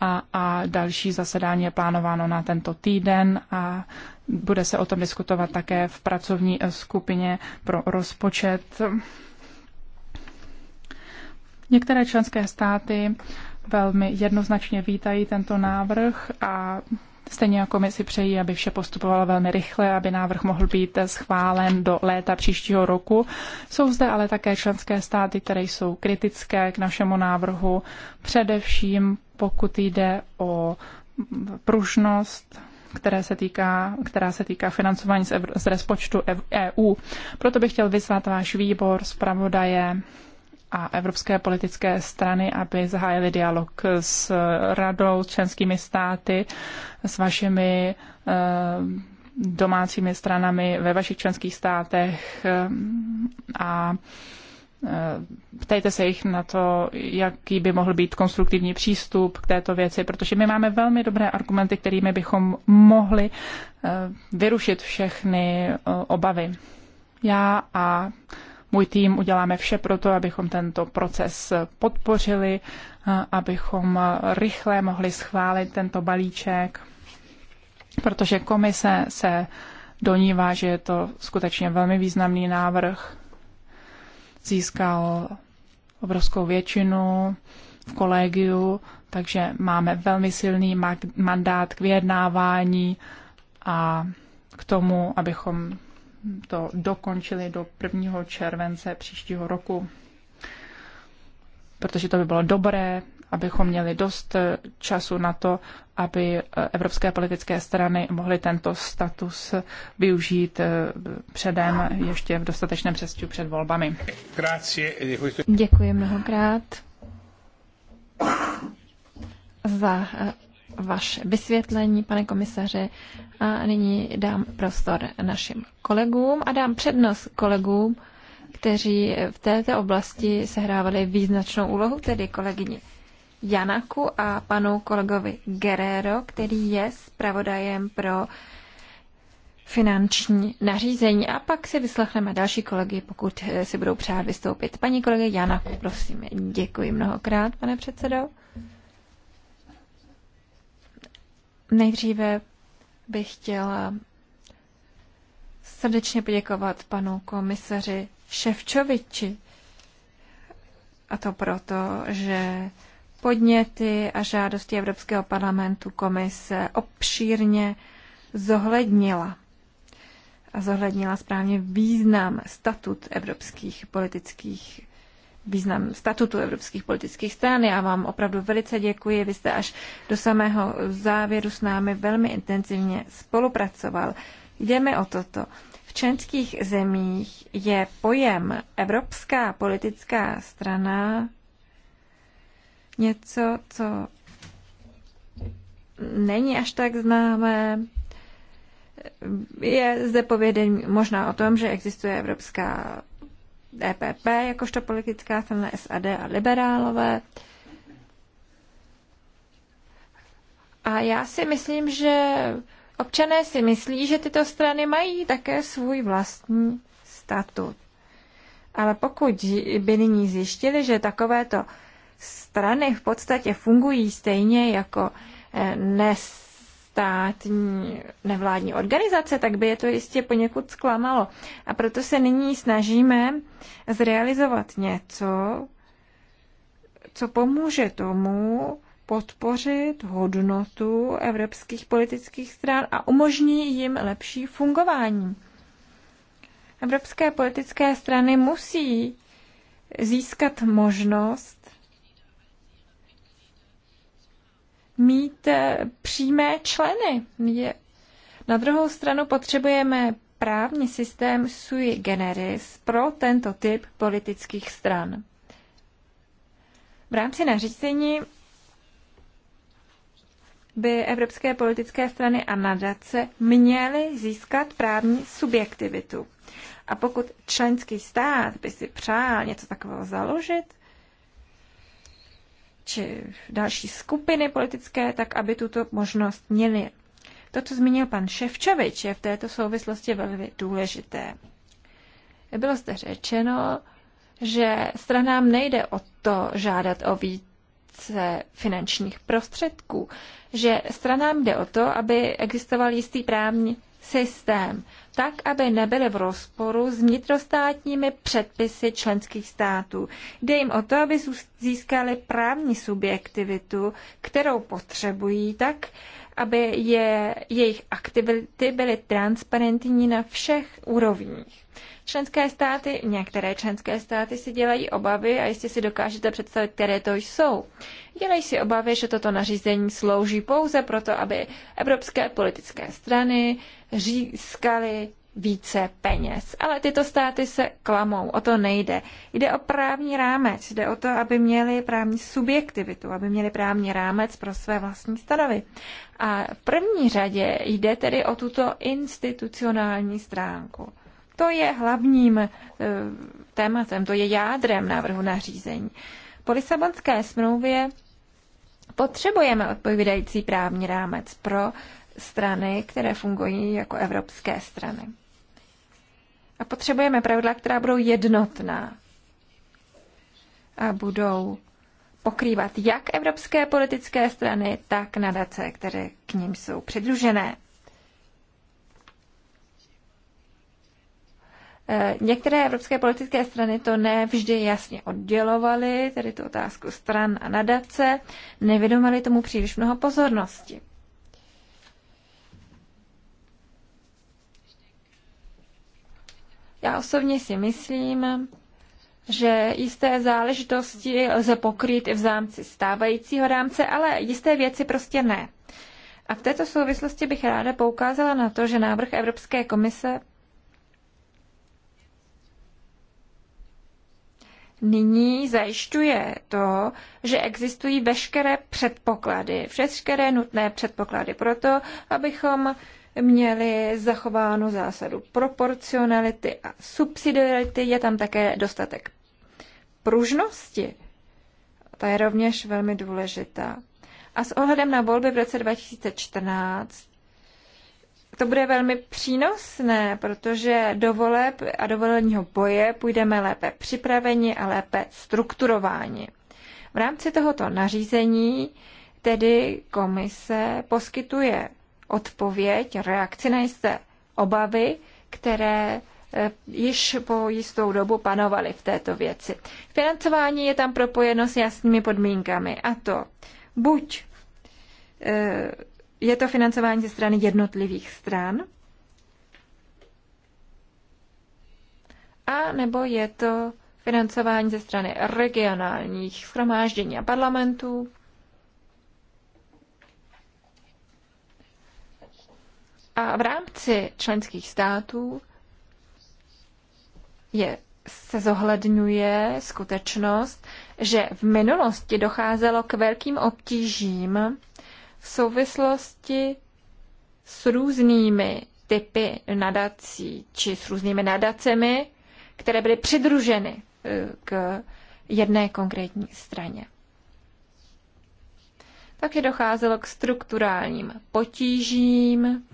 a, a další zasedání je plánováno na tento týden a bude se o tom diskutovat také v pracovní skupině pro rozpočet. Některé členské státy velmi jednoznačně vítají tento návrh a Stejně jako my si přejí, aby vše postupovalo velmi rychle, aby návrh mohl být schválen do léta příštího roku. Jsou zde ale také členské státy, které jsou kritické k našemu návrhu, především pokud jde o pružnost které se týká, která se týká financování z, evr, z rozpočtu EU. E Proto bych chtěl vyzvat váš výbor, zpravodaje, a evropské politické strany, aby zahájili dialog s radou, členskými státy, s vašimi eh, domácími stranami ve vašich členských státech eh, a eh, ptejte se jich na to, jaký by mohl být konstruktivní přístup k této věci, protože my máme velmi dobré argumenty, kterými bychom mohli vyrušit všechny obavy. Já a můj tým uděláme vše pro to, abychom tento proces podpořili, abychom rychle mohli schválit tento balíček, protože komise se donívá, že je to skutečně velmi významný návrh. Získal obrovskou většinu v kolegiu, takže máme velmi silný mandát k vyjednávání a k tomu, abychom to dokončili do 1. července příštího roku. Protože to by bylo dobré, abychom měli dost eh, času na to, aby eh, evropské politické strany mohly tento status využít eh, předem ještě v dostatečném přesču před volbami. Děkuji mnohokrát za vaše vysvětlení, pane komisaře. A nyní dám prostor našim kolegům a dám přednost kolegům, kteří v této oblasti sehrávali význačnou úlohu, tedy kolegyni Janaku a panu kolegovi Guerrero, který je zpravodajem pro finanční nařízení. A pak si vyslechneme další kolegy, pokud si budou přát vystoupit. Paní kolegy Janaku, prosím, děkuji mnohokrát, pane předsedo. Nejdříve bych chtěla srdečně poděkovat panu komisaři Ševčoviči. A to proto, že podněty a žádosti Evropského parlamentu komise obšírně zohlednila. A zohlednila správně význam statut evropských politických význam statutu evropských politických stran. Já vám opravdu velice děkuji. Vy jste až do samého závěru s námi velmi intenzivně spolupracoval. Jdeme o toto. V členských zemích je pojem evropská politická strana něco, co není až tak známé. Je zde povědění možná o tom, že existuje Evropská DPP e jakožto politická strana SAD a liberálové. A já si myslím, že občané si myslí, že tyto strany mají také svůj vlastní statut. Ale pokud by nyní zjištili, že takovéto strany v podstatě fungují stejně jako eh, dnes státní nevládní organizace, tak by je to jistě poněkud zklamalo. A proto se nyní snažíme zrealizovat něco, co pomůže tomu podpořit hodnotu evropských politických stran a umožní jim lepší fungování. Evropské politické strany musí získat možnost mít eh, přímé členy. Na druhou stranu potřebujeme právní systém sui generis pro tento typ politických stran. V rámci nařízení by evropské politické strany a nadace měly získat právní subjektivitu. A pokud členský stát by si přál něco takového založit, či další skupiny politické, tak aby tuto možnost měly. To, co zmínil pan Ševčovič, je v této souvislosti velmi důležité. Bylo zde řečeno, že stranám nejde o to žádat o více finančních prostředků, že stranám jde o to, aby existoval jistý právní systém tak, aby nebyly v rozporu s vnitrostátními předpisy členských států. Jde jim o to, aby získali právní subjektivitu, kterou potřebují, tak, aby je, jejich aktivity byly transparentní na všech úrovních. Členské státy, některé členské státy si dělají obavy a jistě si dokážete představit, které to jsou. Dělají si obavy, že toto nařízení slouží pouze proto, aby evropské politické strany získaly více peněz. Ale tyto státy se klamou, o to nejde. Jde o právní rámec, jde o to, aby měli právní subjektivitu, aby měli právní rámec pro své vlastní stanovy. A v první řadě jde tedy o tuto institucionální stránku. To je hlavním eh, tématem, to je jádrem návrhu nařízení. Po Lisabonské smlouvě potřebujeme odpovídající právní rámec pro strany, které fungují jako evropské strany. A potřebujeme pravidla, která budou jednotná a budou pokrývat jak evropské politické strany, tak nadace, které k ním jsou přidružené. Eh, některé evropské politické strany to nevždy jasně oddělovaly, tedy tu otázku stran a nadace, nevědomaly tomu příliš mnoho pozornosti. Já osobně si myslím, že jisté záležitosti lze pokrýt i v zámci stávajícího rámce, ale jisté věci prostě ne. A v této souvislosti bych ráda poukázala na to, že návrh Evropské komise nyní zajišťuje to, že existují veškeré předpoklady, veškeré nutné předpoklady pro to, abychom měli zachováno zásadu proporcionality a subsidiarity. Je tam také dostatek pružnosti. Ta je rovněž velmi důležitá. A s ohledem na volby v roce 2014 to bude velmi přínosné, protože do voleb a do volebního boje půjdeme lépe připraveni a lépe strukturováni. V rámci tohoto nařízení tedy komise poskytuje odpověď, reakci na jisté obavy, které eh, již po jistou dobu panovaly v této věci. Financování je tam propojeno s jasnými podmínkami a to buď eh, je to financování ze strany jednotlivých stran? A nebo je to financování ze strany regionálních schromáždění a parlamentů? A v rámci členských států je, se zohledňuje skutečnost, že v minulosti docházelo k velkým obtížím v souvislosti s různými typy nadací či s různými nadacemi, které byly přidruženy e, k jedné konkrétní straně. Taky docházelo k strukturálním potížím,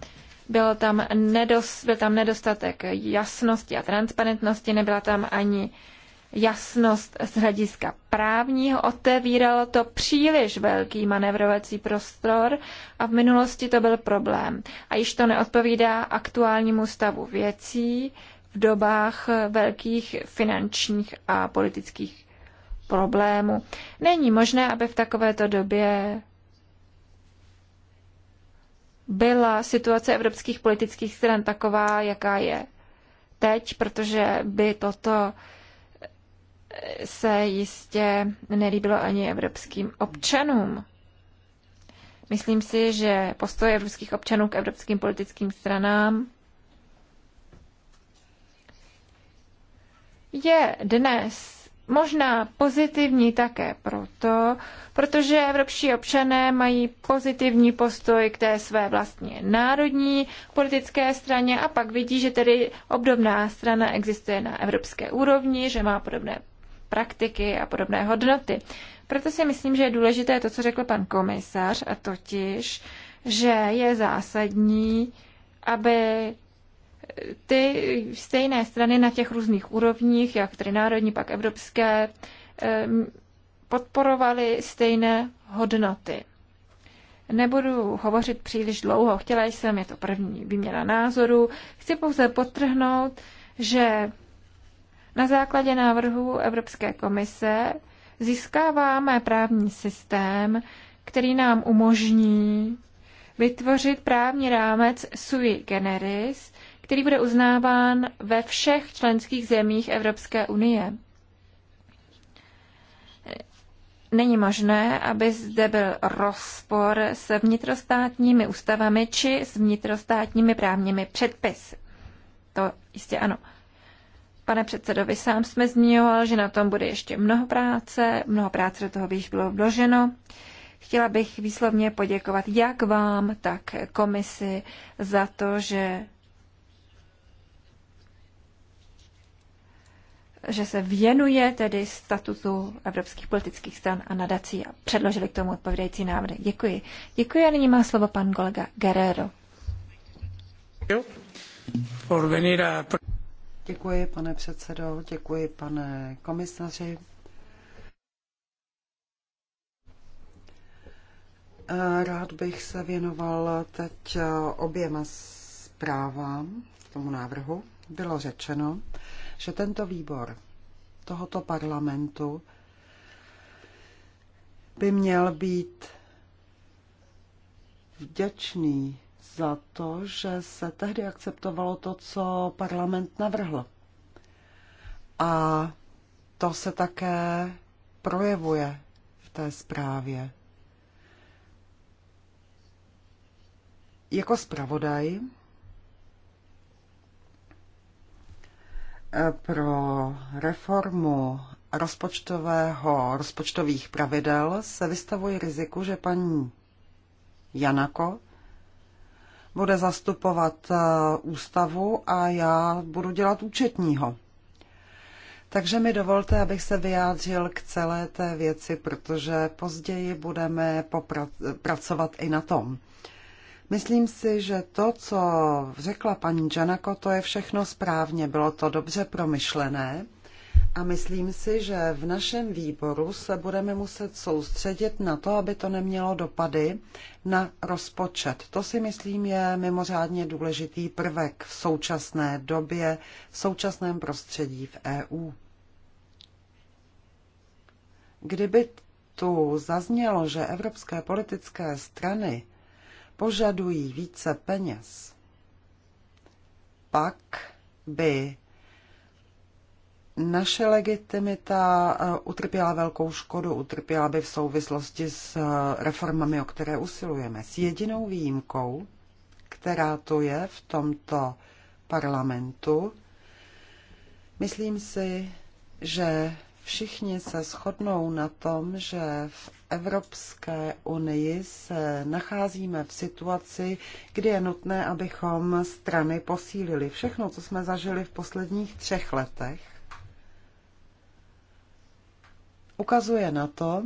byl tam nedos, byl tam nedostatek jasnosti a transparentnosti, nebyla tam ani jasnost z hlediska právního, otevíralo to příliš velký manevrovací prostor a v minulosti to byl problém. A již to neodpovídá aktuálnímu stavu věcí v dobách velkých finančních a politických problémů. Není možné, aby v takovéto době byla situace evropských politických stran taková, jaká je teď, protože by toto se jistě nelíbilo ani evropským občanům. Myslím si, že postoj evropských občanů k evropským politickým stranám je dnes možná pozitivní také proto, protože evropští občané mají pozitivní postoj k té své vlastně národní politické straně a pak vidí, že tedy obdobná strana existuje na evropské úrovni, že má podobné praktiky a podobné hodnoty. Proto si myslím, že je důležité to, co řekl pan komisař, a totiž, že je zásadní, aby ty stejné strany na těch různých úrovních, jak tedy národní, pak evropské, podporovaly stejné hodnoty. Nebudu hovořit příliš dlouho, chtěla jsem, je to první výměna názoru. Chci pouze potrhnout, že na základě návrhu Evropské komise získáváme právní systém, který nám umožní vytvořit právní rámec sui generis, který bude uznáván ve všech členských zemích Evropské unie. Není možné, aby zde byl rozpor s vnitrostátními ústavami či s vnitrostátními právními předpisy. To jistě ano. Pane předsedo, vy sám jsme zmiňoval, že na tom bude ještě mnoho práce, mnoho práce do toho by již bylo vloženo. Chtěla bych výslovně poděkovat jak vám, tak komisi za to, že že se věnuje tedy statutu evropských politických stran a nadací a předložili k tomu odpovídající návrhy. Děkuji. Děkuji a nyní má slovo pan kolega Guerrero. Děkuji, pane předsedo, děkuji, pane komisaři. Rád bych se věnoval teď oběma zprávám K tomu návrhu. Bylo řečeno, že tento výbor tohoto parlamentu by měl být vděčný za to, že se tehdy akceptovalo to, co parlament navrhl. A to se také projevuje v té zprávě. Jako zpravodaj eh, pro reformu rozpočtového, rozpočtových pravidel se vystavuje riziku, že paní Janako bude zastupovat eh, ústavu a já budu dělat účetního. Takže mi dovolte, abych se vyjádřil k celé té věci, protože později budeme pracovat i na tom. Myslím si, že to, co řekla paní Janako, to je všechno správně. Bylo to dobře promyšlené. A myslím si, že v našem výboru se budeme muset soustředit na to, aby to nemělo dopady na rozpočet. To si myslím je mimořádně důležitý prvek v současné době, v současném prostředí v EU. Kdyby tu zaznělo, že evropské politické strany požadují více peněz, pak by naše legitimita eh, utrpěla velkou škodu, utrpěla by v souvislosti s eh, reformami, o které usilujeme. S jedinou výjimkou, která tu je v tomto parlamentu, myslím si, že všichni se shodnou na tom, že v Evropské unii se nacházíme v situaci, kdy je nutné, abychom strany posílili. Všechno, co jsme zažili v posledních třech letech, ukazuje na to,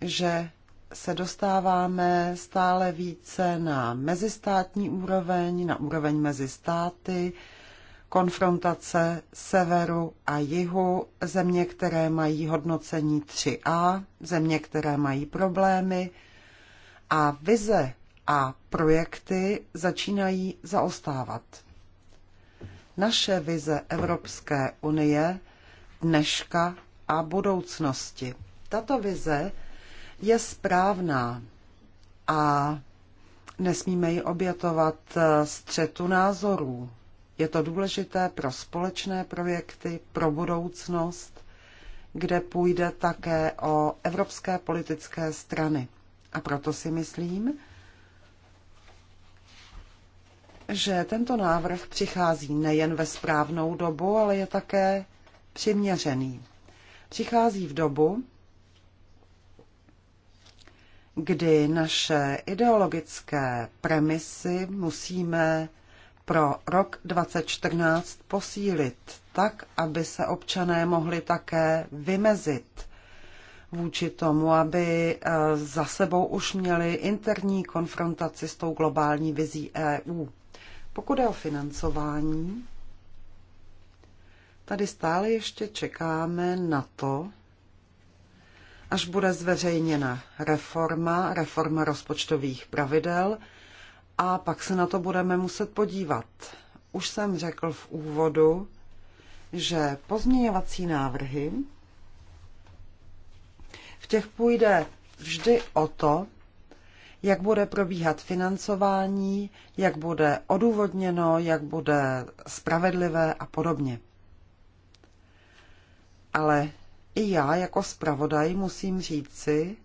že se dostáváme stále více na mezistátní úroveň, na úroveň mezi státy, konfrontace severu a jihu, země, které mají hodnocení 3A, země, které mají problémy a vize a projekty začínají zaostávat. Naše vize Evropské unie dneška a budoucnosti. Tato vize je správná a nesmíme ji obětovat střetu názorů. Je to důležité pro společné projekty, pro budoucnost, kde půjde také o evropské politické strany. A proto si myslím, že tento návrh přichází nejen ve správnou dobu, ale je také přiměřený přichází v dobu, kdy naše ideologické premisy musíme pro rok 2014 posílit tak, aby se občané mohli také vymezit vůči tomu, aby eh, za sebou už měli interní konfrontaci s tou globální vizí EU. Pokud je o financování, Tady stále ještě čekáme na to, až bude zveřejněna reforma, reforma rozpočtových pravidel a pak se na to budeme muset podívat. Už jsem řekl v úvodu, že pozměňovací návrhy v těch půjde vždy o to, jak bude probíhat financování, jak bude odůvodněno, jak bude spravedlivé a podobně ale i já jako zpravodaj musím říci,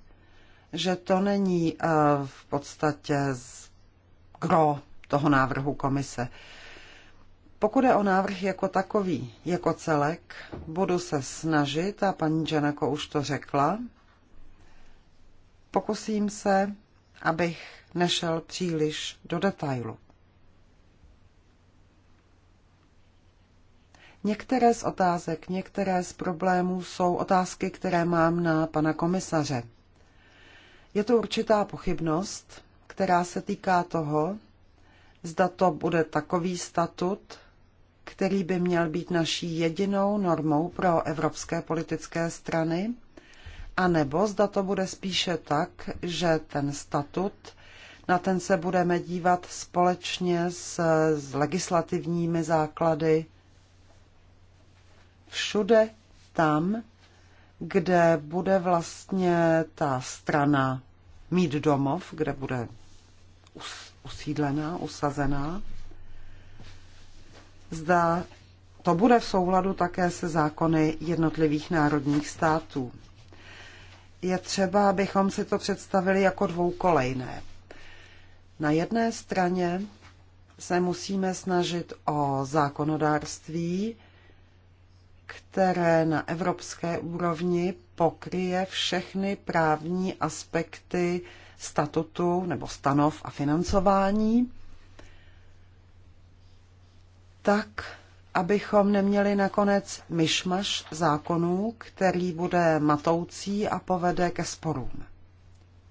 že to není eh, v podstatě z gro toho návrhu komise. Pokud je o návrh jako takový, jako celek, budu se snažit, a paní Dženeko už to řekla, pokusím se, abych nešel příliš do detailu. Některé z otázek, některé z problémů jsou otázky, které mám na pana komisaře. Je to určitá pochybnost, která se týká toho, zda to bude takový statut, který by měl být naší jedinou normou pro evropské politické strany, anebo zda to bude spíše tak, že ten statut, na ten se budeme dívat společně s, s legislativními základy všude tam, kde bude vlastně ta strana mít domov, kde bude usídlená, usazená. Zda to bude v souladu také se zákony jednotlivých národních států. Je třeba, abychom si to představili jako dvoukolejné. Na jedné straně se musíme snažit o zákonodárství, které na evropské úrovni pokryje všechny právní aspekty statutu nebo stanov a financování, tak, abychom neměli nakonec myšmaš zákonů, který bude matoucí a povede ke sporům.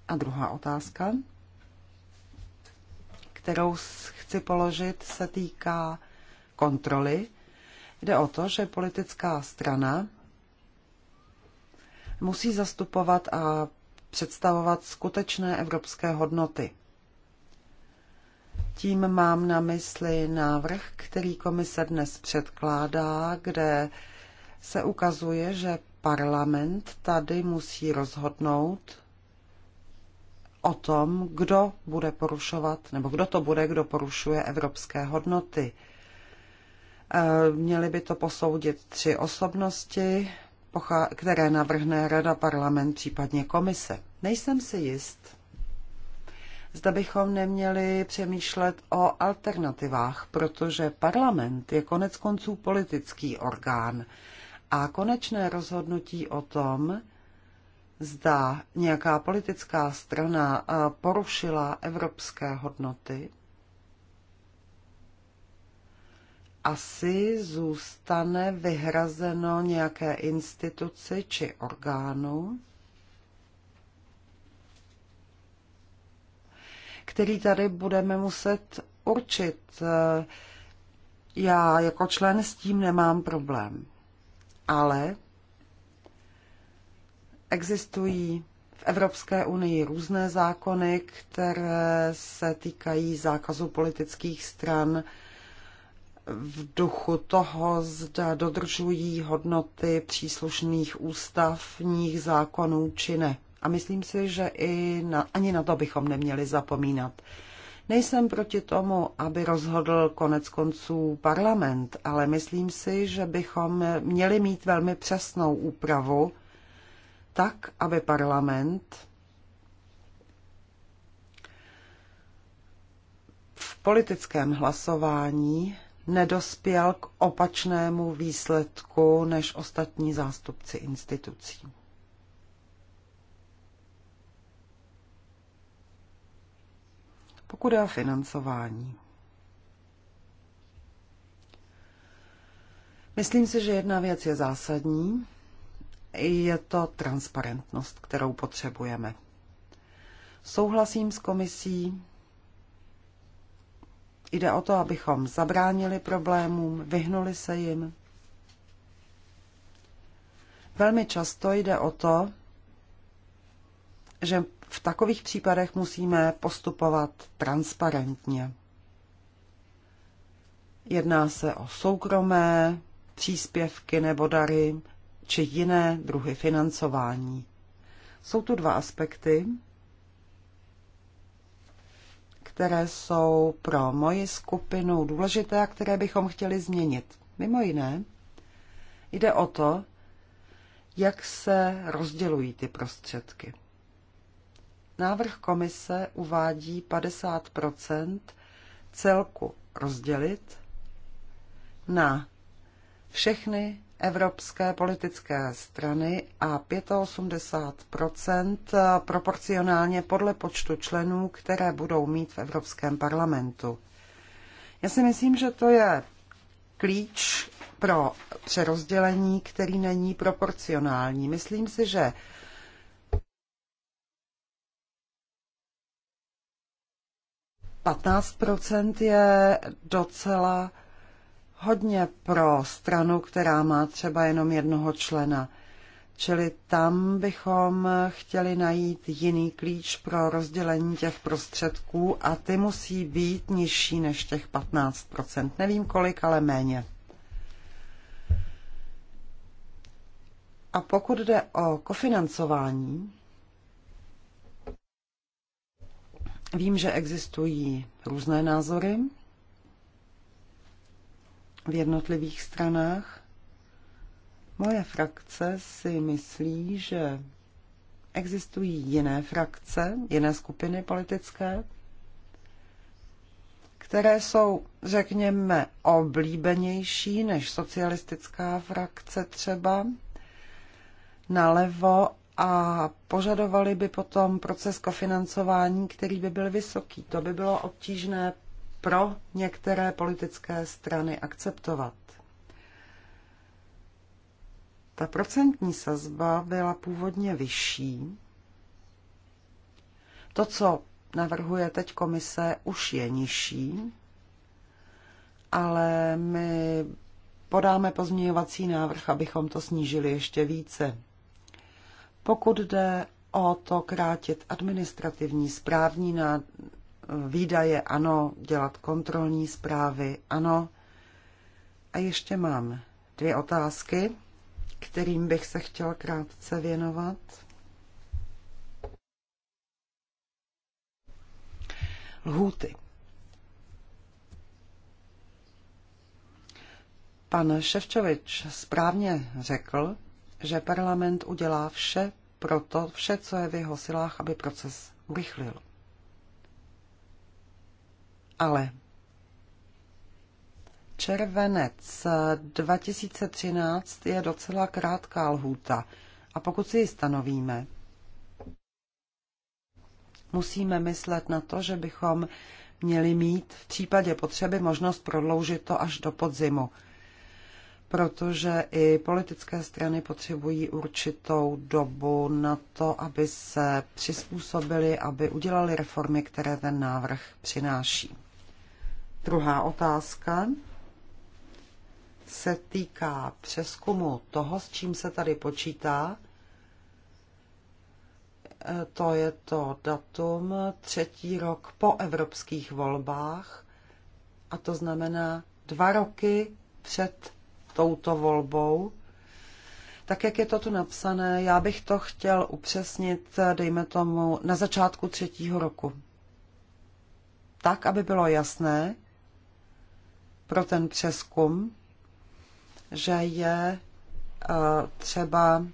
A druhá otázka, kterou chci položit, se týká kontroly Jde o to, že politická strana musí zastupovat a představovat skutečné evropské hodnoty. Tím mám na mysli návrh, který komise dnes předkládá, kde se ukazuje, že parlament tady musí rozhodnout o tom, kdo bude porušovat, nebo kdo to bude, kdo porušuje evropské hodnoty. Eh, měly by to posoudit tři osobnosti, které navrhne Rada, Parlament, případně Komise. Nejsem si jist. Zda bychom neměli přemýšlet o alternativách, protože parlament je konec konců politický orgán a konečné rozhodnutí o tom, zda nějaká politická strana eh, porušila evropské hodnoty, asi zůstane vyhrazeno nějaké instituci či orgánu, který tady budeme muset určit. Já jako člen s tím nemám problém, ale existují v Evropské unii různé zákony, které se týkají zákazu politických stran v duchu toho, zda dodržují hodnoty příslušných ústavních zákonů či ne. A myslím si, že i na, ani na to bychom neměli zapomínat. Nejsem proti tomu, aby rozhodl konec konců parlament, ale myslím si, že bychom měli mít velmi přesnou úpravu, tak, aby parlament v politickém hlasování nedospěl k opačnému výsledku než ostatní zástupci institucí. Pokud je o financování. Myslím si, že jedna věc je zásadní. Je to transparentnost, kterou potřebujeme. Souhlasím s komisí, Jde o to, abychom zabránili problémům, vyhnuli se jim. Velmi často jde o to, že v takových případech musíme postupovat transparentně. Jedná se o soukromé příspěvky nebo dary či jiné druhy financování. Jsou tu dva aspekty, které jsou pro moji skupinu důležité a které bychom chtěli změnit. Mimo jiné, jde o to, jak se rozdělují ty prostředky. Návrh komise uvádí 50 celku rozdělit na všechny evropské politické strany a 85 proporcionálně podle počtu členů, které budou mít v Evropském parlamentu. Já si myslím, že to je klíč pro přerozdělení, který není proporcionální. Myslím si, že Patnáct procent je docela hodně pro stranu, která má třeba jenom jednoho člena. Čili tam bychom chtěli najít jiný klíč pro rozdělení těch prostředků a ty musí být nižší než těch 15%. Nevím kolik, ale méně. A pokud jde o kofinancování, vím, že existují různé názory v jednotlivých stranách. Moje frakce si myslí, že existují jiné frakce, jiné skupiny politické, které jsou, řekněme, oblíbenější než socialistická frakce třeba nalevo a požadovali by potom proces kofinancování, který by byl vysoký. To by bylo obtížné pro některé politické strany akceptovat. Ta procentní sazba byla původně vyšší. To, co navrhuje teď komise, už je nižší, ale my podáme pozměňovací návrh, abychom to snížili ještě více. Pokud jde o to krátit administrativní správní výdaje, ano, dělat kontrolní zprávy, ano. A ještě mám dvě otázky, kterým bych se chtěl krátce věnovat. Lhůty. Pan Ševčovič správně řekl, že parlament udělá vše pro to, vše, co je v jeho silách, aby proces urychlil ale červenec 2013 je docela krátká lhůta a pokud si ji stanovíme, musíme myslet na to, že bychom měli mít v případě potřeby možnost prodloužit to až do podzimu, protože i politické strany potřebují určitou dobu na to, aby se přizpůsobili, aby udělali reformy, které ten návrh přináší. Druhá otázka se týká přeskumu toho, s čím se tady počítá. To je to datum třetí rok po evropských volbách a to znamená dva roky před touto volbou. Tak, jak je to tu napsané, já bych to chtěl upřesnit, dejme tomu, na začátku třetího roku. Tak, aby bylo jasné, pro ten přeskum, že je eh, třeba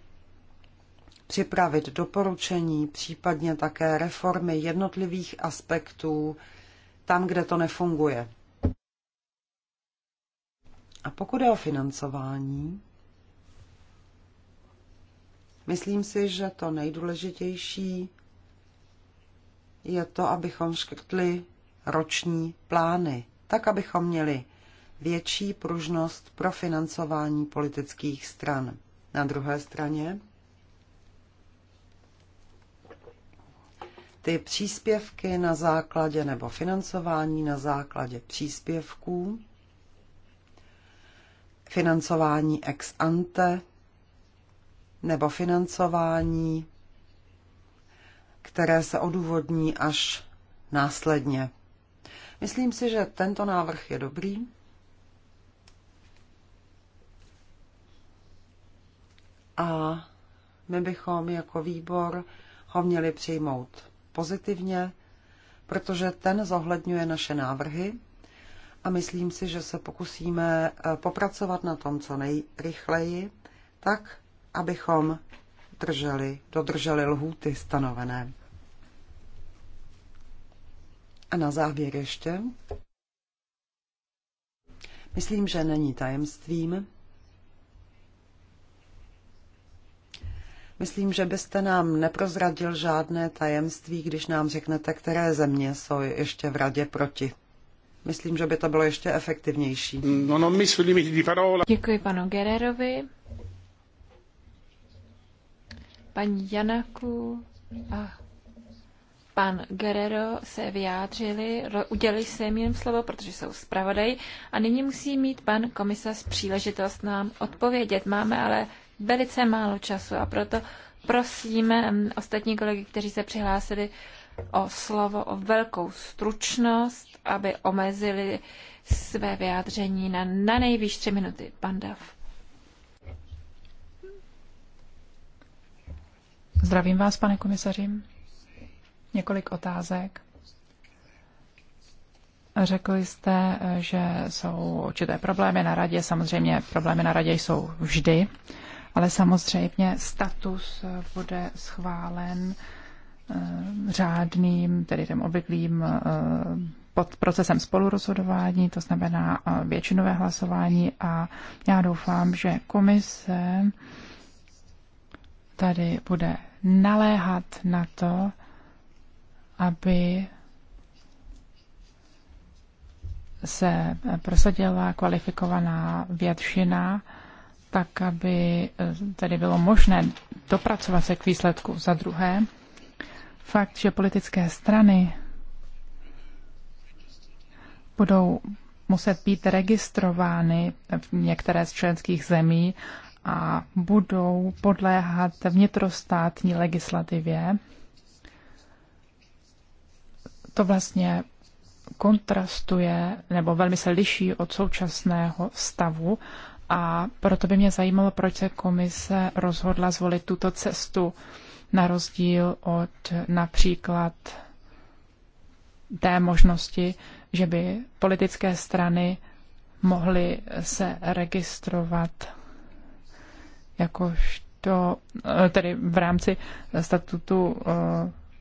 připravit doporučení, případně také reformy jednotlivých aspektů tam, kde to nefunguje. A pokud je o financování, myslím si, že to nejdůležitější je to, abychom škrtli roční plány, tak abychom měli větší pružnost pro financování politických stran. Na druhé straně ty příspěvky na základě nebo financování na základě příspěvků, financování ex ante nebo financování, které se odůvodní až následně. Myslím si, že tento návrh je dobrý. a my bychom jako výbor ho měli přijmout pozitivně, protože ten zohledňuje naše návrhy a myslím si, že se pokusíme eh, popracovat na tom co nejrychleji, tak, abychom drželi, dodrželi lhůty stanovené. A na závěr ještě. Myslím, že není tajemstvím, Myslím, že byste nám neprozradil žádné tajemství, když nám řeknete, které země jsou ještě v radě proti. Myslím, že by to bylo ještě efektivnější. No, no, že parola. Děkuji panu Gererovi, paní Janaku a pan Gerero se vyjádřili, udělili jsem jim slovo, protože jsou zpravodaj a nyní musí mít pan komisař příležitost nám odpovědět. Máme ale velice málo času a proto prosíme ostatní kolegy, kteří se přihlásili o slovo, o velkou stručnost, aby omezili své vyjádření na, na nejvýš tři minuty. Pan Dav. Zdravím vás, pane komisaři. Několik otázek. Řekli jste, že jsou určité problémy na radě. Samozřejmě problémy na radě jsou vždy ale samozřejmě status eh, bude schválen eh, řádným, tedy tím obvyklým eh, pod procesem spolurozhodování, to znamená většinové hlasování a já doufám, že komise tady bude naléhat na to, aby se prosadila kvalifikovaná většina tak aby eh, tady bylo možné dopracovat se k výsledku. Za druhé, fakt, že politické strany budou muset být registrovány v některé z členských zemí a budou podléhat vnitrostátní legislativě. To vlastně kontrastuje nebo velmi se liší od současného stavu a proto by mě zajímalo, proč se komise rozhodla zvolit tuto cestu na rozdíl od například té možnosti, že by politické strany mohly se registrovat jakožto, eh, tedy v rámci statutu eh,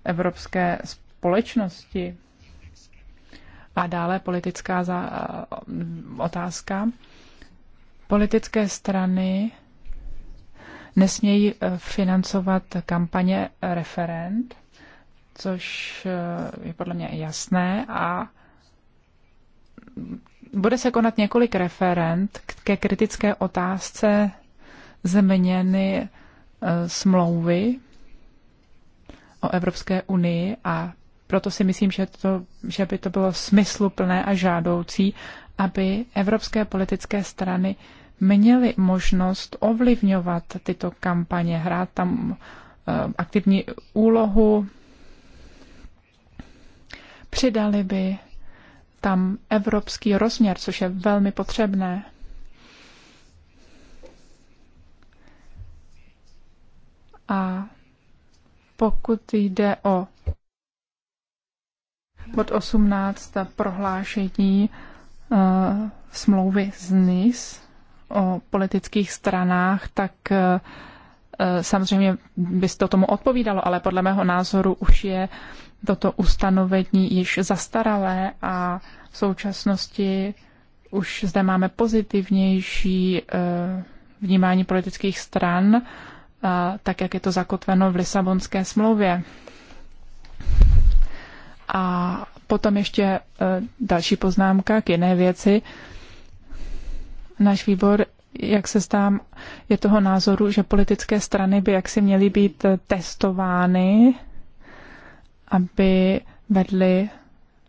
Evropské společnosti. A dále politická eh, otázka. Politické strany nesmějí eh, financovat kampaně referent, což eh, je podle mě jasné a bude se konat několik referent ke kritické otázce zeměněny eh, smlouvy o Evropské unii a proto si myslím, že, to, že by to bylo smysluplné a žádoucí, aby evropské politické strany měly možnost ovlivňovat tyto kampaně, hrát tam eh, aktivní úlohu, přidali by tam evropský rozměr, což je velmi potřebné. A pokud jde o bod 18 prohlášení Eh, smlouvy z NIS o politických stranách, tak eh, eh, samozřejmě by to tomu odpovídalo, ale podle mého názoru už je toto ustanovení již zastaralé a v současnosti už zde máme pozitivnější vnímání politických stran, tak jak je to zakotveno v Lisabonské smlouvě. A Potom ještě eh, další poznámka k jiné věci. Náš výbor, jak se stám, je toho názoru, že politické strany by jaksi měly být eh, testovány, aby vedly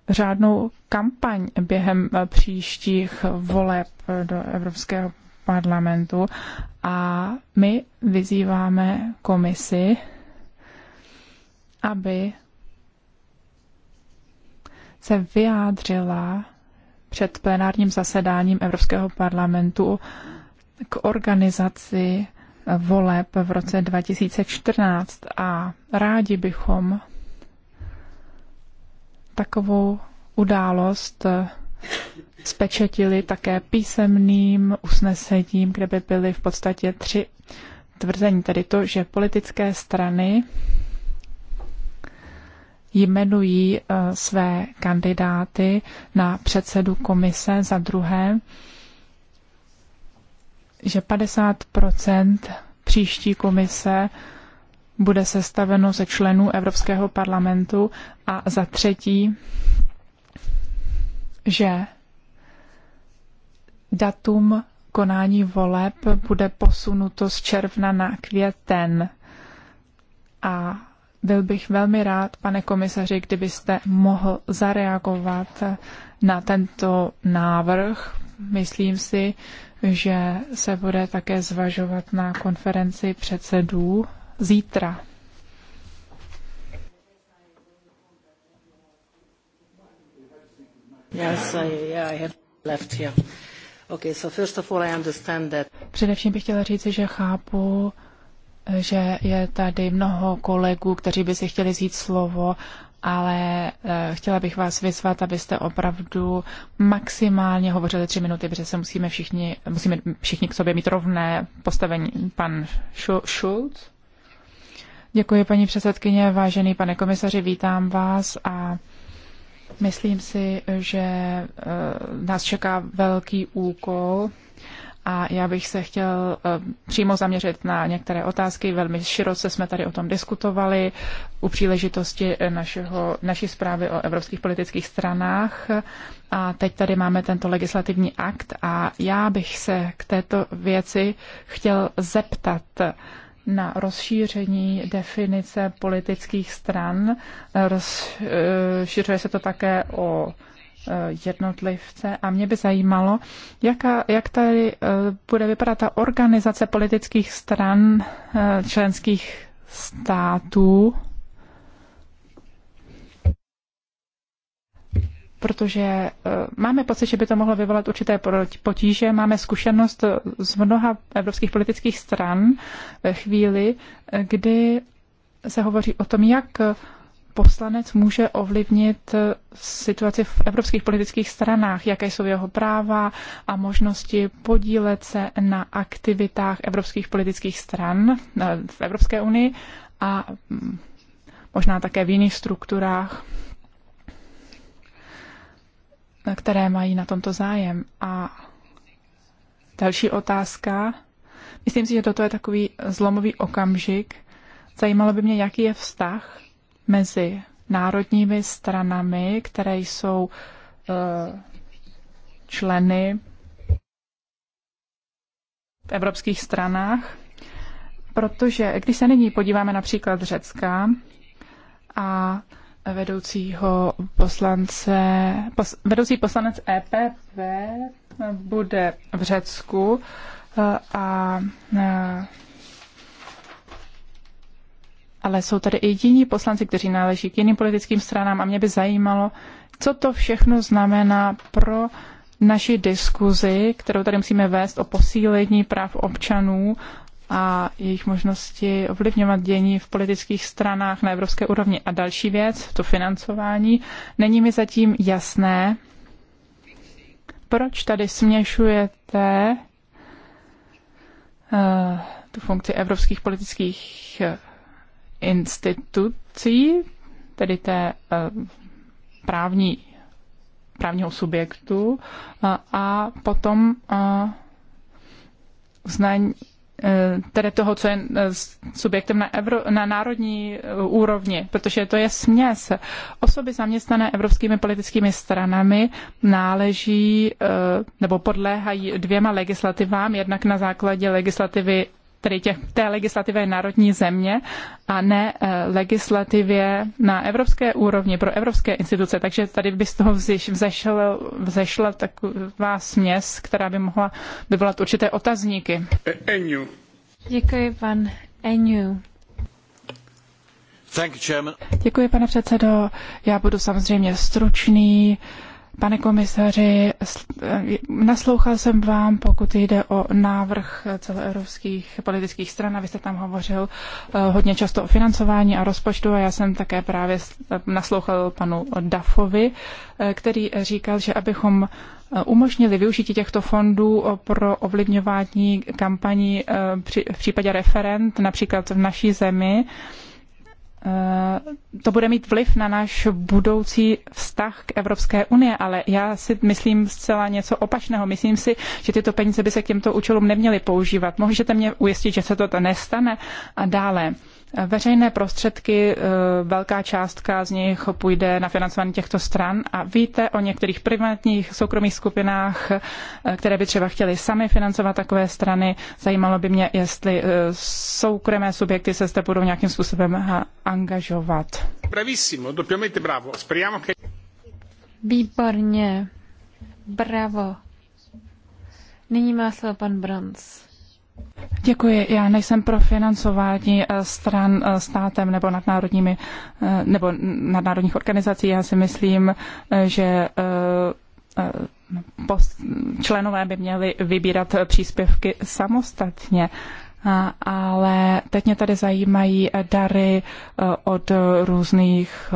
řádnou kampaň během eh, příštích voleb do Evropského parlamentu a my vyzýváme komisi, aby se vyjádřila před plenárním zasedáním Evropského parlamentu k organizaci voleb v roce 2014 a rádi bychom takovou událost spečetili také písemným usnesením, kde by byly v podstatě tři tvrzení, tedy to, že politické strany jmenují eh, své kandidáty na předsedu komise, za druhé, že 50 příští komise bude sestaveno ze členů Evropského parlamentu a za třetí, že datum konání voleb bude posunuto z června na květen a byl bych velmi rád, pane komisaři, kdybyste mohl zareagovat na tento návrh. Myslím si, že se bude také zvažovat na konferenci předsedů zítra. Yes, I, yeah, I have left here. Okay, so first of all I understand that. Především bych chtěla říct, že chápu, že je tady mnoho kolegů, kteří by si chtěli vzít slovo, ale eh, chtěla bych vás vyzvat, abyste opravdu maximálně hovořili tři minuty, protože se musíme všichni, musíme všichni k sobě mít rovné postavení. Pan Schulz? Děkuji, paní předsedkyně, vážený pane komisaři, vítám vás a myslím si, že eh, nás čeká velký úkol a já bych se chtěl eh, přímo zaměřit na některé otázky. Velmi široce jsme tady o tom diskutovali u příležitosti eh, našeho, naší zprávy o evropských politických stranách. A teď tady máme tento legislativní akt a já bych se k této věci chtěl zeptat na rozšíření definice politických stran. Eh, rozšiřuje se to také o jednotlivce a mě by zajímalo, jaká, jak tady eh, bude vypadat ta organizace politických stran eh, členských států, protože eh, máme pocit, že by to mohlo vyvolat určité potíže. Máme zkušenost z mnoha evropských politických stran ve chvíli, kdy se hovoří o tom, jak poslanec může ovlivnit eh, situaci v evropských politických stranách, jaké jsou jeho práva a možnosti podílet se na aktivitách evropských politických stran eh, v Evropské unii a mm, možná také v jiných strukturách, eh, které mají na tomto zájem. A další otázka. Myslím si, že toto je takový zlomový okamžik. Zajímalo by mě, jaký je vztah mezi národními stranami, které jsou eh, členy v evropských stranách, protože když se nyní podíváme například Řecka a vedoucího poslance, pos, vedoucí poslanec EPP eh, bude v Řecku eh, a, a ale jsou tady i jiní poslanci, kteří náleží k jiným politickým stranám a mě by zajímalo, co to všechno znamená pro naši diskuzi, kterou tady musíme vést o posílení práv občanů a jejich možnosti ovlivňovat dění v politických stranách na evropské úrovni. A další věc, to financování, není mi zatím jasné, proč tady směšujete uh, tu funkci evropských politických uh, institucí, tedy té eh, právní, právního subjektu eh, a potom uznání eh, tedy toho, co je subjektem na, evro, na národní úrovni, protože to je směs. Osoby zaměstnané evropskými politickými stranami náleží nebo podléhají dvěma legislativám, jednak na základě legislativy tedy těch, té legislativě národní země a ne eh, legislativě na evropské úrovni pro evropské instituce. Takže tady by z toho vzešel, vzešla taková směs, která by mohla vyvolat určité otazníky. Eniu. Děkuji, pan Eniu. Děkuji, pane předsedo. Já budu samozřejmě stručný. Uh, Pane komisaři, eh, naslouchal jsem vám, pokud jde o návrh celoevropských politických stran, a vy jste tam hovořil eh, hodně často o financování a rozpočtu a já jsem také právě naslouchal panu Dafovi, eh, který říkal, že abychom umožnili využití těchto fondů pro ovlivňování kampaní v případě referent, například v naší zemi, Eh, to bude mít vliv na náš budoucí vztah k Evropské unii, ale já si myslím zcela něco opačného. Myslím si, že tyto peníze by se k těmto účelům neměly používat. Můžete mě ujistit, že se to nestane a dále. Veřejné prostředky, eh, velká částka z nich půjde na financování těchto stran a víte o některých privátních soukromých skupinách, eh, které by třeba chtěly sami financovat takové strany. Zajímalo by mě, jestli eh, soukromé subjekty se zde budou nějakým způsobem angažovat. Bravissimo, doppiamente bravo. Speriamo che... Výborně. Bravo. Nyní má slovo pan Brons. Děkuji. Já nejsem pro financování eh, stran eh, státem nebo nadnárodními eh, nebo nadnárodních organizací. Já si myslím, že členové by měli vybírat příspěvky samostatně. Ale teď mě tady zajímají dary od různých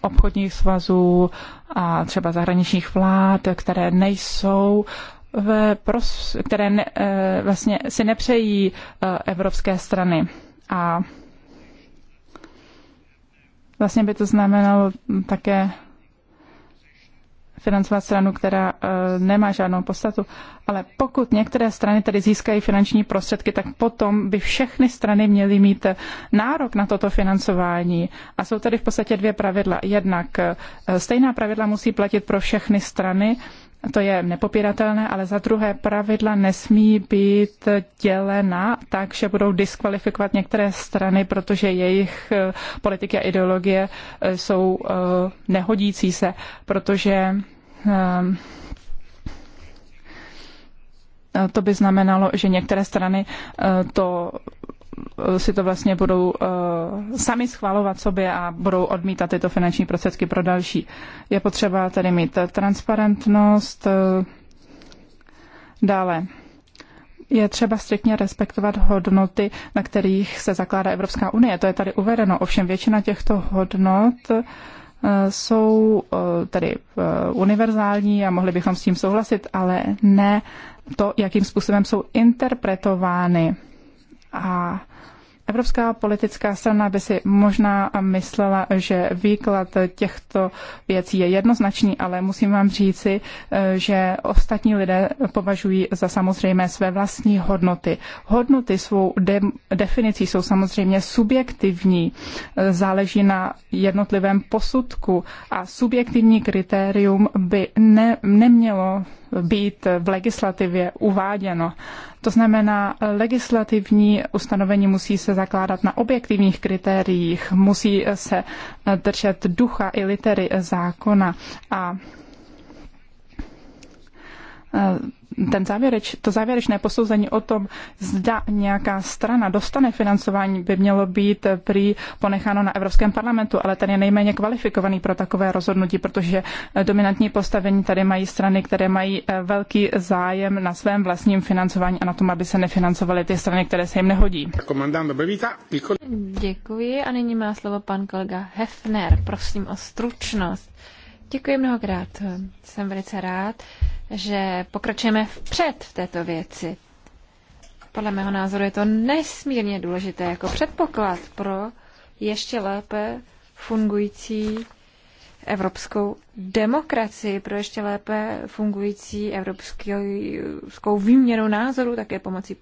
obchodních svazů a třeba zahraničních vlád, které nejsou které ne, eh, vlastně si nepřejí eh, evropské strany. A vlastně by to znamenalo také financovat stranu, která eh, nemá žádnou podstatu. Ale pokud některé strany tedy získají finanční prostředky, tak potom by všechny strany měly mít nárok na toto financování. A jsou tady v podstatě dvě pravidla. Jednak stejná pravidla musí platit pro všechny strany, to je nepopiratelné, ale za druhé pravidla nesmí být dělena tak, že budou diskvalifikovat některé strany, protože jejich eh, politiky a ideologie eh, jsou eh, nehodící se, protože to by znamenalo, že některé strany to Eh, si to vlastně budou eh, sami schvalovat sobě a budou odmítat tyto finanční prostředky pro další. Je potřeba tedy mít transparentnost, eh, dále je třeba striktně respektovat hodnoty, na kterých se zakládá Evropská unie. To je tady uvedeno. Ovšem většina těchto hodnot jsou tedy univerzální a mohli bychom s tím souhlasit, ale ne to, jakým způsobem jsou interpretovány. A Evropská politická strana by si možná myslela, že výklad těchto věcí je jednoznačný, ale musím vám říci, eh, že ostatní lidé považují za samozřejmé své vlastní hodnoty. Hodnoty svou de- definicí jsou samozřejmě subjektivní, eh, záleží na jednotlivém posudku a subjektivní kritérium by ne- nemělo být v legislativě uváděno. To znamená, legislativní ustanovení musí se zakládat na objektivních kritériích, musí se držet ducha i litery zákona a ten závěreč, to závěrečné posouzení o tom, zda nějaká strana dostane financování, by mělo být prý ponecháno na Evropském parlamentu, ale ten je nejméně kvalifikovaný pro takové rozhodnutí, protože dominantní postavení tady mají strany, které mají eh, velký zájem na svém vlastním financování a na tom, aby se nefinancovaly ty strany, které se jim nehodí. Děkuji a nyní má slovo pan kolega Hefner. Prosím o stručnost. Děkuji mnohokrát. Jsem velice rád, že pokračujeme vpřed v této věci. Podle mého názoru je to nesmírně důležité jako předpoklad pro ještě lépe fungující evropskou demokracii, pro ještě lépe fungující evropskou výměnu názorů, také pomocí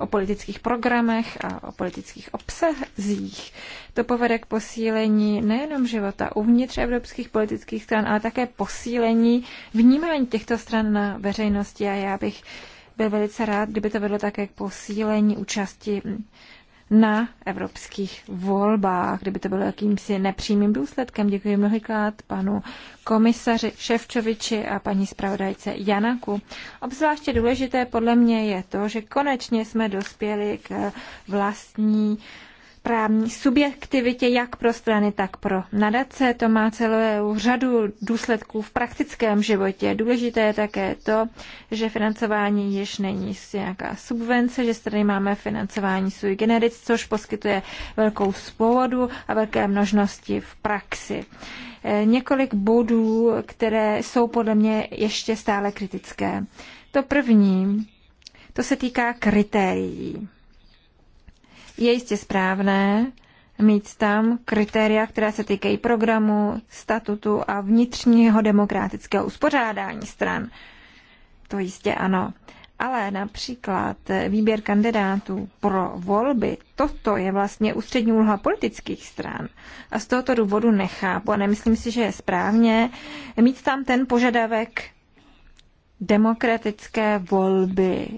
o politických programech a o politických obsazích. To povede k posílení nejenom života uvnitř evropských politických stran, ale také posílení vnímání těchto stran na veřejnosti a já bych byl velice rád, kdyby to vedlo také k posílení účasti na evropských volbách, kdyby to bylo jakýmsi nepřímým důsledkem. Děkuji mnohokrát panu komisaři Ševčoviči a paní zpravodajce Janaku. Obzvláště důležité podle mě je to, že konečně jsme dospěli k vlastní právní subjektivitě jak pro strany, tak pro nadace. To má celou řadu důsledků v praktickém životě. Důležité je také to, že financování již není nějaká subvence, že strany máme financování sui generis, což poskytuje velkou svobodu a velké množnosti v praxi. E, několik bodů, které jsou podle mě ještě stále kritické. To první, to se týká kritérií. Je jistě správné mít tam kritéria, která se týkají programu, statutu a vnitřního demokratického uspořádání stran. To jistě ano. Ale například výběr kandidátů pro volby, toto je vlastně ústřední úloha politických stran. A z tohoto důvodu nechápu a nemyslím si, že je správně mít tam ten požadavek demokratické volby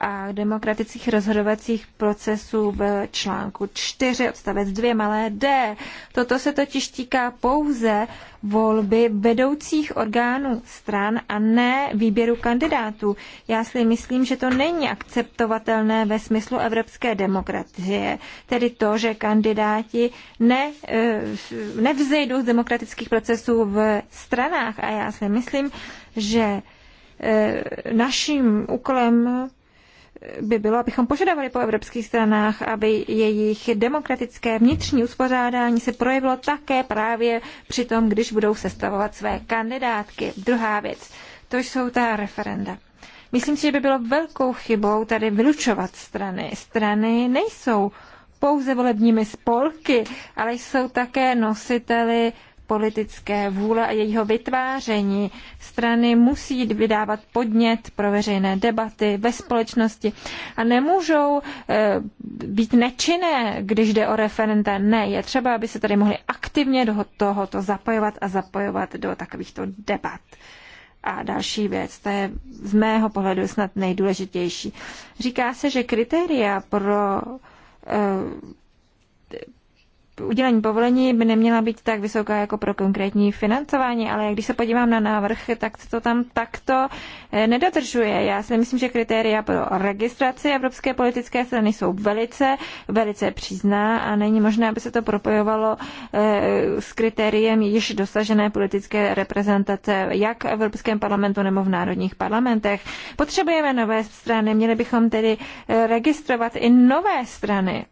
a demokratických rozhodovacích procesů v článku 4 odstavec 2 malé d. Toto se totiž týká pouze volby vedoucích orgánů stran a ne výběru kandidátů. Já si myslím, že to není akceptovatelné ve smyslu evropské demokracie, tedy to, že kandidáti ne, e, nevzejdou z demokratických procesů v stranách. A já si myslím, že e, naším úkolem by bylo, abychom požadovali po evropských stranách, aby jejich demokratické vnitřní uspořádání se projevilo také právě při tom, když budou sestavovat své kandidátky. Druhá věc, to jsou ta referenda. Myslím si, že by bylo velkou chybou tady vylučovat strany. Strany nejsou pouze volebními spolky, ale jsou také nositeli politické vůle a jejího vytváření. Strany musí vydávat podnět pro veřejné debaty ve společnosti a nemůžou eh, být nečinné, když jde o referenta. Ne, je třeba, aby se tady mohli aktivně do tohoto zapojovat a zapojovat do takovýchto debat. A další věc, to je z mého pohledu snad nejdůležitější. Říká se, že kritéria pro eh, udělení povolení by neměla být tak vysoká jako pro konkrétní financování, ale když se podívám na návrh, tak se to tam takto eh, nedodržuje. Já si myslím, že kritéria pro registraci Evropské politické strany jsou velice, velice přízná a není možné, aby se to propojovalo eh, s kritériem již dosažené politické reprezentace jak v Evropském parlamentu nebo v národních parlamentech. Potřebujeme nové strany, měli bychom tedy eh, registrovat i nové strany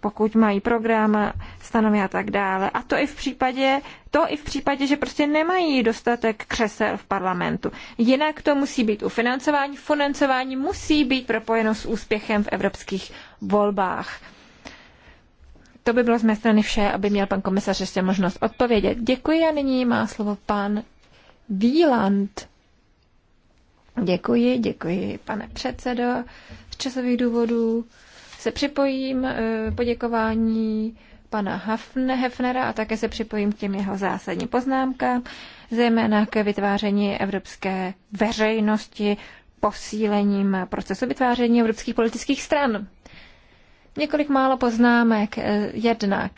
pokud mají program, stanovy a tak dále. A to i v případě, to i v případě, že prostě nemají dostatek křesel v parlamentu. Jinak to musí být u financování. Financování musí být propojeno s úspěchem v evropských volbách. To by bylo z mé strany vše, aby měl pan komisař ještě možnost odpovědět. Děkuji a nyní má slovo pan Víland. Děkuji, děkuji, pane předsedo. Z časových důvodů se připojím eh, poděkování pana Hafne, Hefnera a také se připojím k těm jeho zásadním poznámkám, zejména k vytváření evropské veřejnosti posílením procesu vytváření evropských politických stran. Několik málo poznámek eh, jednak.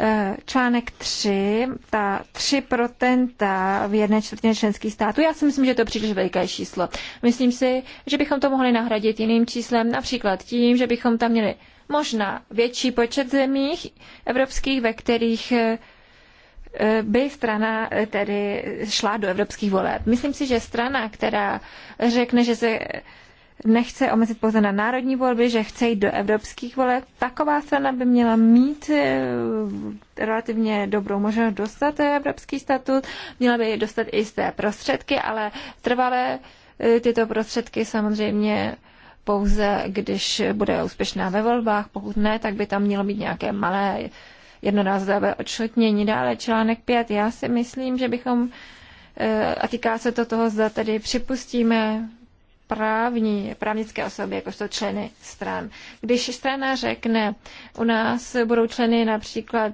Eh, článek 3, ta 3% v jedné čtvrtině členských států. Já si myslím, že to je příliš veliké číslo. Myslím si, že bychom to mohli nahradit jiným číslem, například tím, že bychom tam měli možná větší počet zemích evropských, ve kterých eh, eh, by strana tedy šla do evropských voleb. Myslím si, že strana, která řekne, že se nechce omezit pouze na národní volby, že chce jít do evropských voleb. Taková strana by měla mít eh, relativně dobrou možnost dostat eh, evropský statut, měla by dostat i jisté prostředky, ale trvalé eh, tyto prostředky samozřejmě pouze, když bude úspěšná ve volbách, pokud ne, tak by tam mělo být nějaké malé jednorázové odšotnění. Dále článek 5. Já si myslím, že bychom a týká se to toho, zda tedy připustíme právní, právnické osoby, jsou členy stran. Když strana řekne, u nás budou členy například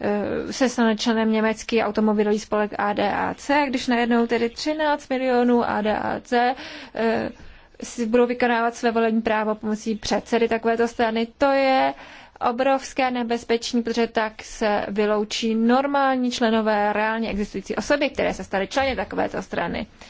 eh, se stane členem německý automobilový spolek ADAC, když najednou tedy 13 milionů ADAC eh, si budou vykonávat své volení právo pomocí předsedy takovéto strany, to je obrovské nebezpečí, protože tak se vyloučí normální členové reálně existující osoby, které se staly členy takovéto strany. Uh,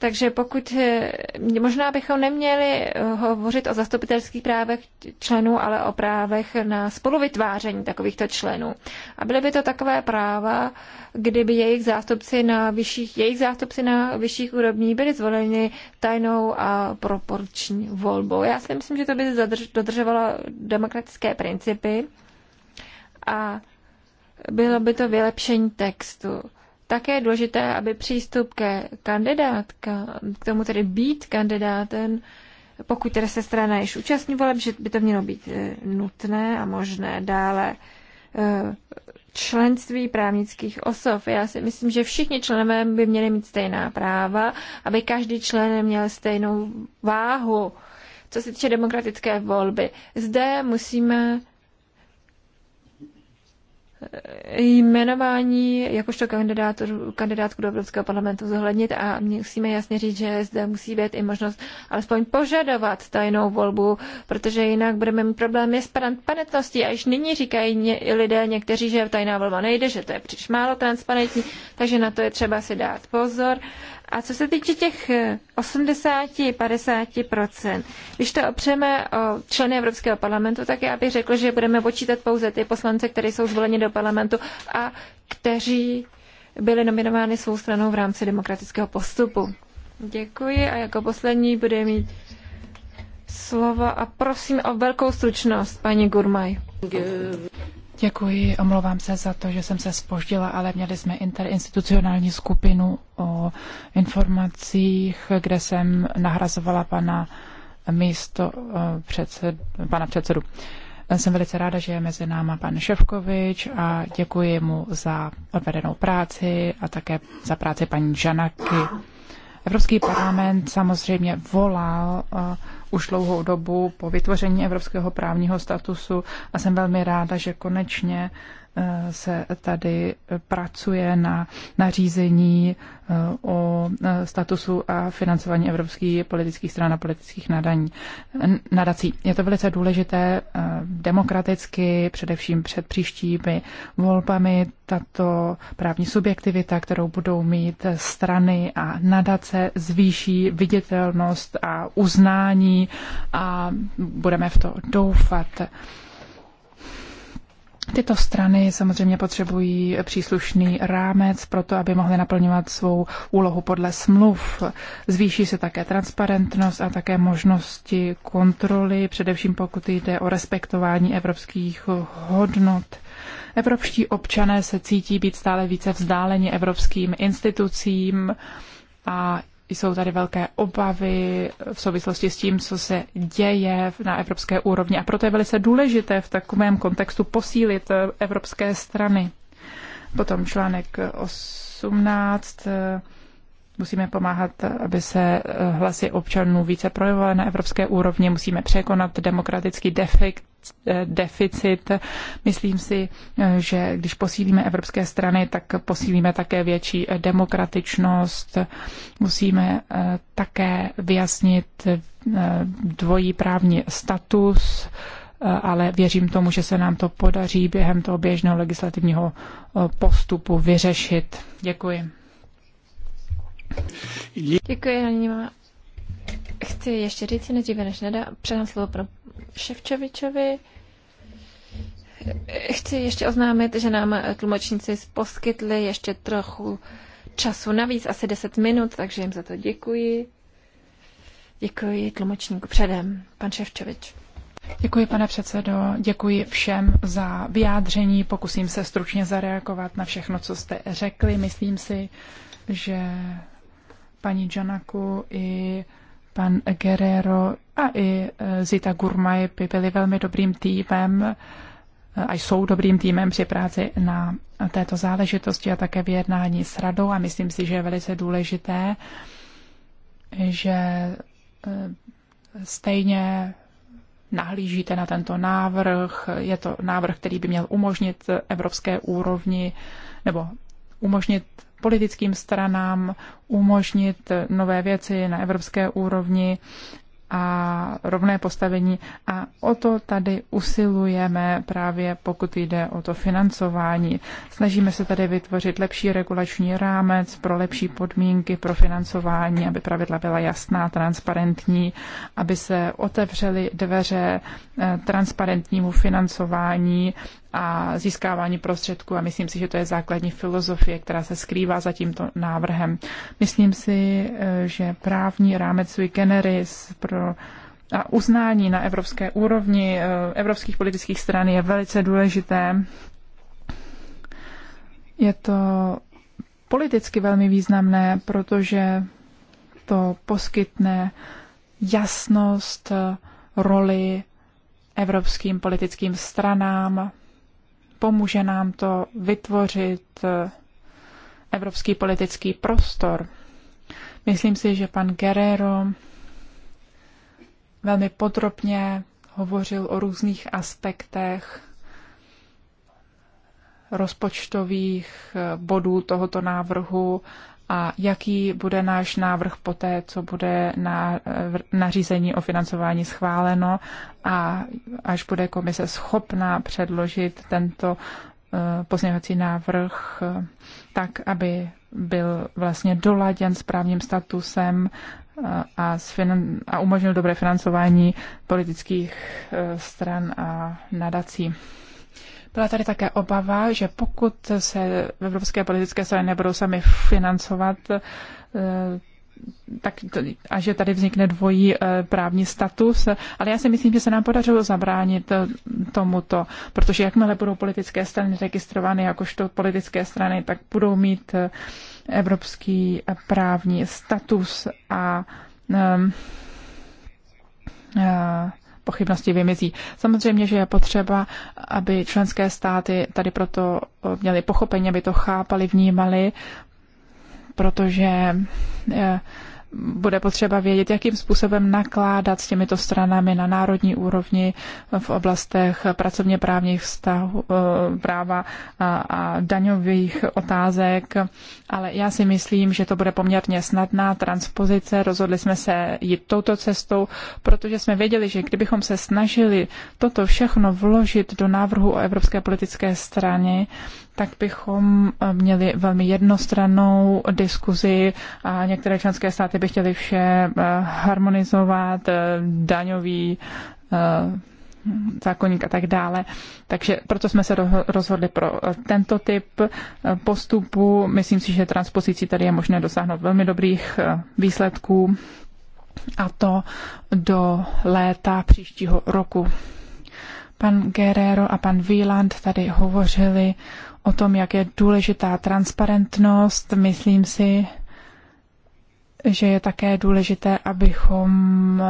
takže pokud, eh, možná bychom neměli eh, hovořit o zastupitelských právech členů, ale o právech na spoluvytváření takovýchto členů. A byly by to takové práva, kdyby jejich zástupci na vyšších, jejich zástupci na vyšších úrovní byli zvoleni tajnou a proporční volbou. Já si myslím, že to by zadrž, dodržovalo demokratické principy a bylo by to vylepšení textu. Také je důležité, aby přístup ke kandidátka, k tomu tedy být kandidátem, pokud tedy se strana již účastní voleb, že by to mělo být e, nutné a možné dále e, členství právnických osob. Já si myslím, že všichni členové by měli mít stejná práva, aby každý člen měl stejnou váhu. Co se týče demokratické volby, zde musíme jmenování jakožto kandidátku do Evropského parlamentu zohlednit a musíme jasně říct, že zde musí být i možnost alespoň požadovat tajnou volbu, protože jinak budeme mít problémy s transparentností. A již nyní říkají lidé někteří, že tajná volba nejde, že to je příliš málo transparentní, takže na to je třeba si dát pozor. A co se týče těch 80-50%, eh, když to opřeme o členy Evropského parlamentu, tak já bych řekl, že budeme počítat pouze ty poslance, kteří jsou zvoleni do parlamentu a kteří byli nominovány svou stranou v rámci demokratického postupu. Děkuji a jako poslední bude mít slovo a prosím o velkou stručnost, paní Gurmaj. Děkuji, omlouvám se za to, že jsem se spoždila, ale měli jsme interinstitucionální skupinu o informacích, kde jsem nahrazovala pana místo eh, předsed, pana předsedu. Jsem velice ráda, že je mezi náma pan Ševkovič a děkuji mu za odvedenou práci a také za práci paní Žanaky. Evropský parlament samozřejmě volal eh, už dlouhou dobu po vytvoření evropského právního statusu a jsem velmi ráda, že konečně se tady pracuje na nařízení eh, o eh, statusu a financování evropských politických stran a politických nadaní, nadací. Je to velice důležité eh, demokraticky, především před příštími volbami. Tato právní subjektivita, kterou budou mít strany a nadace, zvýší viditelnost a uznání a budeme v to doufat. Tyto strany samozřejmě potřebují příslušný rámec pro to, aby mohly naplňovat svou úlohu podle smluv. Zvýší se také transparentnost a také možnosti kontroly, především pokud jde o respektování evropských hodnot. Evropští občané se cítí být stále více vzdáleni evropským institucím a jsou tady velké obavy v souvislosti s tím, co se děje na evropské úrovni. A proto je velice důležité v takovém kontextu posílit eh, evropské strany. Potom článek 18 Musíme pomáhat, aby se eh, hlasy občanů více projevovaly na evropské úrovni. Musíme překonat demokratický defekt, eh, deficit. Myslím si, eh, že když posílíme evropské strany, tak posílíme také větší demokratičnost. Musíme také vyjasnit dvojí právní status ale věřím tomu, že se nám to podaří během toho běžného legislativního postupu vyřešit. Děkuji. Děkuji, nyní Chci ještě říct, nejdříve než nedá, předám slovo panu Ševčovičovi. Chci ještě oznámit, že nám tlumočníci poskytli ještě trochu času navíc, asi 10 minut, takže jim za to děkuji. Děkuji tlumočníku předem, pan Ševčovič. Děkuji, pane předsedo, děkuji všem za vyjádření. Pokusím se stručně zareagovat na všechno, co jste řekli. Myslím si, že paní Janaku i pan Guerrero a i e, Zita Gurmaj by byli velmi dobrým týmem e, a jsou dobrým týmem při práci na této záležitosti a také vyjednání s radou a myslím si, že je velice důležité, že e, stejně nahlížíte na tento návrh. Je to návrh, který by měl umožnit evropské úrovni nebo umožnit politickým stranám umožnit nové věci na evropské úrovni a rovné postavení. A o to tady usilujeme právě pokud jde o to financování. Snažíme se tady vytvořit lepší regulační rámec pro lepší podmínky pro financování, aby pravidla byla jasná, transparentní, aby se otevřely dveře eh, transparentnímu financování a získávání prostředků a myslím si, že to je základní filozofie, která se skrývá za tímto návrhem. Myslím si, eh, že právní rámec sui generis pro a uznání na evropské úrovni eh, evropských politických stran je velice důležité. Je to politicky velmi významné, protože to poskytne jasnost eh, roli evropským politickým stranám pomůže nám to vytvořit eh, evropský politický prostor. Myslím si, že pan Guerrero velmi podrobně hovořil o různých aspektech rozpočtových eh, bodů tohoto návrhu a jaký bude náš návrh poté, co bude na eh, nařízení o financování schváleno a až bude komise schopná předložit tento eh, pozměňovací návrh eh, tak, aby byl vlastně doladěn s právním statusem a, finan- a umožnil dobré financování politických stran a nadací. Byla tady také obava, že pokud se evropské politické strany nebudou sami financovat, eh, tak to, a že tady vznikne dvojí eh, právní status, ale já si myslím, že se nám podařilo zabránit eh, tomuto, protože jakmile budou politické strany registrovány jakožto politické strany, tak budou mít evropský právní status a, a, ehm, a pochybnosti vymizí. Samozřejmě, že je potřeba, aby členské státy tady proto měly pochopení, aby to chápali, vnímali, protože eh, bude potřeba vědět, jakým způsobem nakládat s těmito stranami na národní úrovni v oblastech pracovně právních vztahů, eh, práva a, a daňových otázek. Ale já si myslím, že to bude poměrně snadná transpozice. Rozhodli jsme se jít touto cestou, protože jsme věděli, že kdybychom se snažili toto všechno vložit do návrhu o Evropské politické straně, tak bychom eh, měli velmi jednostrannou diskuzi a některé členské státy by chtěly vše eh, harmonizovat, eh, daňový zákonník a tak dále. Takže proto jsme se rozhodli pro tento typ postupu. Myslím si, že transpozicí tady je možné dosáhnout velmi dobrých výsledků a to do léta příštího roku. Pan Guerrero a pan Wieland tady hovořili o tom, jak je důležitá transparentnost. Myslím si, že je také důležité, abychom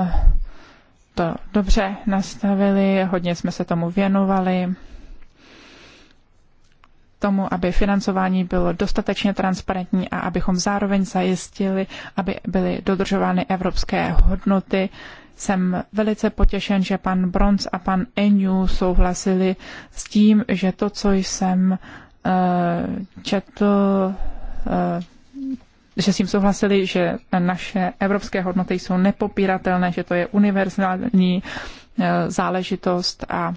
to dobře nastavili, hodně jsme se tomu věnovali, tomu, aby financování bylo dostatečně transparentní a abychom zároveň zajistili, aby byly dodržovány evropské hodnoty jsem velice potěšen, že pan Bronz a pan Enju souhlasili s tím, že to, co jsem eh, četl, eh, že s tím souhlasili, že naše evropské hodnoty jsou nepopíratelné, že to je univerzální eh, záležitost a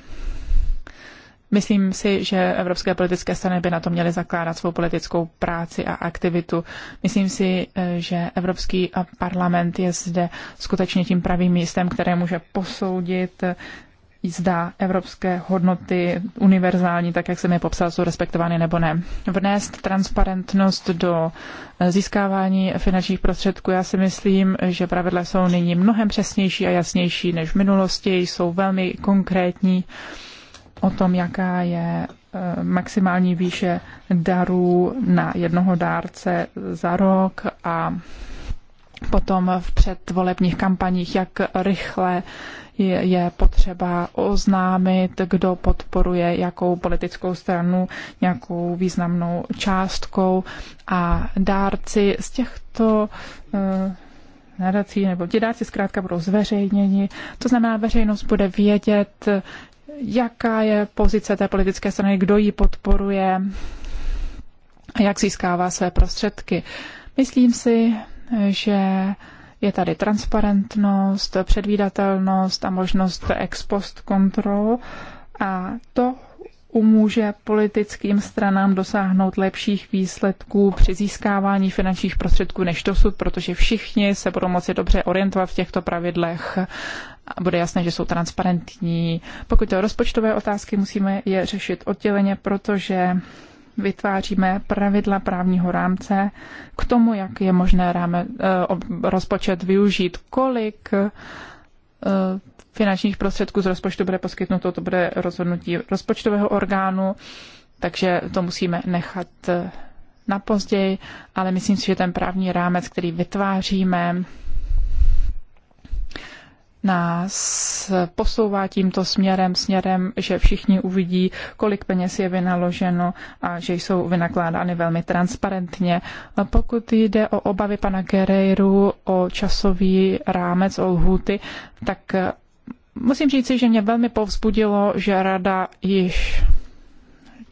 Myslím si, že evropské politické strany by na to měly zakládat svou politickou práci a aktivitu. Myslím si, eh, že Evropský parlament je zde skutečně tím pravým místem, které může posoudit eh, zda evropské hodnoty univerzální, tak jak jsem je popsal, jsou respektovány nebo ne. Vnést transparentnost do eh, získávání finančních prostředků, já si myslím, že pravidla jsou nyní mnohem přesnější a jasnější než v minulosti, jsou velmi konkrétní o tom, jaká je eh, maximální výše darů na jednoho dárce za rok a potom v předvolebních kampaních, jak rychle je, je potřeba oznámit, kdo podporuje jakou politickou stranu nějakou významnou částkou a dárci z těchto uh, nadací nebo ti dárci zkrátka budou zveřejněni. To znamená, veřejnost bude vědět, jaká je pozice té politické strany, kdo ji podporuje a jak získává své prostředky. Myslím si, že je tady transparentnost, předvídatelnost a možnost ex post kontrol a to umůže politickým stranám dosáhnout lepších výsledků při získávání finančních prostředků než dosud, protože všichni se budou moci dobře orientovat v těchto pravidlech bude jasné, že jsou transparentní. Pokud to rozpočtové otázky, musíme je řešit odděleně, protože vytváříme pravidla právního rámce k tomu, jak je možné ráme, eh, rozpočet využít, kolik eh, finančních prostředků z rozpočtu bude poskytnuto, to bude rozhodnutí rozpočtového orgánu, takže to musíme nechat eh, na později, ale myslím si, že ten právní rámec, který vytváříme, nás posouvá tímto směrem, směrem, že všichni uvidí, kolik peněz je vynaloženo a že jsou vynakládány velmi transparentně. Pokud jde o obavy pana Guerreiru, o časový rámec, o lhůty, tak musím říci, že mě velmi povzbudilo, že rada již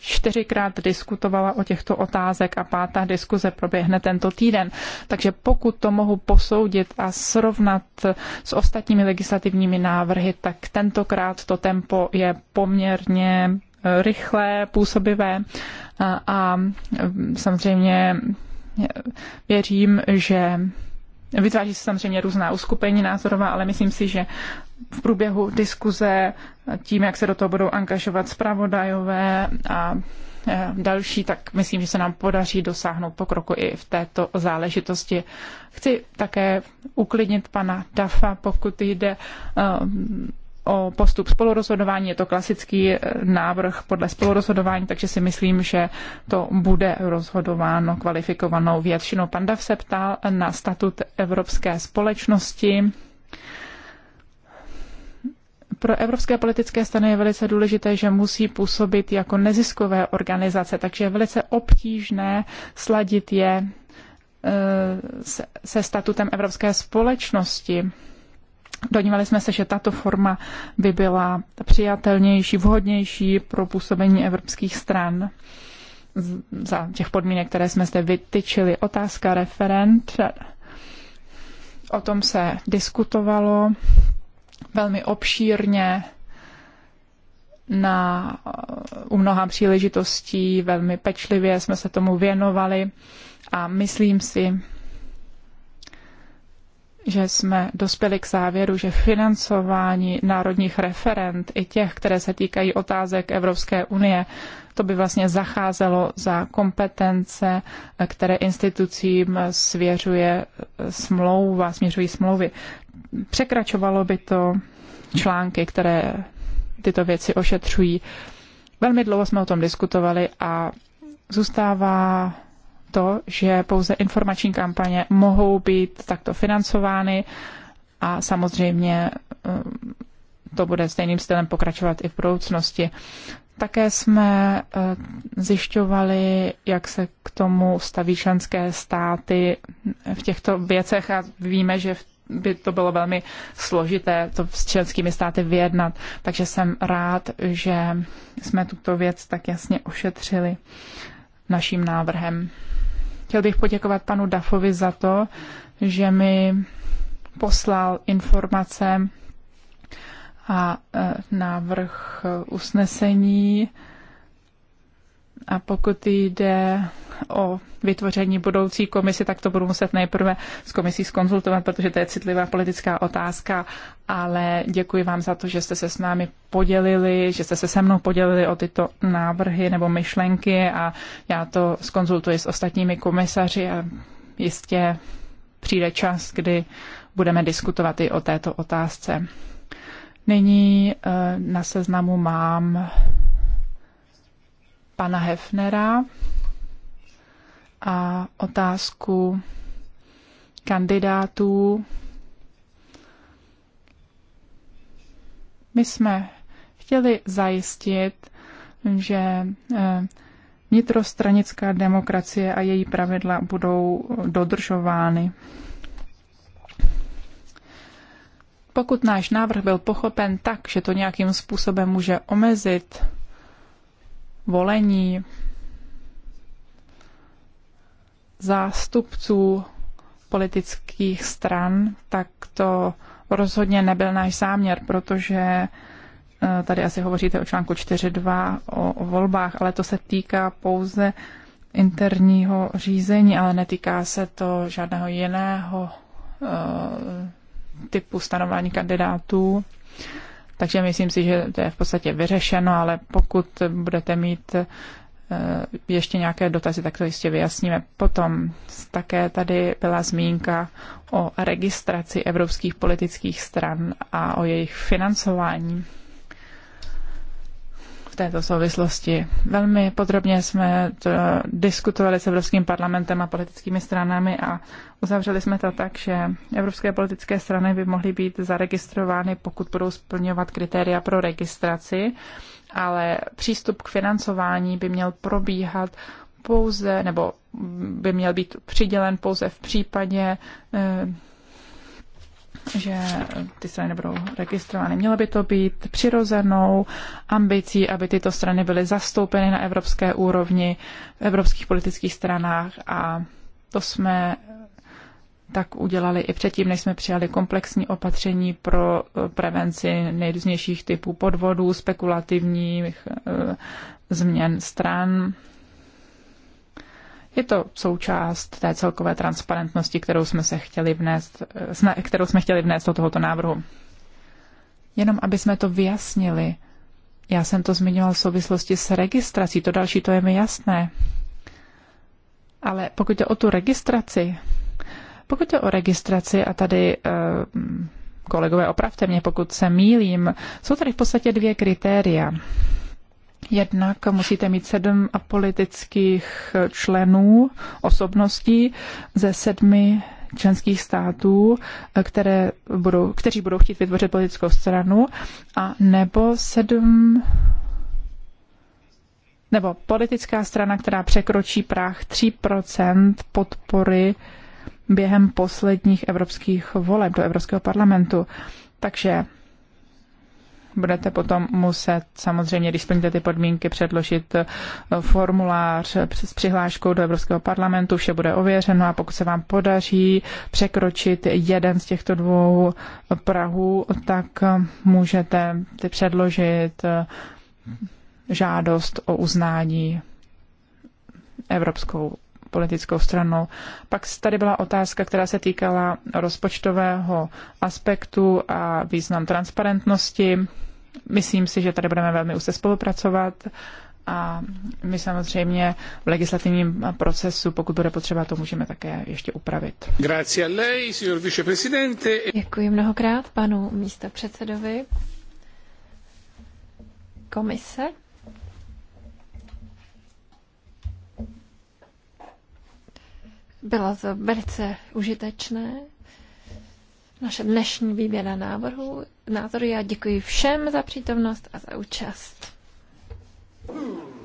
čtyřikrát diskutovala o těchto otázek a pátá diskuze proběhne tento týden. Takže pokud to mohu posoudit a srovnat s ostatními legislativními návrhy, tak tentokrát to tempo je poměrně eh, rychlé, působivé a, a mm, samozřejmě eh, věřím, že vytváří se samozřejmě různá uskupení názorová, ale myslím si, že v průběhu diskuze tím, jak se do toho budou angažovat zpravodajové a eh, další, tak myslím, že se nám podaří dosáhnout pokroku i v této záležitosti. Chci také uklidnit pana Dafa, pokud jde eh, o postup spolurozhodování. Je to klasický eh, návrh podle spolurozhodování, takže si myslím, že to bude rozhodováno kvalifikovanou většinou. Pan Dav se ptal na statut Evropské společnosti pro evropské politické strany je velice důležité, že musí působit jako neziskové organizace, takže je velice obtížné sladit je e, se statutem evropské společnosti. Donívali jsme se, že tato forma by byla přijatelnější, vhodnější pro působení evropských stran za těch podmínek, které jsme zde vytyčili. Otázka referent, o tom se diskutovalo velmi obšírně na, u mnoha příležitostí, velmi pečlivě jsme se tomu věnovali a myslím si, že jsme dospěli k závěru, že financování národních referent i těch, které se týkají otázek Evropské unie, to by vlastně zacházelo za kompetence, které institucím svěřuje smlouva, směřují smlouvy překračovalo by to články, které tyto věci ošetřují. Velmi dlouho jsme o tom diskutovali a zůstává to, že pouze informační kampaně mohou být takto financovány a samozřejmě eh, to bude stejným stylem pokračovat i v budoucnosti. Také jsme eh, zjišťovali, jak se k tomu staví členské státy v těchto věcech a víme, že v by to bylo velmi složité to s členskými státy vyjednat. Takže jsem rád, že jsme tuto věc tak jasně ošetřili naším návrhem. Chtěl bych poděkovat panu Dafovi za to, že mi poslal informace a e, návrh usnesení. A pokud jde o vytvoření budoucí komisy, tak to budu muset nejprve s komisí skonzultovat, protože to je citlivá politická otázka, ale děkuji vám za to, že jste se s námi podělili, že jste se se mnou podělili o tyto návrhy nebo myšlenky a já to skonzultuji s ostatními komisaři a jistě přijde čas, kdy budeme diskutovat i o této otázce. Nyní eh, na seznamu mám pana Hefnera a otázku kandidátů. My jsme chtěli zajistit, že eh, vnitrostranická demokracie a její pravidla budou dodržovány. Pokud náš návrh byl pochopen tak, že to nějakým způsobem může omezit volení zástupců politických stran, tak to rozhodně nebyl náš záměr, protože e, tady asi hovoříte o článku 4.2 o, o volbách, ale to se týká pouze interního řízení, ale netýká se to žádného jiného uh, typu stanování kandidátů. Takže myslím si, že to je v podstatě vyřešeno, ale pokud budete mít Eh, ještě nějaké dotazy, tak to jistě vyjasníme. Potom také tady byla zmínka o registraci evropských politických stran a o jejich financování v této souvislosti. Velmi podrobně jsme to eh, diskutovali s Evropským parlamentem a politickými stranami a uzavřeli jsme to tak, že evropské politické strany by mohly být zaregistrovány, pokud budou splňovat kritéria pro registraci ale přístup k financování by měl probíhat pouze, nebo by měl být přidělen pouze v případě, eh, že ty strany nebudou registrovány. Mělo by to být přirozenou ambicí, aby tyto strany byly zastoupeny na evropské úrovni, v evropských politických stranách a to jsme tak udělali i předtím, než jsme přijali komplexní opatření pro eh, prevenci nejrůznějších typů podvodů, spekulativních eh, změn stran. Je to součást té celkové transparentnosti, kterou jsme se chtěli vnést, eh, kterou jsme chtěli vnést do tohoto návrhu. Jenom aby jsme to vyjasnili, já jsem to zmiňoval v souvislosti s registrací, to další to je mi jasné. Ale pokud jde o tu registraci, pokud je o registraci, a tady eh, kolegové, opravte mě, pokud se mýlím, jsou tady v podstatě dvě kritéria. Jednak musíte mít sedm politických členů, osobností ze sedmi členských států, eh, které budou, kteří budou chtít vytvořit politickou stranu, a nebo sedm nebo politická strana, která překročí práh 3% podpory uh, během posledních evropských voleb do Evropského parlamentu. Takže budete potom muset samozřejmě, když splníte ty podmínky, předložit eh, formulář s přihláškou do Evropského parlamentu, vše bude ověřeno a pokud se vám podaří překročit jeden z těchto dvou Prahů, tak eh, můžete ty předložit eh, žádost o uznání Evropskou politickou stranou. Pak tady byla otázka, která se týkala rozpočtového aspektu a význam transparentnosti. Myslím si, že tady budeme velmi úzce spolupracovat a my samozřejmě v legislativním procesu, pokud bude potřeba, to můžeme také ještě upravit. Děkuji mnohokrát panu místopředsedovi komise. Bylo to velice užitečné. Naše dnešní výběra návrhu, Názory Já děkuji všem za přítomnost a za účast. Hmm.